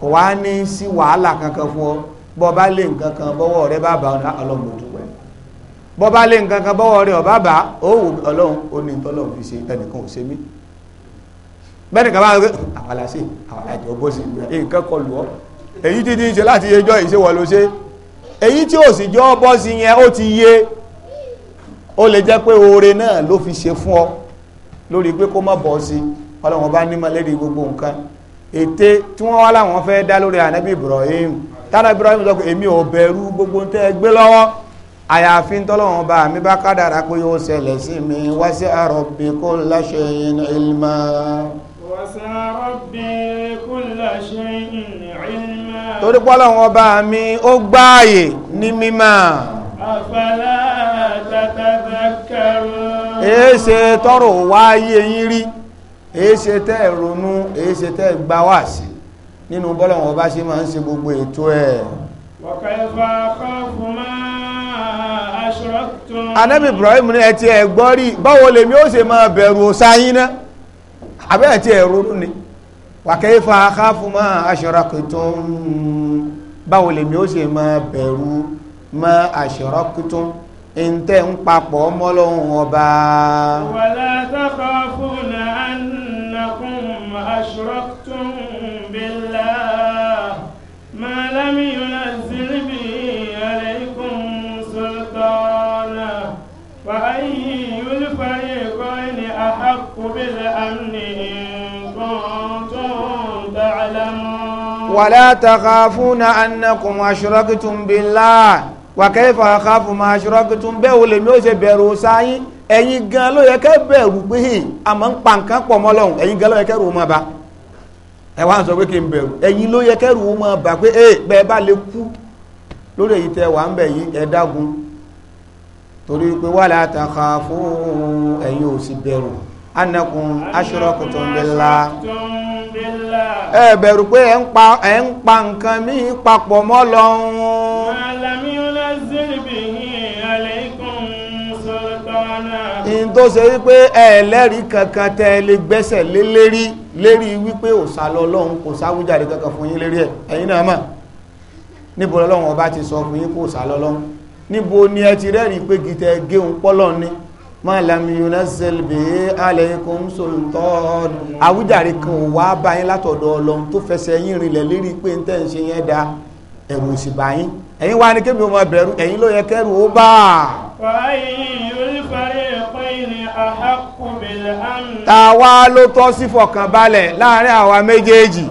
kò wá ní sí wàhálà kankan fún ọ bọ́ bá lè nǹkan kan bọ́wọ́ rẹ bá bá ọlọ́mọdún bọ́bá lé nǹkan kan bọ́wọ́ rẹ̀ ọ̀bá bá ó wò ọlọ́run ó ní tọ́lọ́run fi ṣe ẹnìkan ò ṣe mí bẹ́ẹ̀ni kan bá rẹ̀ àwàlà sí àwàlà jọ bó sì nǹkan kọ lù ọ́ èyí tí ti ń ṣe láti ẹjọ́ ìṣèwọ̀ ló ṣe èyí tí ò sì jọ bọ́ sí yẹn ó ti yé ó lè jẹ́ pé oore náà ló fi ṣe fún ọ lórí pé kó má bọ́ sí ọlọ́run bá nímọ̀ lérí gbogbo nǹkan ète tí wọ́n wá láwọn fẹ́ dá lórí ànábì Ibrahim tánà Ibrahim sọ pé èmi ò bẹ̀rù gbogbo tẹ́ àyàfi tọ́lọ́wọ́n bá mi bá kádàrá pé yóò ṣẹlẹ̀ sí mi wasi'a rabbi kulla shay'in ilma.
wasi'a rabbi kulla shay'in
ilma. torí pọ́lọ́wọ́n bá mi ó gbáàyè ní mímọ́.
afala tatadhakkarun. èéṣe
tọrọ wáyé yín rí èéṣe tẹ́ ronú èéṣe tẹ́ gbá wá sí nínú bọ́lọ́wọ́n bá ṣe máa ń ṣe gbogbo ètò ẹ̀.
wa kayfa akhafu ma ashraktum. anábì ibrahim ní
ẹtì ẹ gbọ́ rí báwo lèmi ó ṣe máa bẹ̀rù sáyín àbẹ́ ẹtì ẹ ni wa kayfa akhafu ma ashraktum báwo lèmi ó ṣe máa bẹ̀rù ma ashraktum ntẹ́ ń papọ̀ mọ́lọ́hún ọba.
wala takhafuna annakum ashraktum billah ma lam بالأمن إن كنتم تعلمون ولا
تخافون أنكم أشركتم بالله وكيف أخاف ما أشركتم به lèmi ó ṣe bẹ̀rù sáyín ẹ̀yin gan ló yẹ kẹ́ bẹ̀rù pé hìn àmọ́ ń pa nǹkan pọ̀ mọ́ lọ́hùn ẹ̀yin gan ló yẹ kẹ́ rò mọ́ ba ẹ wá ń sọ pé kí n bẹ̀rù ẹ̀yin ló yẹ kẹ́ rò mọ́ ba pé ee bẹ́ẹ̀ bá lè kú lórí èyí tẹ́ wà ń bẹ̀ yìí ẹ dágun torí pé wala takhafu ẹ̀yin ò sì bẹ̀rù anakun aṣọ́rọ̀kùtùn billah ẹ bẹ̀rù pé ẹ ń pa ẹ ń pa nǹkan mí papọ̀ mọ́ lọ́hún. in tó ṣe wípé ẹ̀ẹ́lẹ́rìí kankan tẹ́ ẹ lè gbẹ́sẹ̀ lé lérí lérí wípé òsà lọ́lọ́hún kò sáwújáde kankan fún yín lérí ẹ̀ ẹ̀yin náà mọ̀ níbo lọ́lọ́hún ọba ti sọ fún yín kò sá lọ́lọ́hún níbo ni ẹ ti rẹ́rìí pé gìtẹ́ géun pọ́lọ́ ni ma lam yunazzil bihi alaykum sultan àwùjáre kan wa wá báyín látọ̀dọ̀ ọlọ́run tó fẹsẹ̀ yín rinlẹ̀ lérí pé ń tẹ́ ń ṣe yẹn da ẹ̀wù sì báyín ẹ̀yin wá ní kébì ọmọ bẹ̀rù ẹ̀yin ló yẹ kẹ́rù ó bá. ta wá ló tọ́ sí fọkànbalẹ̀ láàrin àwa méjèèjì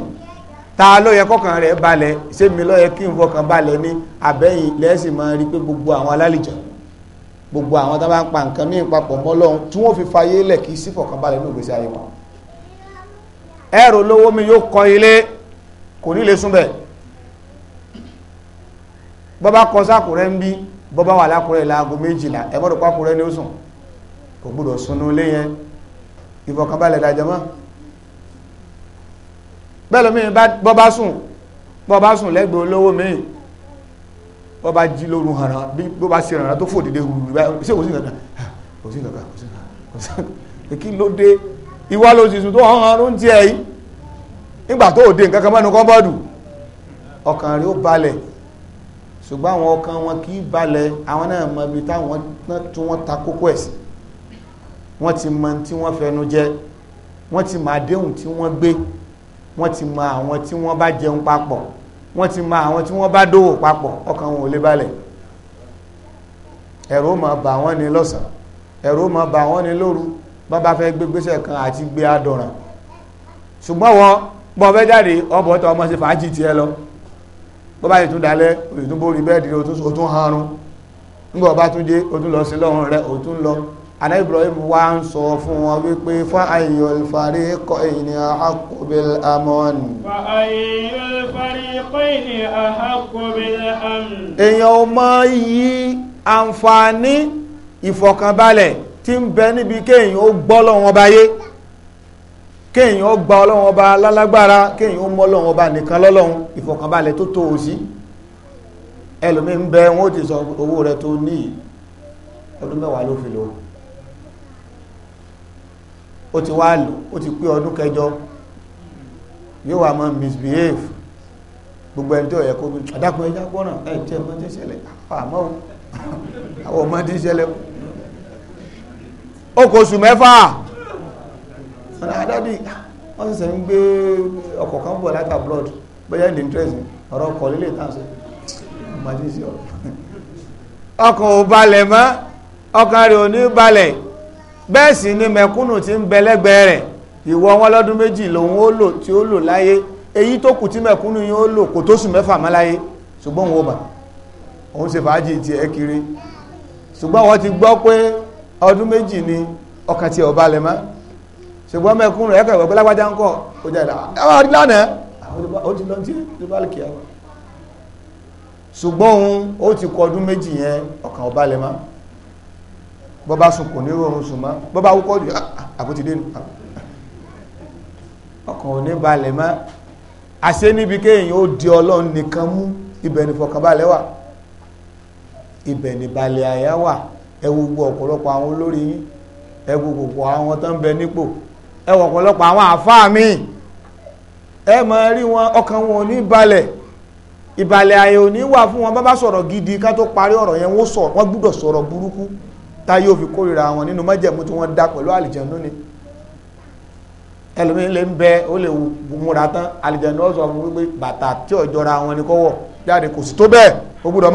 ta ló yẹ kọkàn rẹ̀ balẹ̀ ṣé mi kí n fọkànbalẹ̀ ní àbẹ́yìn lẹ́sìn máa rí pé gbogbo àwọn alálìjọ́ gbogbo àwọn tó bá ń pa nǹkan ní ìpapọ̀ mọ́ lọ́hún tí wọ́n fi fayé lẹ̀ kí sí fọ̀kànbalẹ̀ ní ìgbésí ayé wọn ẹrù lówó mi yóò kọ́ ilé kò ní lè súnbẹ̀ bọ́bá kọ sákùrẹ́ ń bí bọ́bá wà lákùrẹ́ láago méjìlá ẹgbọ́dọ̀ pákùrẹ́ ní ó sùn kò gbọ́dọ̀ súnú ilé yẹn ìfọ̀kànbalẹ̀ dàjẹ́ mọ́ bẹ́ẹ̀ lómi bọ́bá sùn bọ́bá sùn lẹ́gbẹ̀ẹ́ olówó mìíràn wọ́n bá jí lóru hànà bí ó bá ṣe hànà tó fò dédé wùwù báyìí ṣé kò sí kankan ah, kò sí kankan kò sí kankan kí ló dé ìwà ló sì sùn tó hàn án ló ń tiẹ̀ yìí nígbà tó òde nǹkan kan mọ́nu kan bọ́ọ̀dù ọkàn rẹ̀ ó balẹ̀ ṣùgbọ́n àwọn ọkàn wọn kì í balẹ̀ àwọn náà mọ ibi táwọn tí wọ́n ta kókó ẹ̀ sí wọ́n ti mọ tí wọ́n fẹnu jẹ wọ́n ti mọ àdéhùn tí wọ́n gbé wọ́n ti mọ àwọn tí wọ́n bá jẹun papọ̀ wọ́n ti ma àwọn tí wọ́n bá dówò papọ̀ ọkàn wọn ò lè balẹ̀ ẹ̀rù ma bà wọ́n ní lọ́sàn ẹ̀rù ma bà wọ́n ni lóru bá bá fẹ́ kan àti gbé adọ̀ràn ṣùgbọ́n wọn bọ́ jáde ọbọ̀ ọmọ sí fàájì lọ bá yìí tún dalẹ̀ ọba tún dé lọ sí lọ́run lọ anabi ibrahim wá ń sọ fún wọn wípé fa ayyul fariqayni ahaqqu bil amn.
fa ayyul fariqayni ahaqqu bil amn.
èèyàn ò mọ iyì àǹfààní ìfọ̀kànbalẹ̀ tí ń bẹ níbi kéèyàn ó gbọ́ lọ́wọ́n bá yé kéèyàn ó gba ọlọ́wọ́n bá lálágbára kéèyàn ó mọ́ lọ́wọ́n bá nìkan lọ́lọ́run ìfọ̀kànbalẹ̀ tó tó òsì ẹlòmí ń bẹ wọn ó ti sọ owó rẹ tó ní ọdún mẹ́wàá ló fi lò ó ti wá lò ó ti pé ọdún kẹjọ yóò wà misbehave gbogbo ẹni tó yẹ kó bí àdákùn ẹjá gbọ́nà ẹ̀ tí ẹmọ ṣẹlẹ̀ àmọ́ àwọn ọmọ ṣẹlẹ̀ ó kò sù mẹ́fà ọ̀nà àdádì wọ́n sì sẹ́ gbé ọkọ̀ kan bọ̀ láti abroad bẹ́yẹ̀ ní interest ọ̀rọ̀ bẹ́ẹ̀ sì ni mẹ̀kúnnù ti ń bẹ lẹ́gbẹ̀ẹ́ rẹ̀ ìwọ wọn lọ́dún méjì lòun ó lò tí ó lò láyé èyí tó kù tí mẹ̀kúnnù yìí lò kò tó sùn mẹ́fà mọ́ láyé ṣùgbọ́n ó bà òun fàájì ti kiri ṣùgbọ́n wọ́n ti gbọ́ pé ọdún méjì ni ọkàn ti ọba lẹ̀ mọ́ ṣùgbọ́n mẹ̀kúnnù ẹ̀kọ́ ìwọ̀ pé ń kọ́ ó jẹ́ ìlànà ṣùgbọ́n kọ ọdún méjì bọ́bá sùn kò ní rọrùn sùn mọ́ bọ́bá wúkọ́ jù ah, ah, àkótí dénú ọkàn ò ní balẹ̀ mọ́ àṣẹ níbi kéèyàn ó di ọlọ́run nìkan mú ibẹ̀ ní fọkànbalẹ̀ wà ibẹ̀ ní balẹ̀ àyà wà ẹ wo gbogbo ọ̀pọ̀lọpọ̀ àwọn olórí yín ẹ wo gbogbo àwọn tó ń bẹ nípò ẹ wo ọ̀pọ̀lọpọ̀ àwọn àfáà mi ẹ máa rí wọn ọkàn wọn ò ní balẹ̀ ìbàlẹ̀ àyè ò ní wà fún wọn bá bá sọ̀rọ̀ gidi ká tó parí ọ̀rọ̀ yẹn wọ́n gbúdọ̀ sọ̀rọ̀ burúkú ta yóò fi kórìíra wọn nínú mọ́jẹ̀mú tí wọ́n dá pẹ̀lú àlìjẹ̀nú ni ẹlòmíín lè ń bẹ ó lè múra tán àlìjẹ̀nú ó fún wípé bàtà tí ò wọn ni kó wọ̀ jáde kò sí tó bẹ́ẹ̀ ó gbúdọ̀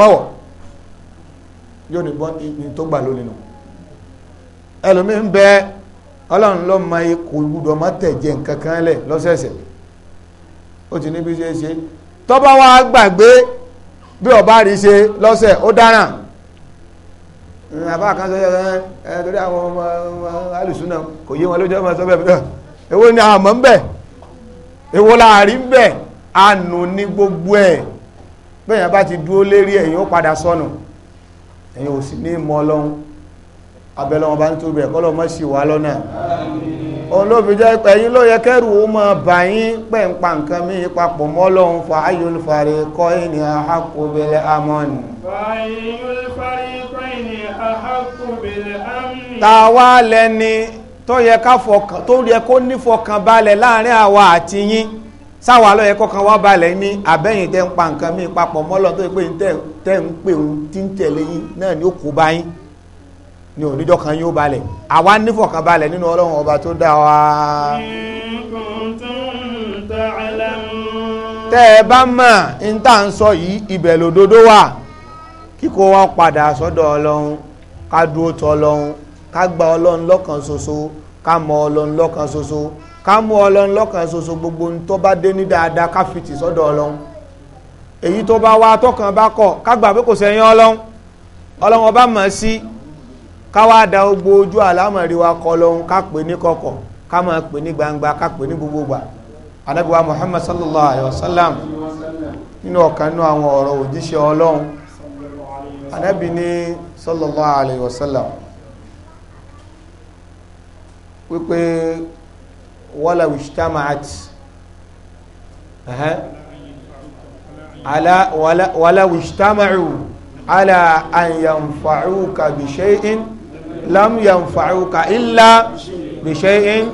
yóò ní bọ́n ní tó gbà lónìí nù bẹ ọlọ́run ló mọ gbúdọ̀ nǹkan kan lẹ̀ lọ́sẹ̀ẹ̀sẹ̀ ó ti ṣe ṣe tọ́ba wa gbàgbé bí ọba rí ṣe àbá kan sọ yẹ ẹ torí àwọn ọmọ alùsùnà kò yé wọn lójú ọmọ sọ bẹ́ẹ̀ èwo ni àmọ́ ń bẹ̀ èwo láàrin ń bẹ̀ ànù ní gbogbo ẹ̀ bẹ́ẹ̀ yẹn bá ti dúró lérí ẹ̀yìn ó padà sọnù ẹ̀yìn ò sì ní mọ́ ọlọ́run abẹ́lọ́wọ́n bá ń tó bẹ̀ kọ́lọ̀ mọ́ sí wa lọ́nà òun ló fi jẹ́ pé yín ló yẹ kẹ́rù ó mọ bà yín pẹ̀ ń pa nǹkan mí papọ̀ mọ́ lọ́hun fa ayul fariqaini ahaqqu bil amani.
fa
lẹ́ni tó yẹ ká fọkàn balẹ̀ láàrin àwa àti yín sáwà ló yẹ kọkàn wá balẹ̀ ní abẹ́yìn tẹ́ ń pa nǹkan mí papọ̀ mọ́ tó yẹ pé tẹ́ ń pè ń tí ń tẹ̀lé yín náà ni ó kó bá ni oníjọ́ kan yóò balẹ̀ àwa nífọ̀kan balẹ̀ nínú ọlọ́run ọba tó dá wa. tẹ́ ẹ bá mọ̀ n tá ń sọ yìí ibẹ̀ lòdodo wà kíkó wa padà sọ́dọ̀ ọlọ́run ká dúró tọ́ ọlọ́run ká gba ọlọ́run lọ́kàn ṣoṣo ká mọ ọlọ́run lọ́kàn ṣoṣo ká mú ọlọ́run lọ́kàn ṣoṣo gbogbo ń tó bá dé ní dáadáa ká fi tì sọ́dọ̀ ọlọ́run èyí tó bá wá tọkàn bá kọ̀ ká gbà pé kò sẹ́yìn ọlọ́run ọlọ́run ọba mọ̀ sí i káwá da gbogbo ojú àlámọ̀rí wa kọ lọ́hún ká pè ní kọ̀kọ̀ ká máa pè ní gbangba ká pè ní gbogbo gbà ànábì wa muhammad sallallahu alayhi wa sallam nínú ọ̀kan nínú àwọn ọ̀rọ̀ òjíṣẹ́ ọlọ́hun ànábì ní sallallahu alayhi wa sallam wípé wala wishtama'at wala wishtama'u ala an yanfa'uka bi shay'in lam yanfa'uka illa bi shay'in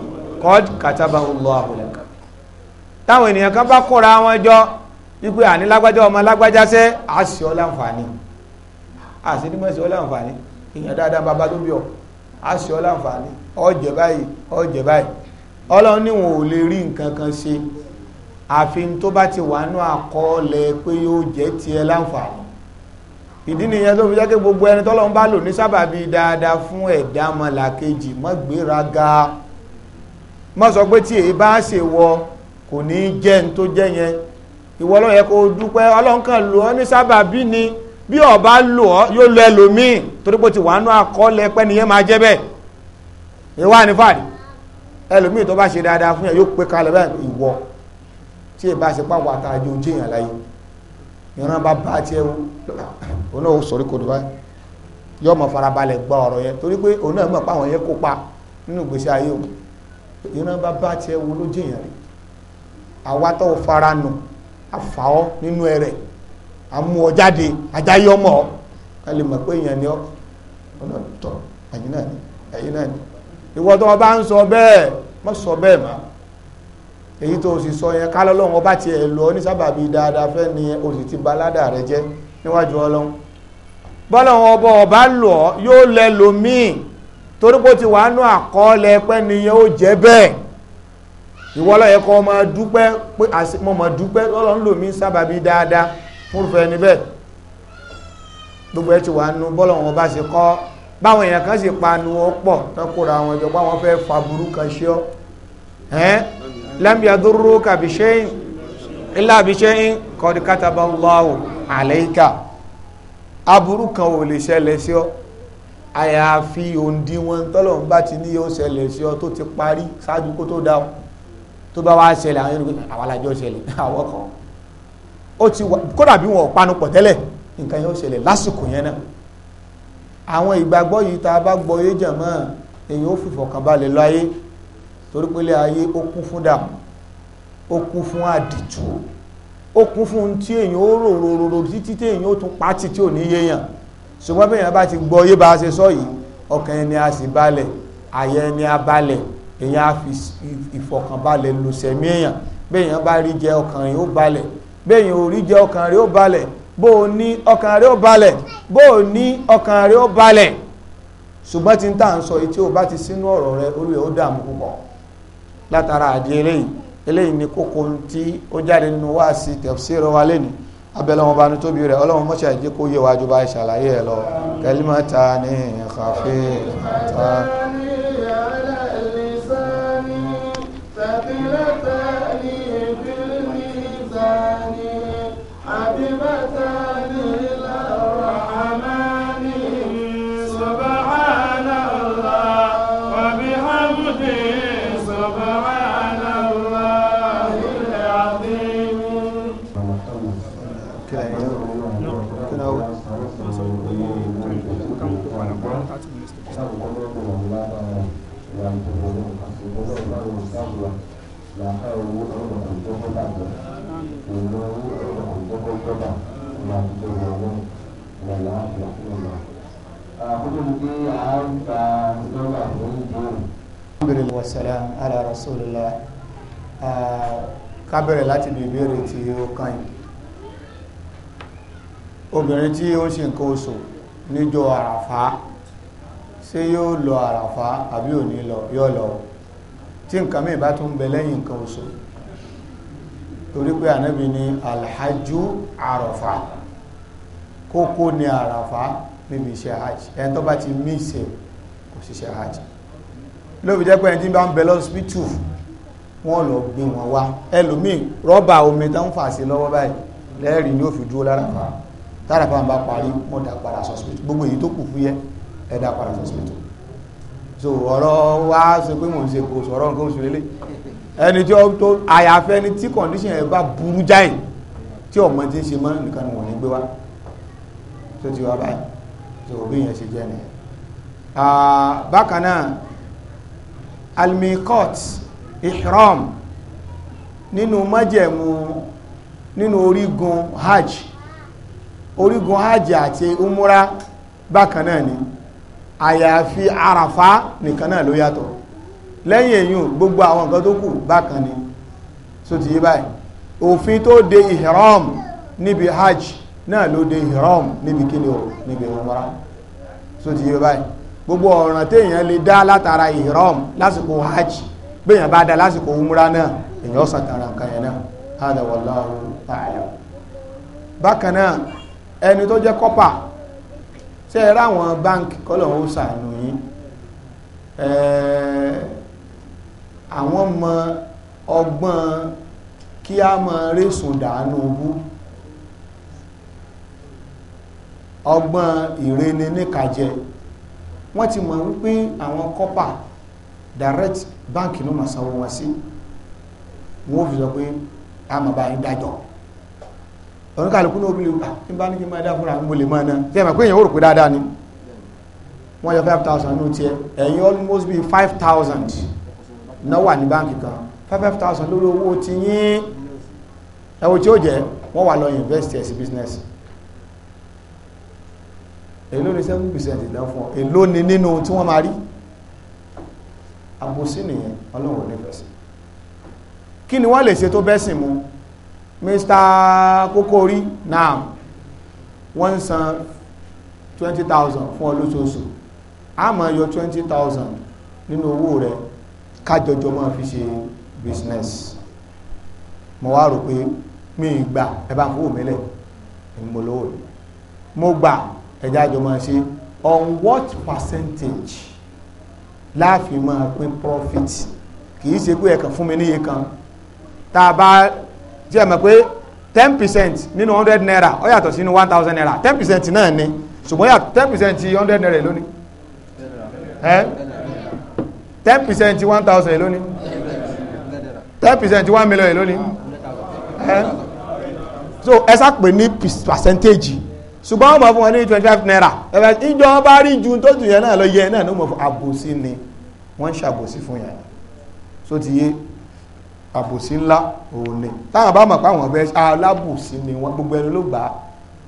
qad katabahu Allahu laka táwọn ènìyàn kan bá kóra wọn jọ wípé àní lágbájá ọmọ lágbájá sẹ́ àṣì ọ láǹfààní àṣì ní mọ̀ṣì ọ láǹfààní èèyàn dáadáa bàbá tó bí ọ àṣì ọ láǹfààní ọjẹ báyìí ọjẹ báyìí ọlọ́run ní wọn ò lè rí nǹkan kan ṣe àfi tó bá ti wà nú àkọọ́lẹ̀ pé yóò jẹ́ tiẹ̀ láǹfààní ìdí nìyẹn tó fi jẹ́ kí gbogbo ẹni tọ́lọ́run bá lò ní sábàbí dáadáa fún ẹ̀dá ọmọlàkejì mọ́ gbéraga mọ́ sọ pé tí èyí bá ṣe wọ kò ní jẹ́ ní tó jẹ́ yẹn ìwọ ló yẹ kó dúpẹ́ ọlọ́run kan lò ọ́ ní sábàbí ni bí ó bá lò ọ́ yóò lọ ẹlòmíì torí pé ti wà nú àkọọ́lẹ̀ pẹ́ nìyẹn máa jẹ́ bẹ́ẹ̀ ìwà ní fàdí ẹlòmíì tó bá ṣe dáadáa fún yẹn yóò pé kalẹ̀ bẹ́ẹ̀ ìwọ tí èyí bá ṣe pàwọ́ àtàjọ ojú láyé ìran bá bá tiẹ̀ wò náà ó sọ̀rí kò dùbá yọ ọmọ farabalẹ̀ gba ọ̀rọ̀ yẹn torí pé òun náà mọ̀ pé àwọn yẹn nínú gbèsè ayé o ìran bá bá tiẹ̀ wò ló jìyàn rẹ̀ àwa tó fara nù àfàọ́ nínú ẹ̀rẹ̀ àmú ọ jáde ọ ká lè mọ̀ ọ tọ̀ náà ni náà ni tó bá èyí tó sì sọ yẹn ká lọ́lọ́run ọba tiẹ̀ lọ ní sábàbí dáadáa fẹ́ ni o sì ti balada rẹ jẹ́ níwájú ọlọ́run bọ́lọ́run ọba ọba lọ yóò lẹ lòmíì torí pé ó ti wà nú àkọọ́lẹ̀ pẹ́ nìyẹn ó jẹ́ bẹ́ẹ̀ ìwọ́lọ́ yẹ kọ́ ọmọ dúpẹ́ pé mo mọ̀ dúpẹ́ ọlọ́run lòmí sábàbí dáadáa fúnfẹ́ níbẹ̀ gbogbo ẹ ti wà nú bọ́lọ́run ọba ṣe kọ́ báwọn èèyàn kan sì panu ọ̀pọ̀ tán kóra àwọn ìjọba wọn fẹ́ fa burú ṣe ọ́ ẹ́ lam yadurruka bi shay'in illa bi shay'in qad kataba Allahu alayka aburú kan ò lè ṣẹlẹ̀ sí ọ àyàfi òǹdíwọ̀n tọ́lọ̀n bá ti ní yóò ṣẹlẹ̀ sí ọ tó ti parí ṣáájú kó tó dá ọ tó bá wá ṣẹlẹ̀ àwọn yorùbá àwọn alájọ ṣẹlẹ̀ àwọn kan ó ti wà kódà bí wọn ò panupọ̀ tẹ́lẹ̀ nǹkan yóò ṣẹlẹ̀ lásìkò yẹn náà àwọn ìgbàgbọ́ yìí tá a bá gbọ́ yé jàmọ́ èyí ó fìfọ̀kànbalẹ̀ lọ ayé torí pé ilé ayé ó kún fún dàmú ó kún fún àdìtú ó kún fún tí èyàn ó ròròròrò títí tí èyàn ó tún pàtì tí ò ní yéèyàn ṣùgbọ́n bí èyàn bá ti gbọ́ yé bá ṣe sọ yìí ọkàn ẹni a sì balẹ̀ àyà ẹni a balẹ̀ èyàn á fi ìfọkànbalẹ̀ lò sẹ̀mí èyàn bí èyàn bá rí jẹ ọkàn rẹ̀ ó balẹ̀ bí èyàn ò rí jẹ ọkàn rẹ̀ ó balẹ̀ bó o ní ọkàn rẹ̀ ó balẹ̀ bó o ní ọkàn rẹ̀ ó balẹ̀ ṣùgbọ́n tí ń tà ń sọ yìí tí o bá ti sínú ọ̀rọ̀ rẹ̀ olùyẹ̀ dààmú púpọ̀ látara àdí eléyìí eléyìí ni kókó tí ó jáde nínú wá sí tafsir wa lẹ́nu abẹ́lẹ́ bá ní tóbi rẹ̀ ọlọ́run mọ́ṣẹ́ àjẹ́ kó yẹ wájú bá ṣàlàyé ẹ̀ lọ kalimatani khafifatani
ala lisani thaqilatani fil làákà owó ọ̀rọ̀ ìjọba bàjẹ́ ìlú owó ọ̀rọ̀ ìjọba ìjọba ìlàjìjọ ìrọ̀lẹ́ ìrọ̀lẹ́ àfẹ́fẹ́
àkókò ní pé a ń gba lọ́wọ́ àwọn ìbéèrè. alhamdulilayi wa salam ala rasulillah ká bẹ̀rẹ̀ láti bí ìbéèrè tí ó kàn yìí obìnrin tí ó ṣe nǹkan oṣù níjọ́ àràfá ṣé yóò lọ àràfá àbí ò ní lọ yóò lọ tí nǹkan mìí bá tún bẹ lẹ́yìn nǹkan oṣù torí pé ànábì ni alhajjú àràfà kókó ni àràfà níbi iṣẹ́ hajj ẹni tó bá ti mí ìṣẹ́ kò síṣẹ́ hajj lóbi jẹ́ pé ẹni tí bá ń bẹ lọ́sípítù wọ́n lọ gbé wọn wá ẹlòmíì rọ́bà omi tó ń fà sí lọ́wọ́ báyìí lẹ́rìí ni ó fi dúró láràfà táràfà ń bá parí wọ́n dá padà sọ́sípítù gbogbo èyí tó kù fúyẹ́ ẹ dá padà sọ́sípítù so ọ̀rọ̀ wá sọ pé mò ń ṣe kò sọ̀rọ̀ nǹkan oṣù lélẹ̀ ẹni tí ó tó àyàfẹ́ ni tí condition ẹ̀ bá burú jáì tí ọmọ tí ń ṣe mọ́ nìkan ni wọ́n ní gbé wá tó ti wá báyìí so òbí yẹn ṣe jẹ́ nìyẹn bákan náà almikot ihram nínú májẹ̀mú nínú orígun hajj orígun hajj àti umura bákan náà ni àyàfi àràfá nìkan náà ló yàtọ̀ lẹ́yìn èyàn gbogbo àwọn nǹkan tó kù bákan ni so ti yé báyìí òfin tó de ihram níbi hajj náà ló de ihram níbi kíni o níbi umra so ti yé báyìí gbogbo ọ̀ràn téèyàn lè dá látara ihram lásìkò hajj béèyàn bá dá lásìkò umra náà èyàn sàtara nǹkan yẹn náà hada wallahu ta'ala bákan náà ẹni tó jẹ́ kọ́pà ṣe ẹ ráwọn báńkì kọ́lọ̀ ó sàánú yín àwọn mọ ọgbọ́n kí a mọ rẹ́sùn dànù owó ọgbọ́n ìrẹ́ni níkàjẹ́ wọ́n ti mọ̀ wípé àwọn kọ́pà direct báńkì ló mọ̀ sanwó wọn sí wọ́n fi sọ pé a mọ̀ bá dájọ́ ọ̀run kálukú náà obìnrin ní ah, bá ní kí máa dá fúnra mo lè máa náà tí ẹ̀mọ̀ pé èèyàn ó rò pé dáadáa ni wọ́n yọ 5000 ní tiẹ̀ ẹ̀yìn almost be 5000 náà wà ní báǹkì kan 5000 lórí owó ti yín ẹwọ tí ó jẹ́ wọ́n wà lọ invest ẹ̀ business èló ni 7% ìdán fún ọ èló ni nínú tí wọ́n máa rí àbòsí nìyẹn ọlọ́run nífẹ̀ẹ́ sí kí ni wọ́n lè ṣe tó bẹ́sìn mu Mr. Kokori náà wọ́n ń san 20,000 fún olóṣooṣù a máa yọ 20,000 nínú owó rẹ̀ kájọjọ máa fi ṣe business mo wá rò pé mi ìgbà ẹbá fowó mílẹ̀ ìmọ̀lówó mo gbà ẹjá jọ máa ṣe on what percentage láàfin máa pín profit kìí ṣe pé ẹ̀kan fún mi níye kan tá a bá tí ẹ pé ten percent nínú hundred naira ó yàtọ̀ sínú one thousand naira ten percent náà ni ṣùgbọ́n yàtọ̀ ten percent hundred naira lónìí ten percent one thousand lónìí ten percent one million lónìí so ẹ sá pè ní percentage ṣùgbọ́n wọ́n mọ̀ fún wọn ní twenty five naira ẹ̀fẹ̀ ìjọ bá rí ju tó tù yẹn náà lọ yẹ náà ló mọ̀ fún àbòsí ni wọ́n ń ṣàbòsí fún yẹn so ti yé àbòsí ńlá òun ni táwọn bá mọ̀ pé àwọn ọ̀bẹ alábòsí ni wọ́n gbogbo ẹni ló gbà á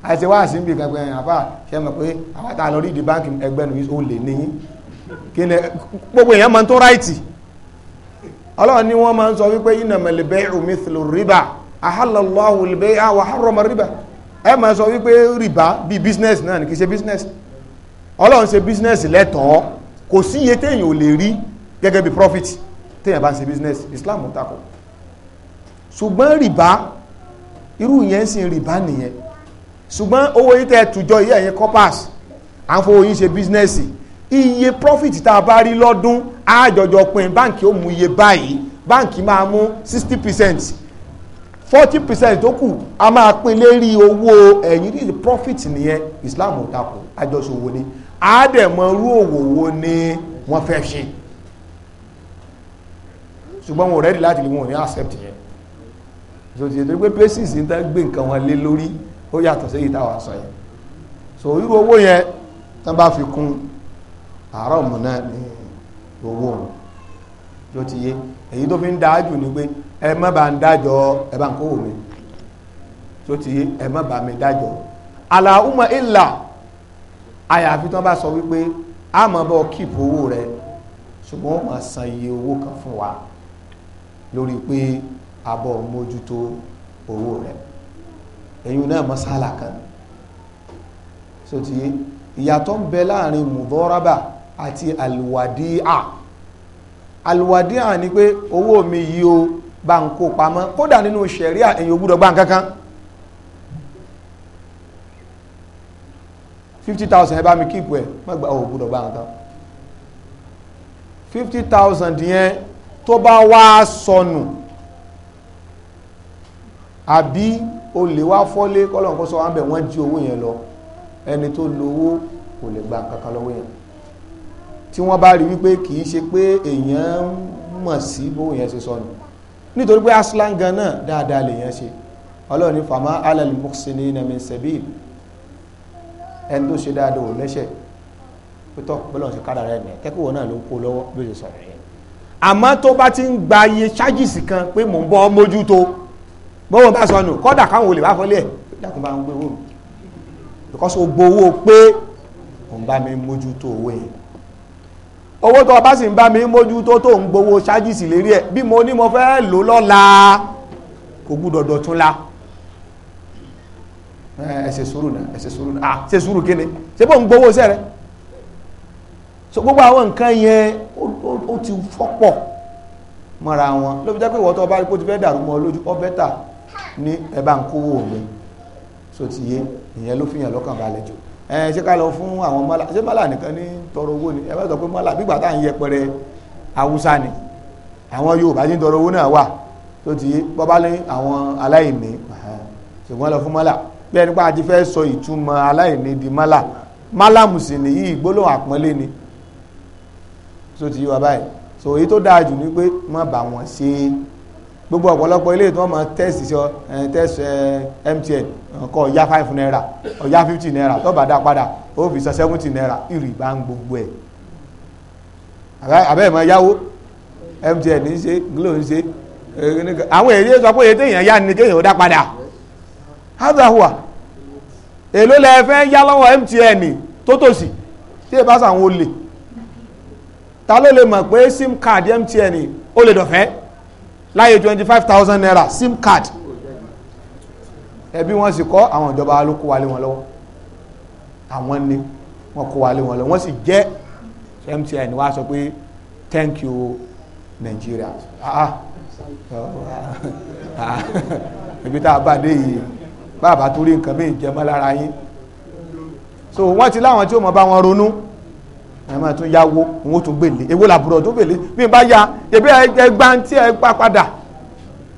àti wá sí ibi kankan ẹ̀yàn àfà ṣe mọ̀ pé àwọn tá a lọ rí ìdí báńkì ẹgbẹ́nu yìí ó lè níyìn kí ni gbogbo èèyàn máa ń tó ráìtì ọlọ́run ni wọ́n máa ń sọ wípé innamal bay'u mithlu riba ahallallahu al-bay'a wa harrama riba ẹ máa sọ wípé riba bí business náà ni kì í ṣe business ọlọ́run ṣe business lẹ́tọ̀ọ́ kò sí iye téèyàn ò lè rí gẹ́gẹ́ bí profit téèyàn bá ń ṣe business Islam takò ṣùgbọ́n rìbá irú yẹn sì rìbá nìyẹn ṣùgbọ́n owó yìí tẹ́ tùjọ iye ẹ̀yìn corpus à ń ṣe bísínẹ́sì iye profit tá a bá rí lọ́dún àjọjọ pin báǹkì ó mú iye báyìí báǹkì máa mú sixty percent forty percent tó kù a máa pín lérí owó ẹ̀yìn rí profit nìyẹn Islam ò takò àjọṣòwò ni àádẹ́mọ̀rú òwò wo ni wọ́n fẹ́ ṣe ṣùgbọ́n wọn ò rẹ́dí láti lè wọn ò ní accept yẹn so ti ṣètò pé places ń tẹ́ gbé nǹkan wọn lé lórí ó yàtọ̀ sí èyí sọ yẹn so irú owó yẹn tán bá fi kún àárọ̀ mọ̀ náà ní owó wọn tó ti yé èyí tó fi ń ni pé ẹ má bá ń dájọ́ bá ń kówó mi tó ti yé ẹ má bá mi dájọ́ àlàúmọ̀ ìlà àyàfi tán bá wípé a bọ́ owó rẹ ṣùgbọ́n wọ́n máa san owó kan fún wa lórí pé abọ́ mójútó owó rẹ̀ ẹ̀yìn náà masala kan so ti ìyàtọ̀ ń bẹ láàrin mudoraba àti alwadi'a alwadi'a ni pé owó mi yí o bá ń kó pamọ́ kódà nínú ṣẹ̀ríà èyàn gbúdọ̀ gbá nǹkankan 50,000 ẹ bá mi kíìpù ẹ̀ mọ́gbà ò gbúdọ̀ gbá nǹkan 50,000 yẹn tó bá wá sọnù àbí olè wá fọ́lé kọ́lọ̀ kó sọ wọn bẹ̀ wọ́n jí owó yẹn lọ ẹni tó lówó kò lè gba nǹkan kan lọ́wọ́ yẹn tí wọ́n bá rí wípé kì í ṣe pé èèyàn mọ̀ sí bóun yẹn ṣe sọnù nítorí pé aslan gan náà dáadáa lèèyàn ṣe ọlọ́run ní fama alal muhsinina min sabil ẹni tó ṣe dáadáa ò lẹ́ṣẹ̀ pẹ́tọ́ bọ́lọ́n ṣe kádàrá ẹ̀mí kẹ́kọ̀ọ́ náà ló kó lọ́wọ́ bí ó ṣe sọ̀rọ̀ yẹn àmọ́ tó bá ti ń gba iye ṣáàjìsì kan pé mò ń bọ́ mójútó bọ́wọ́ bá sọnù kọ́dà káwọn olè bá fọ́lé ẹ̀ dákun bá ń gbé owó because o gbowó pé òun bá mi mójútó owó yẹn owó tó o bá sì ń bá mi mójútó tó ń gbowó ṣáájú sí lérí ẹ̀ bí mo ní mo fẹ́ lò lọ́la kò gbúdọ̀ dọ̀tún la ẹ sùúrù náà ẹ ṣe ah ṣe sùúrù kíni ṣe bó ń gbowó sẹ́rẹ̀ so gbogbo àwọn nǹkan yẹn ó ti fọ́pọ̀ mọ́ra wọn ló fi jẹ́ pé ìwọ́tọ̀ bá rí pé ti fẹ́ dàrú mọ́ lójú ọ bẹ́tà ní ẹ bá ń kówó mi so ti yé ìyẹn ló fi hàn lọ́kàn balẹ̀ jù ẹ ṣé ká lọ fún àwọn mọ́là ṣé mọ́là nìkan ní tọrọ owó ni ẹ bá sọ pé mọ́là bí gbàtà ń yẹpẹrẹ haúsá ni àwọn yorùbá ní tọrọ owó náà wà tó ti bọ́bá ní àwọn aláìní ṣùgbọ́n lọ fún mọ́là bí ẹni pa àti fẹ́ sọ ìtumọ̀ aláìní di mọ́là mọ́là mùsùlùmí yìí gbólóhùn àpọ́nlé ni tó ti yí wa báyìí so èyí tó dáa jù ní pé má bà wọ́n ṣe é gbogbo ọ̀pọ̀lọpọ̀ ilé tí wọ́n máa tẹ́sì sọ tẹ́sì MTN kọ ọ̀yá five naira ọ̀yá fifty naira tó bá dá padà ó fi san seventy naira ìrì bá ń gbogbo ẹ̀ àbẹ́ ìmọ̀ yáwó MTN ń ṣe Glo ń ṣe àwọn èrè sọ pé ètò èèyàn yá ni kéèyàn ó dá padà hádàhùwà èló lẹ fẹ́ yá lọ́wọ́ MTN tó tòsí tí èèyàn bá sàwọn olè ta ló lè mọ̀ pé sim card MTN ó lè dọ̀fẹ́ láyé twenty five thousand naira sim card ẹbí wọn sì kọ́ àwọn ìjọba ló kó wálé wọn lọ́wọ́ àwọn ni wọn kó wálé wọn lọ wọn sì jẹ́ MTN wá sọ pé thank you Nigeria ah, ah. Ah, ibi tá a bá dé yìí bàbá torí nǹkan mí jẹ mọ́ lára yín so wọ́n ti láwọn tí ó mọ̀ bá wọn ronú àmọ́ tún yáwó òun ó tún gbèlè èwo làbúrò tó gbèlè bí n bá ya ebi ẹgbà tí ẹ pa padà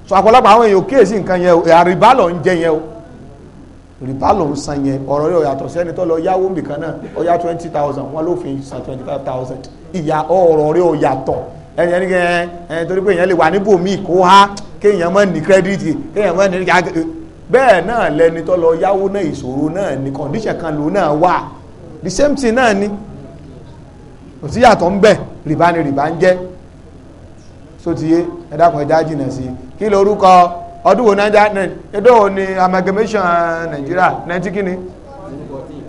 sọ àpọ̀lọpọ̀ àwọn èèyàn kíyèsí nǹkan yẹn àrìbá lọ ń jẹ yẹn o rìbá lọ ń san yẹn ọ̀rọ̀ yóò yàtọ̀ sẹ́ni tó lọ yáwó nìkan náà ọ̀yá twenty thousand wọn ló fi san twenty five thousand ìyá ọ̀rọ̀ yóò yàtọ̀ ẹni ẹni kẹ ẹ torí pé èèyàn lè wà níbòmíì kó há kéèyàn mọ́ ní kírẹ́díìtì kéèyàn mọ́ ní bẹ́ẹ̀ náà lẹni tó lọ yáwó náà ìṣòro náà ní kọ̀ǹdíṣàn the same thing náà ni kò sí yàtọ̀ ń bẹ̀ rìbá ni rìbá ń jẹ́ sotiye ẹ dákun ẹ dá jìnnà sí kí lorúkọ ọdún wo náírà ẹdọ́ wo ni amalgamation eh, nàìjíríà ninety kìíní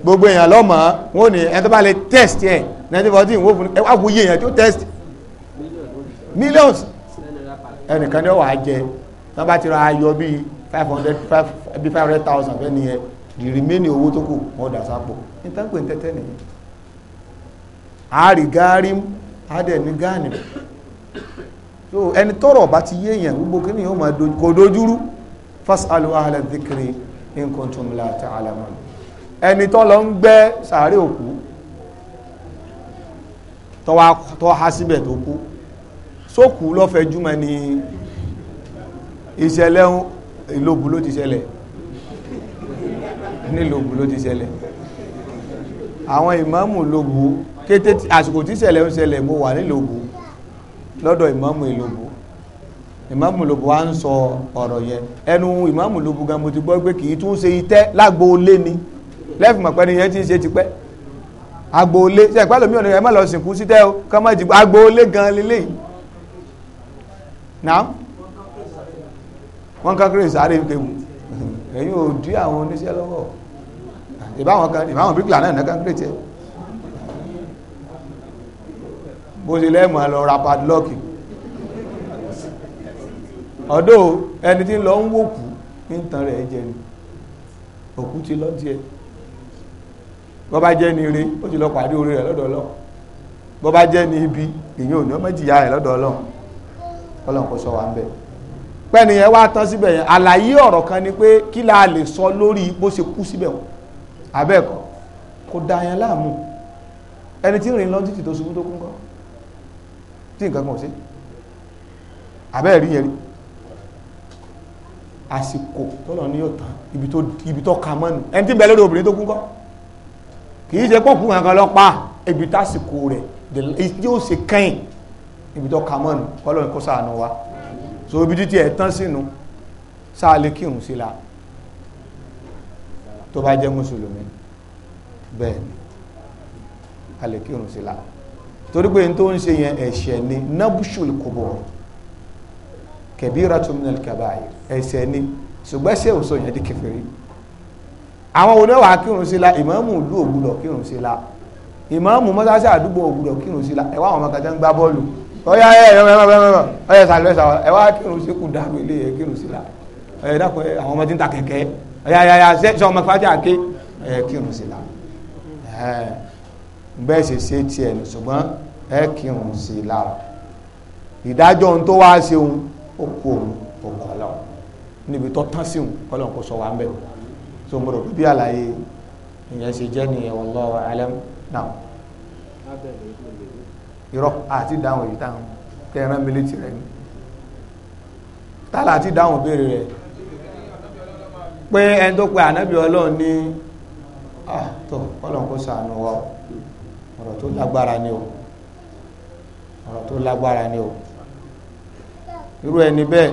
gbogbo èèyàn lọ́mọ wọn ò ní ẹni tó bá lè test yẹn nineteen fourteen wọ́n fún ẹ wá wo èèyàn tó test millions ẹnìkan ni ó wàá jẹ tó bá ti ra ayọ bíi five hundred five bíi five hundred thousand fẹ́ nìyẹn the remaining owó tó kù wọ́n dà sápò ní táǹpẹ̀ ń tẹ́tẹ́ nìyẹn àárí gáárí adẹ̀ ní gáàní so ẹni tọ́rọ̀ bá ti yéèyàn gbogbo kí ni yóò máa kò dojúrú fasalu ahla dhikri in kuntum la ta'lamun ẹni tó lọ ń gbẹ́ sàárè òkú tó há síbẹ̀ tó kú sókù lọ́fẹ̀ẹ́ júmọ́ ni ìṣẹ̀lẹ̀ ìlòbù ló ti ṣẹlẹ̀ nílòbù ló ti ṣẹlẹ̀ àwọn ìmáàmù lòbù kété àsìkò tí ìṣẹ̀lẹ̀ ń ṣẹlẹ̀ mo wà nílòbù lọ́dọ̀ ìmáàmù ìlòbù ìmáàmù ìlòbù wa ń sọ ọ̀rọ̀ yẹn ẹnu ìmáàmù ìlòbù gan mo ti gbọ́ pé kì í tún ṣe itẹ́ lágbo olé ni lẹ́fìmọ̀ pẹ́ ni yẹn ti ṣe tipẹ́ agbo olé ṣe ìpàdé mi ò ní ẹ má lọ sìnkú sítẹ́ o ká má jìgbọ́ agbo olé gan lélẹ́yìí náà wọ́n kankiri sáré kéwù ẹ̀yin ò dí àwọn oníṣẹ́ lọ́wọ́ ìbáwọn kan ìbáwọn bíríkìlà náà náà bó ṣe lẹ́mọ̀ lọ ra padlọ́ọ̀kì ọ̀dọ́ ẹni tí ń lọ ń wòkú ní tàn rẹ̀ jẹ ni òkú ti lọ díẹ̀ bọ́ bá jẹ́ ni ire ó ti lọ pàdé orí rẹ̀ lọ́dọ̀ Ọlọ́run bọ́ bá jẹ́ ni ibi èyí ò ọmọ ìjìyà rẹ̀ lọ́dọ̀ la lè sọ lórí bó ṣe kú síbẹ̀ ẹni tí ń rìn lọ tó ṣubú tó kún tí nǹkan kan ò sí àbẹ́ẹ̀ rí yẹn rí àsìkò tọ́lọ̀ ní ọ̀tán ibi tó ka mọ́nu ẹni tí bẹ̀lẹ́ obìnrin tó kún kọ́ kìí ṣe pọ́kùn kankan lọ́pàá ibi tásìkò rẹ̀ tí ó ṣe kẹ́yìn ibi tó ka mọ́nu kọ́lọ̀ kó sàánú wa so ibi títí ẹ̀ tán sínú sáàlé kírun sí la tó bá jẹ́ mùsùlùmí bẹ́ẹ̀ ni a lè kírun sí la torí pé n tó ń ṣe yẹn ẹ̀ṣẹ̀ ni nabushul kubur kabiratu minal kabair ẹ̀ṣẹ̀ ni ṣùgbọ́n ṣé òsò yẹn di kèfèrí àwọn oníwà kírun sí la ìmáàmù ìlú ògbúdọ̀ kírun sí la ìmáàmù mọ́sáṣá àdúgbò ògbúdọ̀ kírun sí la ẹ̀wá àwọn ọmọkàtà ń gbá bọ́ọ̀lù ọ̀yà ẹ̀ ọ̀yà sàlẹ̀ sàwọ̀ ẹ̀wá kírun sí kù dáàbò ilé yẹn kírun sí la ẹ̀yà dàpọ̀ àwọn ọmọ tí ń ta kẹ̀kẹ́ ọ̀yà ẹ̀yà sọ ọmọ bẹ́ẹ̀ ṣe ṣe tiẹ̀ nù ṣùgbọ́n ẹ kírun sí i lára ìdájọ́ ohun tó wáá ṣe òun ó kú òun kò kọ́ ọlọ́run níbi tó tán sí òun ọlọ́run kò sọ wá ń bẹ̀ so mo rò pé bí àlàyé ìyẹn ṣe jẹ́ nìyẹn wallahu alam náà irọ́ àti dáhùn èyí táwọn tẹ̀ràn mi létí rẹ̀ ni tálà àti dáhùn béèrè rẹ̀ pé ẹni tó pe ànábì ọlọ́run ní àtọ̀ ah, ọlọ́run kò sàánú wa ọ̀rọ̀ tó lágbára ni o ọ̀rọ̀ tó lágbára ni o irú ẹni bẹ́ẹ̀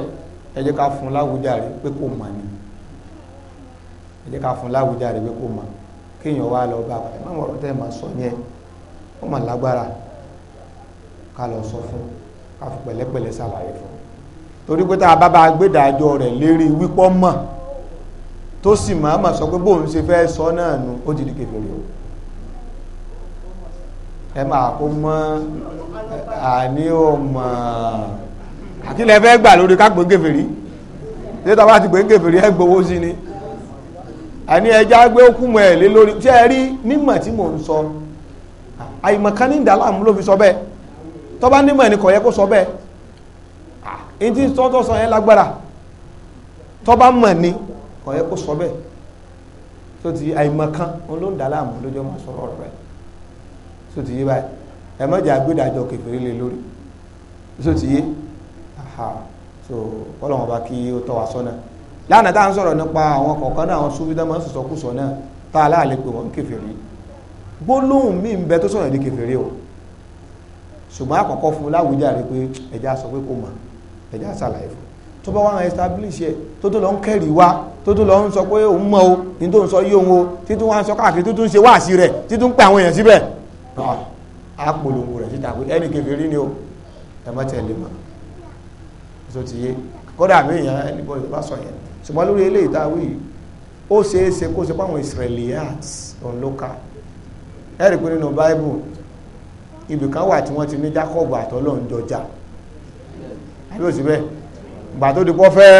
ẹ jẹ́ ká fún láwùjáre pé kò mà ní ẹ jẹ́ ká fún láwùjáre pé kò mà kéèyàn wá lọ bá pàdé má wọ̀rọ̀ tẹ́ ẹ máa sọ yẹn ó mà lágbára ká lọ sọ fún ká fi pẹ̀lẹ́pẹ̀lẹ́ ṣàlàyé fún torí pé tá a bá bá gbẹ́dàjọ rẹ̀ lérí wípọ́ mọ̀ tó sì máa mà sọ pé bóun ṣe fẹ́ sọ náà nu ó ti di kékeré o ẹ máa kó mọ́ àní ò mọ̀ àkílẹ̀ fẹ́ gbà lórí kágbó gèfèrí tí tọ́ bá ti gbé gèfèrí ẹ gbowó sí ni àní ẹja gbé ókùnmọ̀ ẹ̀ lé lórí tí ẹ rí nímọ̀ tí mò ń sọ àìmọ̀kan ní ìdálàmú ló fi sọ bẹ́ẹ̀ tọ́ bá nímọ̀ ní kò yẹ kó sọ bẹ́ẹ̀ in ti tọ́ tọ́ sọ yẹn lágbára tọ́ bá mọ̀ ní kò yẹ kó sọ bẹ́ẹ̀ tó ti àìmọ̀kan olóńdàlámù lójọ́ máa sọ̀rọ̀ rẹ̀ so ti yé báyìí ẹ mọ̀jà gbẹ́dàjọ kẹfìrí lé lórí so ti aha so kọ́lọ́wọ́n bá kí ó tọ́ wa sọ́nà lánàá tá à ń sọ̀rọ̀ nípa àwọn kọ̀ọ̀kan náà àwọn súnfídá máa ń sọ̀sọ́ kù sọ náà tá a láàlẹ́ pé wọ́n kẹfìrí gbólóhùn mí ń bẹ tó sọ̀rọ̀ di kẹfìrí o ṣùgbọ́n àkọ́kọ́ fún láwùjáre pé ẹja sọ pé kò mọ̀ ẹja ṣàlàyé fún tó bá wà ń establish tó tó lọ ń kẹ́rì wá tó tó lọ ń sọ pé òun mọ̀ o ní tó ń sọ yí òun o títún wá ń sọ káàkiri tó ṣe wáàsí rẹ̀ títún pè àwọn èèyàn síbẹ̀ apolongo rẹ̀ síta pé ẹnì kèfèrí ni o ẹ má tẹ̀lé mọ́ tó ti yé kódà àmì èèyàn ẹni bọ́ yorùbá sọ yẹn ṣùgbọ́n lórí ilé ìtawí yìí ó ṣeé ṣe kó ṣe páwọn israeli arts on local ẹ rí pé nínú bible ibìkan wà tí wọ́n ti ní jacob àtọ́lọ́run jọjà àbí òsì bẹ́ẹ̀ gbà tó di pọ́ fẹ́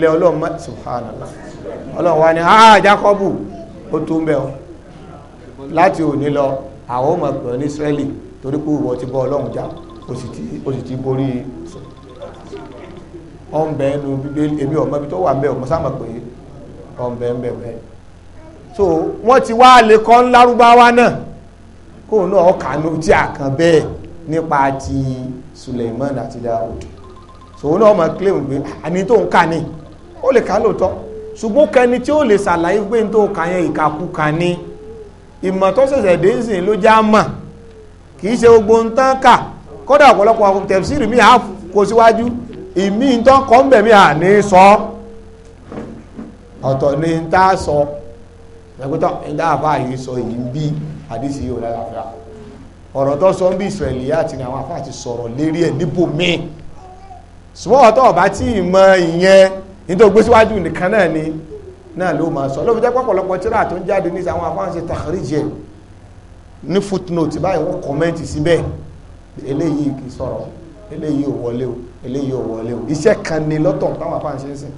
lẹ ọlọ́run mọ́ subhanallah ọlọ́run wa ni ah jacob ó tó ń bẹ̀ ọ́ láti òní lọ àwọn ọmọ pẹ̀ ní Israeli torí pé ìwọ ti bọ́ ọlọ́run já o sì ti borí ọ̀nbẹ ẹnu bíbélì èmi ọmọ ibi tó wà ń bẹ pé ọ̀nbẹ ń bẹ so wọ́n ti wá lè kọ́ lárúbáwá náà kó náà ọkànú tí a kàn bẹ́ẹ̀ nípa ti Suleiman àti Daud so náà ọmọ claim pé àní tó ń kà ní ó lè kà lóòótọ́ ṣùgbọ́n kẹni tí ó lè ṣàlàyé pé ní tó kà yẹn ìkàkùkà ní ìmọ̀ tó ṣẹ̀ṣẹ̀ dé ń sìn ló já mọ̀ kì í ṣe gbogbo ń tán kà kódà ọ̀pọ̀lọpọ̀ àwọn tẹ̀síìrì mi à kó síwájú ìmí ń tán kọ́ ń bẹ̀ mí à ní sọ ọ̀tọ̀ ni ń tá sọ ẹgbẹ́tọ̀ ń dá àfa yìí sọ yìí ń bí àdìsí yìí ò lálàáfíà ọ̀rọ̀ tó sọ ń bí ìsirẹ̀lì àti àwọn afá ti sọ̀rọ̀ lérí ẹ̀ níbò mí ṣùgbọ́n ọ̀tọ̀ ọ̀bá tí ìmọ̀ náà ló máa sọ lóbi jẹ́ pọ̀pọ̀lọpọ̀ tíra tó ń jáde ní àwọn afáǹsẹ̀ tàkìríjẹ ní footnote báyìí wọ́n kọ̀mẹ́ntì síbẹ̀ eléyìí kì í sọ̀rọ̀ eléyìí ò wọlé o eléyìí ò wọlé o iṣẹ́ kan ní lọ́tọ̀ táwọn afáǹsẹ̀ ń sìn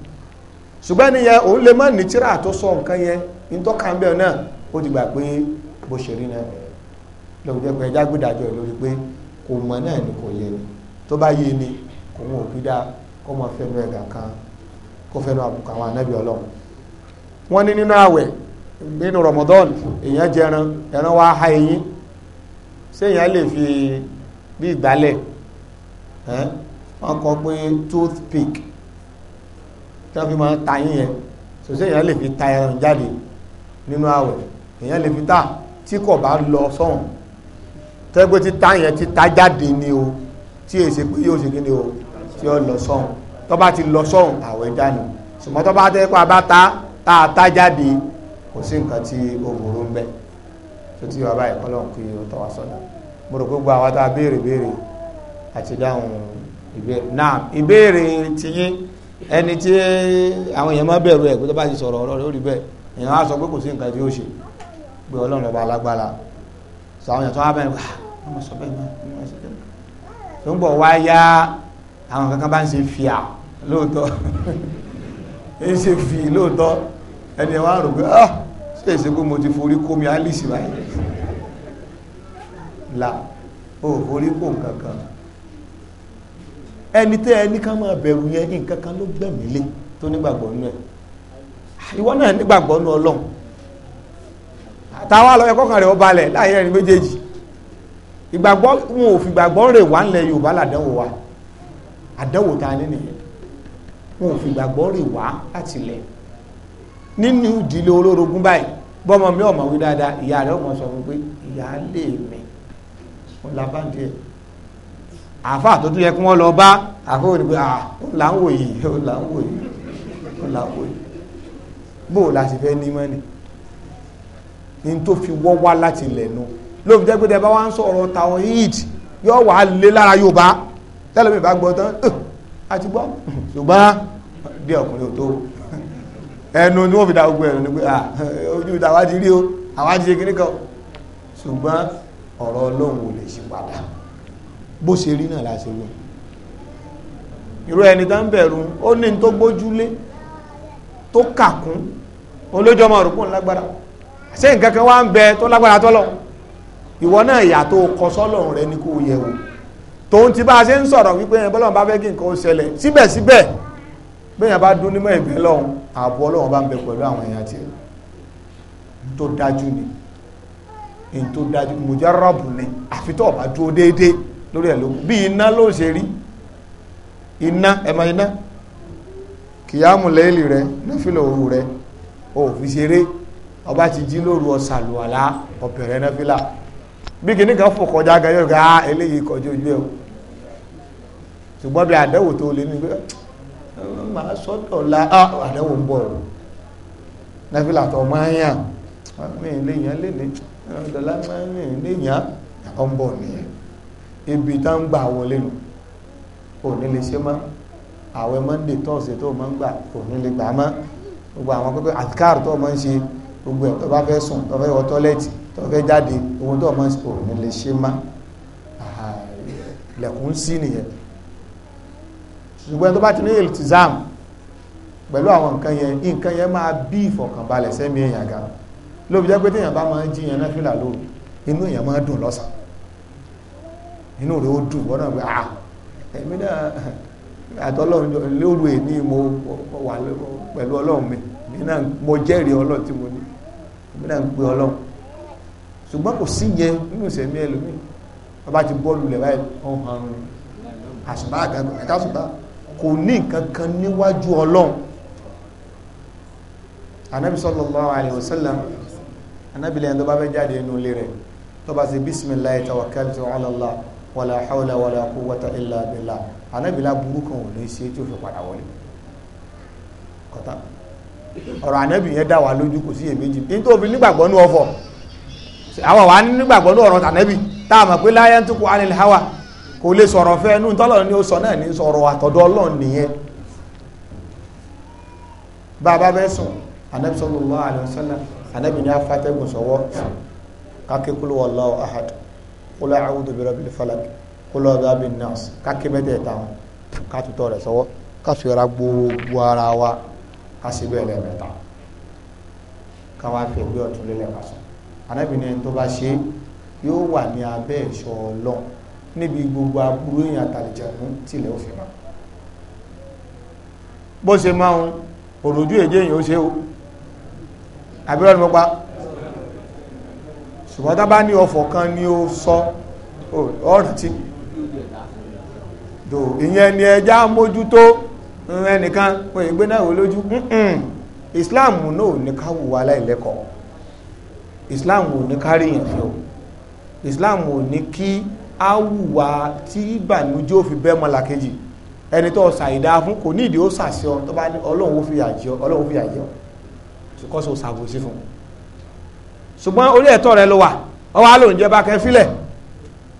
ṣùgbọ́n ni yẹn òun lè má ní tíra tó sọ nǹkan yẹn nítọ́ka ń bẹ̀ náà ó ti gbà pé bó ṣe rí náà lóbi jẹ́ pé lórí pé kò mọ̀ náà ni kò yẹ ni tó bá yé ni kò mọ̀ wọ́n ní nínú àwẹ̀ nínú Ramadan èèyàn jẹran ẹran wa ha eyín ṣé èèyàn lè fi bí ìgbálẹ̀ wọ́n kọ pé toothpick tí wọ́n fi máa ta yín yẹn ṣòṣe èèyàn lè fi ta ẹran jáde nínú àwẹ̀ èèyàn lè fi ta tí kò bá lọ sọ́hùn tẹ́gbẹ́ títa yẹn títa jáde ni o tí èsè pé yóò ṣe kí ni o tí ó lọ sọ́hùn tó ti lọ sọ́hùn àwẹ̀ dànù ṣùgbọ́n tẹ́ pé a bá ta tá a tá jáde kò sí nǹkan tí ó burú ń bẹ tó ti wà báyìí kọ́lọ̀ kí o tọ́ wa sọ́nà mo rò pé gbogbo àwọn tá a béèrè béèrè àti dáhùn ìbéèrè náà ìbéèrè tiyín ẹni tí àwọn èèyàn máa bẹ̀rù ẹ̀ pé tó bá ti sọ̀rọ̀ ọ̀rọ̀ rẹ̀ bẹ́ẹ̀ èèyàn á sọ pé kò sí nǹkan tí ó ṣe pé ọlọ́run ọba alágbára sọ àwọn èèyàn tó wá bẹ̀rẹ̀ wá ah, wọ́n mọ̀ sọ bẹ́ẹ̀ mọ́ tó ń bọ̀ wá yá àwọn kankan bá ń ṣe fìyà lóòótọ́ ń ṣe fì lóòótọ́ ẹni ẹ wá rò pé ah ṣe èsì pé mo ti forí kó mi alice báyìí là ó forí kó nǹkan kan ẹni tẹ́ ẹni ká máa bẹ̀rù yẹn nǹkan kan ló gbẹ̀mílé tó nígbàgbọ́ nínú ẹ̀ ìwọ náà nígbàgbọ́ nínú ọlọ́run àtàwọn àlọ́ ẹ̀kọ́ kan rẹ̀ láàyè ẹni méjèèjì ìgbàgbọ́ wọn ò fi gbàgbọ́ rè wá ńlẹ̀ yorùbá làdánwò wa àdánwò ta ní nìyẹn wọn ò fi gbàgbọ́ rè wá láti lẹ̀ nínú ìdílé olórogún báyìí bọ́mọ mi ọmọ wí dáadáa ìyá rẹ̀ ọmọ sọ wípé ìyá lè mi òun la bá ń tiẹ̀ àáfà tó tún yẹ kí wọ́n lọ bá àáfà òní pé à ah, òun là ń wò yìí òun là ń wò yìí òun là ń wò yìí bó o la sì fẹ́ ní mọ́ni ní tó fi wọ́ wá láti ilẹ̀ nu lóòótọ́ jẹ́ pé tẹ bá wá ń sọ̀rọ̀ tàwọn yìí yóò wà á lé lára Yorùbá tẹ́lẹ̀ mi bá gbọ́ tán àti gbọ́ ṣùgbọ́n bí ọkùnrin ò tó ẹnu ni wọ́n fi da gbogbo ẹ̀rùn ní pé ah, ojú ìta wá ti rí o àwa ti ṣe kíní kan ṣùgbọ́n ọ̀rọ̀ ọlọ́run ò lè ṣe padà bó ṣe rí náà láti wọ́n irú ẹni tó ń bẹ̀rù ó ní tó gbójúlé tó kàkún olójọ́ ọmọ òrùkún lágbára ṣé nǹkan kan wá ń bẹ tó lágbára tọ́lọ̀ ìwọ náà ìyà tó kọ sọ́lọ́run rẹ ní kó yẹ wò tòun ti bá a ṣe ń sọ̀rọ̀ wípé ẹ̀ bọ́lọ́run bá fẹ́ kí nǹkan ó ṣẹlẹ̀ síbẹ̀síbẹ̀ bẹ́yàn bá dún nímọ̀ ìbẹ̀ lọ́hun ààbò ọlọ́run bá ń bẹ pẹ̀lú àwọn èèyàn tí ẹ̀ tó dájú ni in tó dájú mùjárọ́bù ni àfitọ́ ọ̀bá dúó déédéé lórí ẹ̀ lókun bí iná ló ṣe rí iná ẹ̀mọ iná kìyàmù lẹ́ẹ̀lì rẹ náfìlà òru rẹ ò fi ṣeré ọba ti jí lóru ọ̀sàlùwàlá ọ̀bẹ̀rẹ̀ náfìlà bí kìíní kan fò kọjá gan yóò ah, eléyìí kọjú ojú ẹ̀ ṣùgbọ́n bí àdẹ́wò tó lé ní máa sọ́dọ̀ la ah, àdẹ́wò ń bọ̀ ọ́ nàfílà tó máa ń yàn mí léyàn léde dọ̀là máa ń mí léyàn ọ̀ ń bọ̀ nìyẹn ibi tá ń gbà wọlé nù ò ní lè ṣe mọ́ àwẹ̀ monday thursday tó máa ń gbà ò ní lè gbà mọ́ gbogbo àwọn pẹ́pẹ́ àtikáàr tó máa ń ṣe gbogbo ẹ̀ tó bá fẹ́ sùn tó fẹ́ wọ tọ́lẹ́ẹ̀tì tó fẹ́ jáde ohun tó máa ń ṣe ò ní lè ṣe mọ́ lẹ̀kùn sí nìyẹn ṣùgbọ́n tó bá ti ní iltizam pẹ̀lú àwọn nǹkan yẹn nǹkan yẹn máa bí ìfọ̀kànbalẹ̀ sẹ́mi èèyàn ga ló fi jẹ́ pé téèyàn bá máa ń jí yẹn náfìlà lóru inú èèyàn máa dùn lọ́sàn inú rẹ̀ ó dùn wọ́n náà pé ah èmi náà àtọ́lọ́run lóru èní mo wà pẹ̀lú ọlọ́run mi èmi náà mo jẹ́rìí ọlọ́run tí mo ní èmi náà ń pe ọlọ́run ṣùgbọ́n kò sí yẹn nínú ìsẹ̀mí ẹlòmíì wọ́n bá ti bọ́ọ̀lù lẹ̀ báyìí ọ̀hún àṣùbá àgbàgbà ẹ̀ka àṣùbá kò ní nǹkan kan níwájú ọlọ́run anabi sallallahu alayhi wa sallam anabi lẹ́yìn tó bá fẹ́ jáde inú ilé rẹ̀ tó bá ṣe bisimilayi tawakkaltu ala Allah wala hawla wala quwwata illa billah anabi la burú kan ò àwọn wa ní nígbàgbọ́ ọ̀rọ̀ tànẹ́bì táwọn mọ̀ pé la yantiqu anil hawa kò lè sọ̀rọ̀ fẹ́ inú tọ́lọ̀ ní ó sọ náà ní sọ̀rọ̀ àtọ̀dọ̀ ọlọ́run nìyẹn bàbá bẹ́ sùn anabi sallallahu alaihi wasallam anabi ní afátẹ́gùn sọ́wọ́ kákékúlù wallahu ahad kúlọ̀ a'udhu bi rabbil falak kúlọ̀ bàbí nas kákébẹ́tẹ̀ táwọn kátútọ̀ rẹ̀ sọ́wọ́ káfíọ́ra gbogbo ara wa kásìbẹ̀ lẹ́ẹ̀mẹ́ta káwá ọ̀tún lélẹ̀ pàṣẹ anabi tó bá ṣe yóò wà ní abẹ́ ìṣọ́ ọlọ́run níbi gbogbo aburú èyàn àtàlìjànú tilẹ̀ òfin ma bó ṣe máa ń òròjú èjé èyàn ó ṣe ó àbílọ́ ni mo pa ṣùgbọ́n tá bá ní ọfọ̀ kan ni ó sọ ọ̀rìn tí ìyẹn ni ẹjá mójútó ẹnìkan pé ìgbé náà wò lójú Islam náà ní ká wùwà láìlẹ́kọ̀ọ́ Islam ò ní ká ìyàn fi ò Islam ò ní kí awùwà tí ìbànújẹ́ ò fi bẹ́ mọ́làkejì ẹni tó ṣàìdá fún kò ní ìdí ó ṣàṣẹ ọ tó bá ní ọlọ́run ó fi àjẹ ọ ọlọ́run ó fi àjẹ ọ ṣùkọ́ sọ ṣàbòsí fún un ṣùgbọ́n orí ẹ̀tọ́ rẹ ló wà ọ wá lóun jẹba kẹ fílẹ̀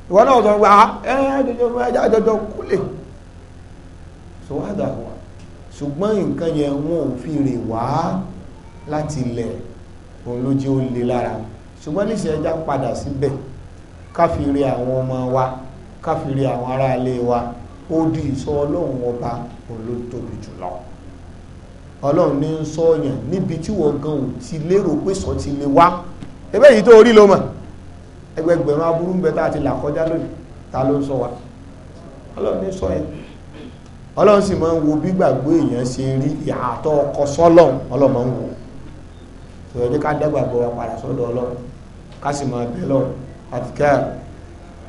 ìwọ náà sọ wá ah, ẹ jọjọ ẹja jọjọ kúlẹ̀ sọ wá dà wá ṣùgbọ́n nǹkan yẹn wọn ò fi rè wá láti ilẹ̀ òun ló jẹ́ ó le lára ṣùgbọ́n níṣẹ́ ẹja padà síbẹ̀ káfíìrì àwọn ọmọ wa káfíìrì àwọn aráalé wa ó di ìsọ ọlọ́run ọba olótóbi jùlọ ọlọ́run ní ń sọ ọ̀yàn níbi tí wọ́n gan ò ti lérò pé sọ ti lè wá ẹgbẹ́ yìí tó orí ló mọ̀ ẹgbẹgbẹ̀rún aburú ń bẹ tá a ti là kọjá lónìí ta ló ń sọ wa ọlọ́run ní sọ yẹn ọlọ́run sì máa ń wo bí gbàgbọ́ èèyàn ṣe rí ìhàtọ́ ọkọ sọ́lọ́run ọlọ́run máa ń wò ó ká dẹ́gbàgbọ́ wa padà sọ́dọ̀ ọlọ́run ká sì máa bẹ lọ́run adhkar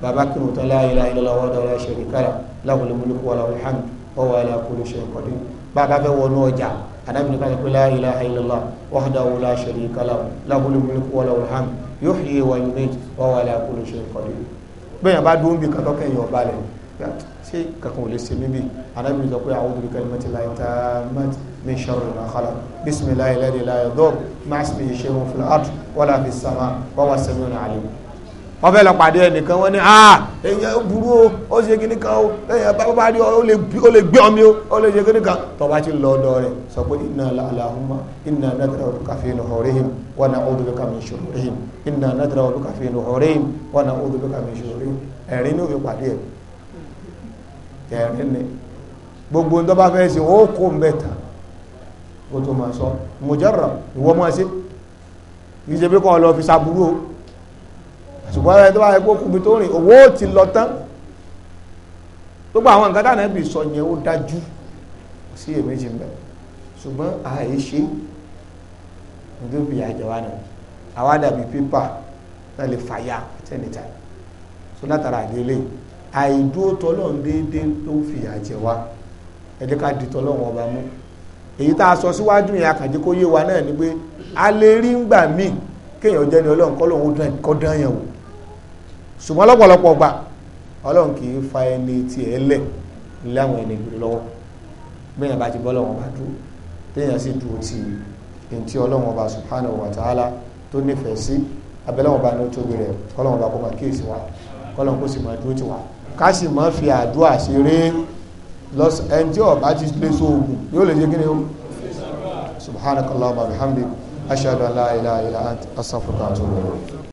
bàbá kí wọn tán la ilaha illallah wahdahu la sharika lah lahul mulku wa lahul hamd wa huwa ala kulli shay'in qadir bàbá fẹ́ wọnú ọjà anábìnrin kan pé la ilaha illallah wahdahu la sharika lahu lahul mulku wa lahul hamd yuhyi wa yumeet wa huwa ala kulli shay'in qadir bẹ́ẹ̀ bá dún bí kankan kẹ́yìn ọba lẹ̀ ṣé kankan ò lè ṣe níbi anábìnrin kan pé a'udhu bi kalimatillahi tammati min sharri ma khalaq bismillahi alladhi la yadurru ma'a ismihi shay'un fil ardi wa la fis sama'i wa huwa as-sami'ul 'alim wọ́n fẹ́ lọ pàdé ẹnìkan wọ́n ní ah èèyàn burú o ó ṣe kíní kan o èèyàn bá bá rí ọ ó lè gbé ọmọ o ó lè ṣe kíní kan tó bá ti lọ ọ̀dọ̀ rẹ̀ sọ pé inna Allahumma inna nadra'uka fi nuhurihim wa na'udhu bika min shururihim inna nadra'uka fi nuhurihim wa na'udhu bika min shururihim ẹ̀rín ní òfin pàdé ẹ̀ ẹ̀rín ni gbogbo ń tó fẹ́ ṣe ó kó ń bẹ̀ ṣùgbọ́n ẹni tó bá yẹ kó kúbi tó rìn owó ti lọ tán gbogbo àwọn nǹkan dáná bí sọ yẹn ó dájú sí èméjì ń bẹ ṣùgbọ́n àyè ṣe nítorí àjẹwà náà àwa dàbí pépà náà lè fàyà tẹ́nìtà tó látara àdélé àìdúró tọ́lọ́run déédéé ló ń fìyà jẹ wá ká di tọ́lọ́run ọba mú èyí tá a sọ síwájú yẹn àkànjẹ kó yé wa náà ni pé a lè rí ń gbà míì kéèyàn jẹ́ ni ọlọ́run kọ́ lóun kọ́ dán yẹn wò ṣùgbọ́n lọ́pọ̀lọpọ̀ gbà ọlọ́run kì í fa ẹni tí ẹ lẹ̀ láwọn ẹni ìlú lọ́wọ́ bẹ́ẹ̀ bá ti bọ́lọ̀ wọn bá dúró téèyàn sì dúró ti ẹni tí ọlọ́run ọba subhanahu wa ta'ala tó nífẹ̀ẹ́ sí abẹ́lẹ́wọ̀n bá ní ó tóbi rẹ̀ kọ́lọ́run ọba kó máa kíyèsí wa kọ́lọ́run kó sì máa dúró ti wa ká sì máa fi àdúrà ṣeré lọ́sọ̀ ẹni tí ọba ti lé sóògùn yóò lè ṣe kí ni ó subhanakallah wa bihamdi ashhadu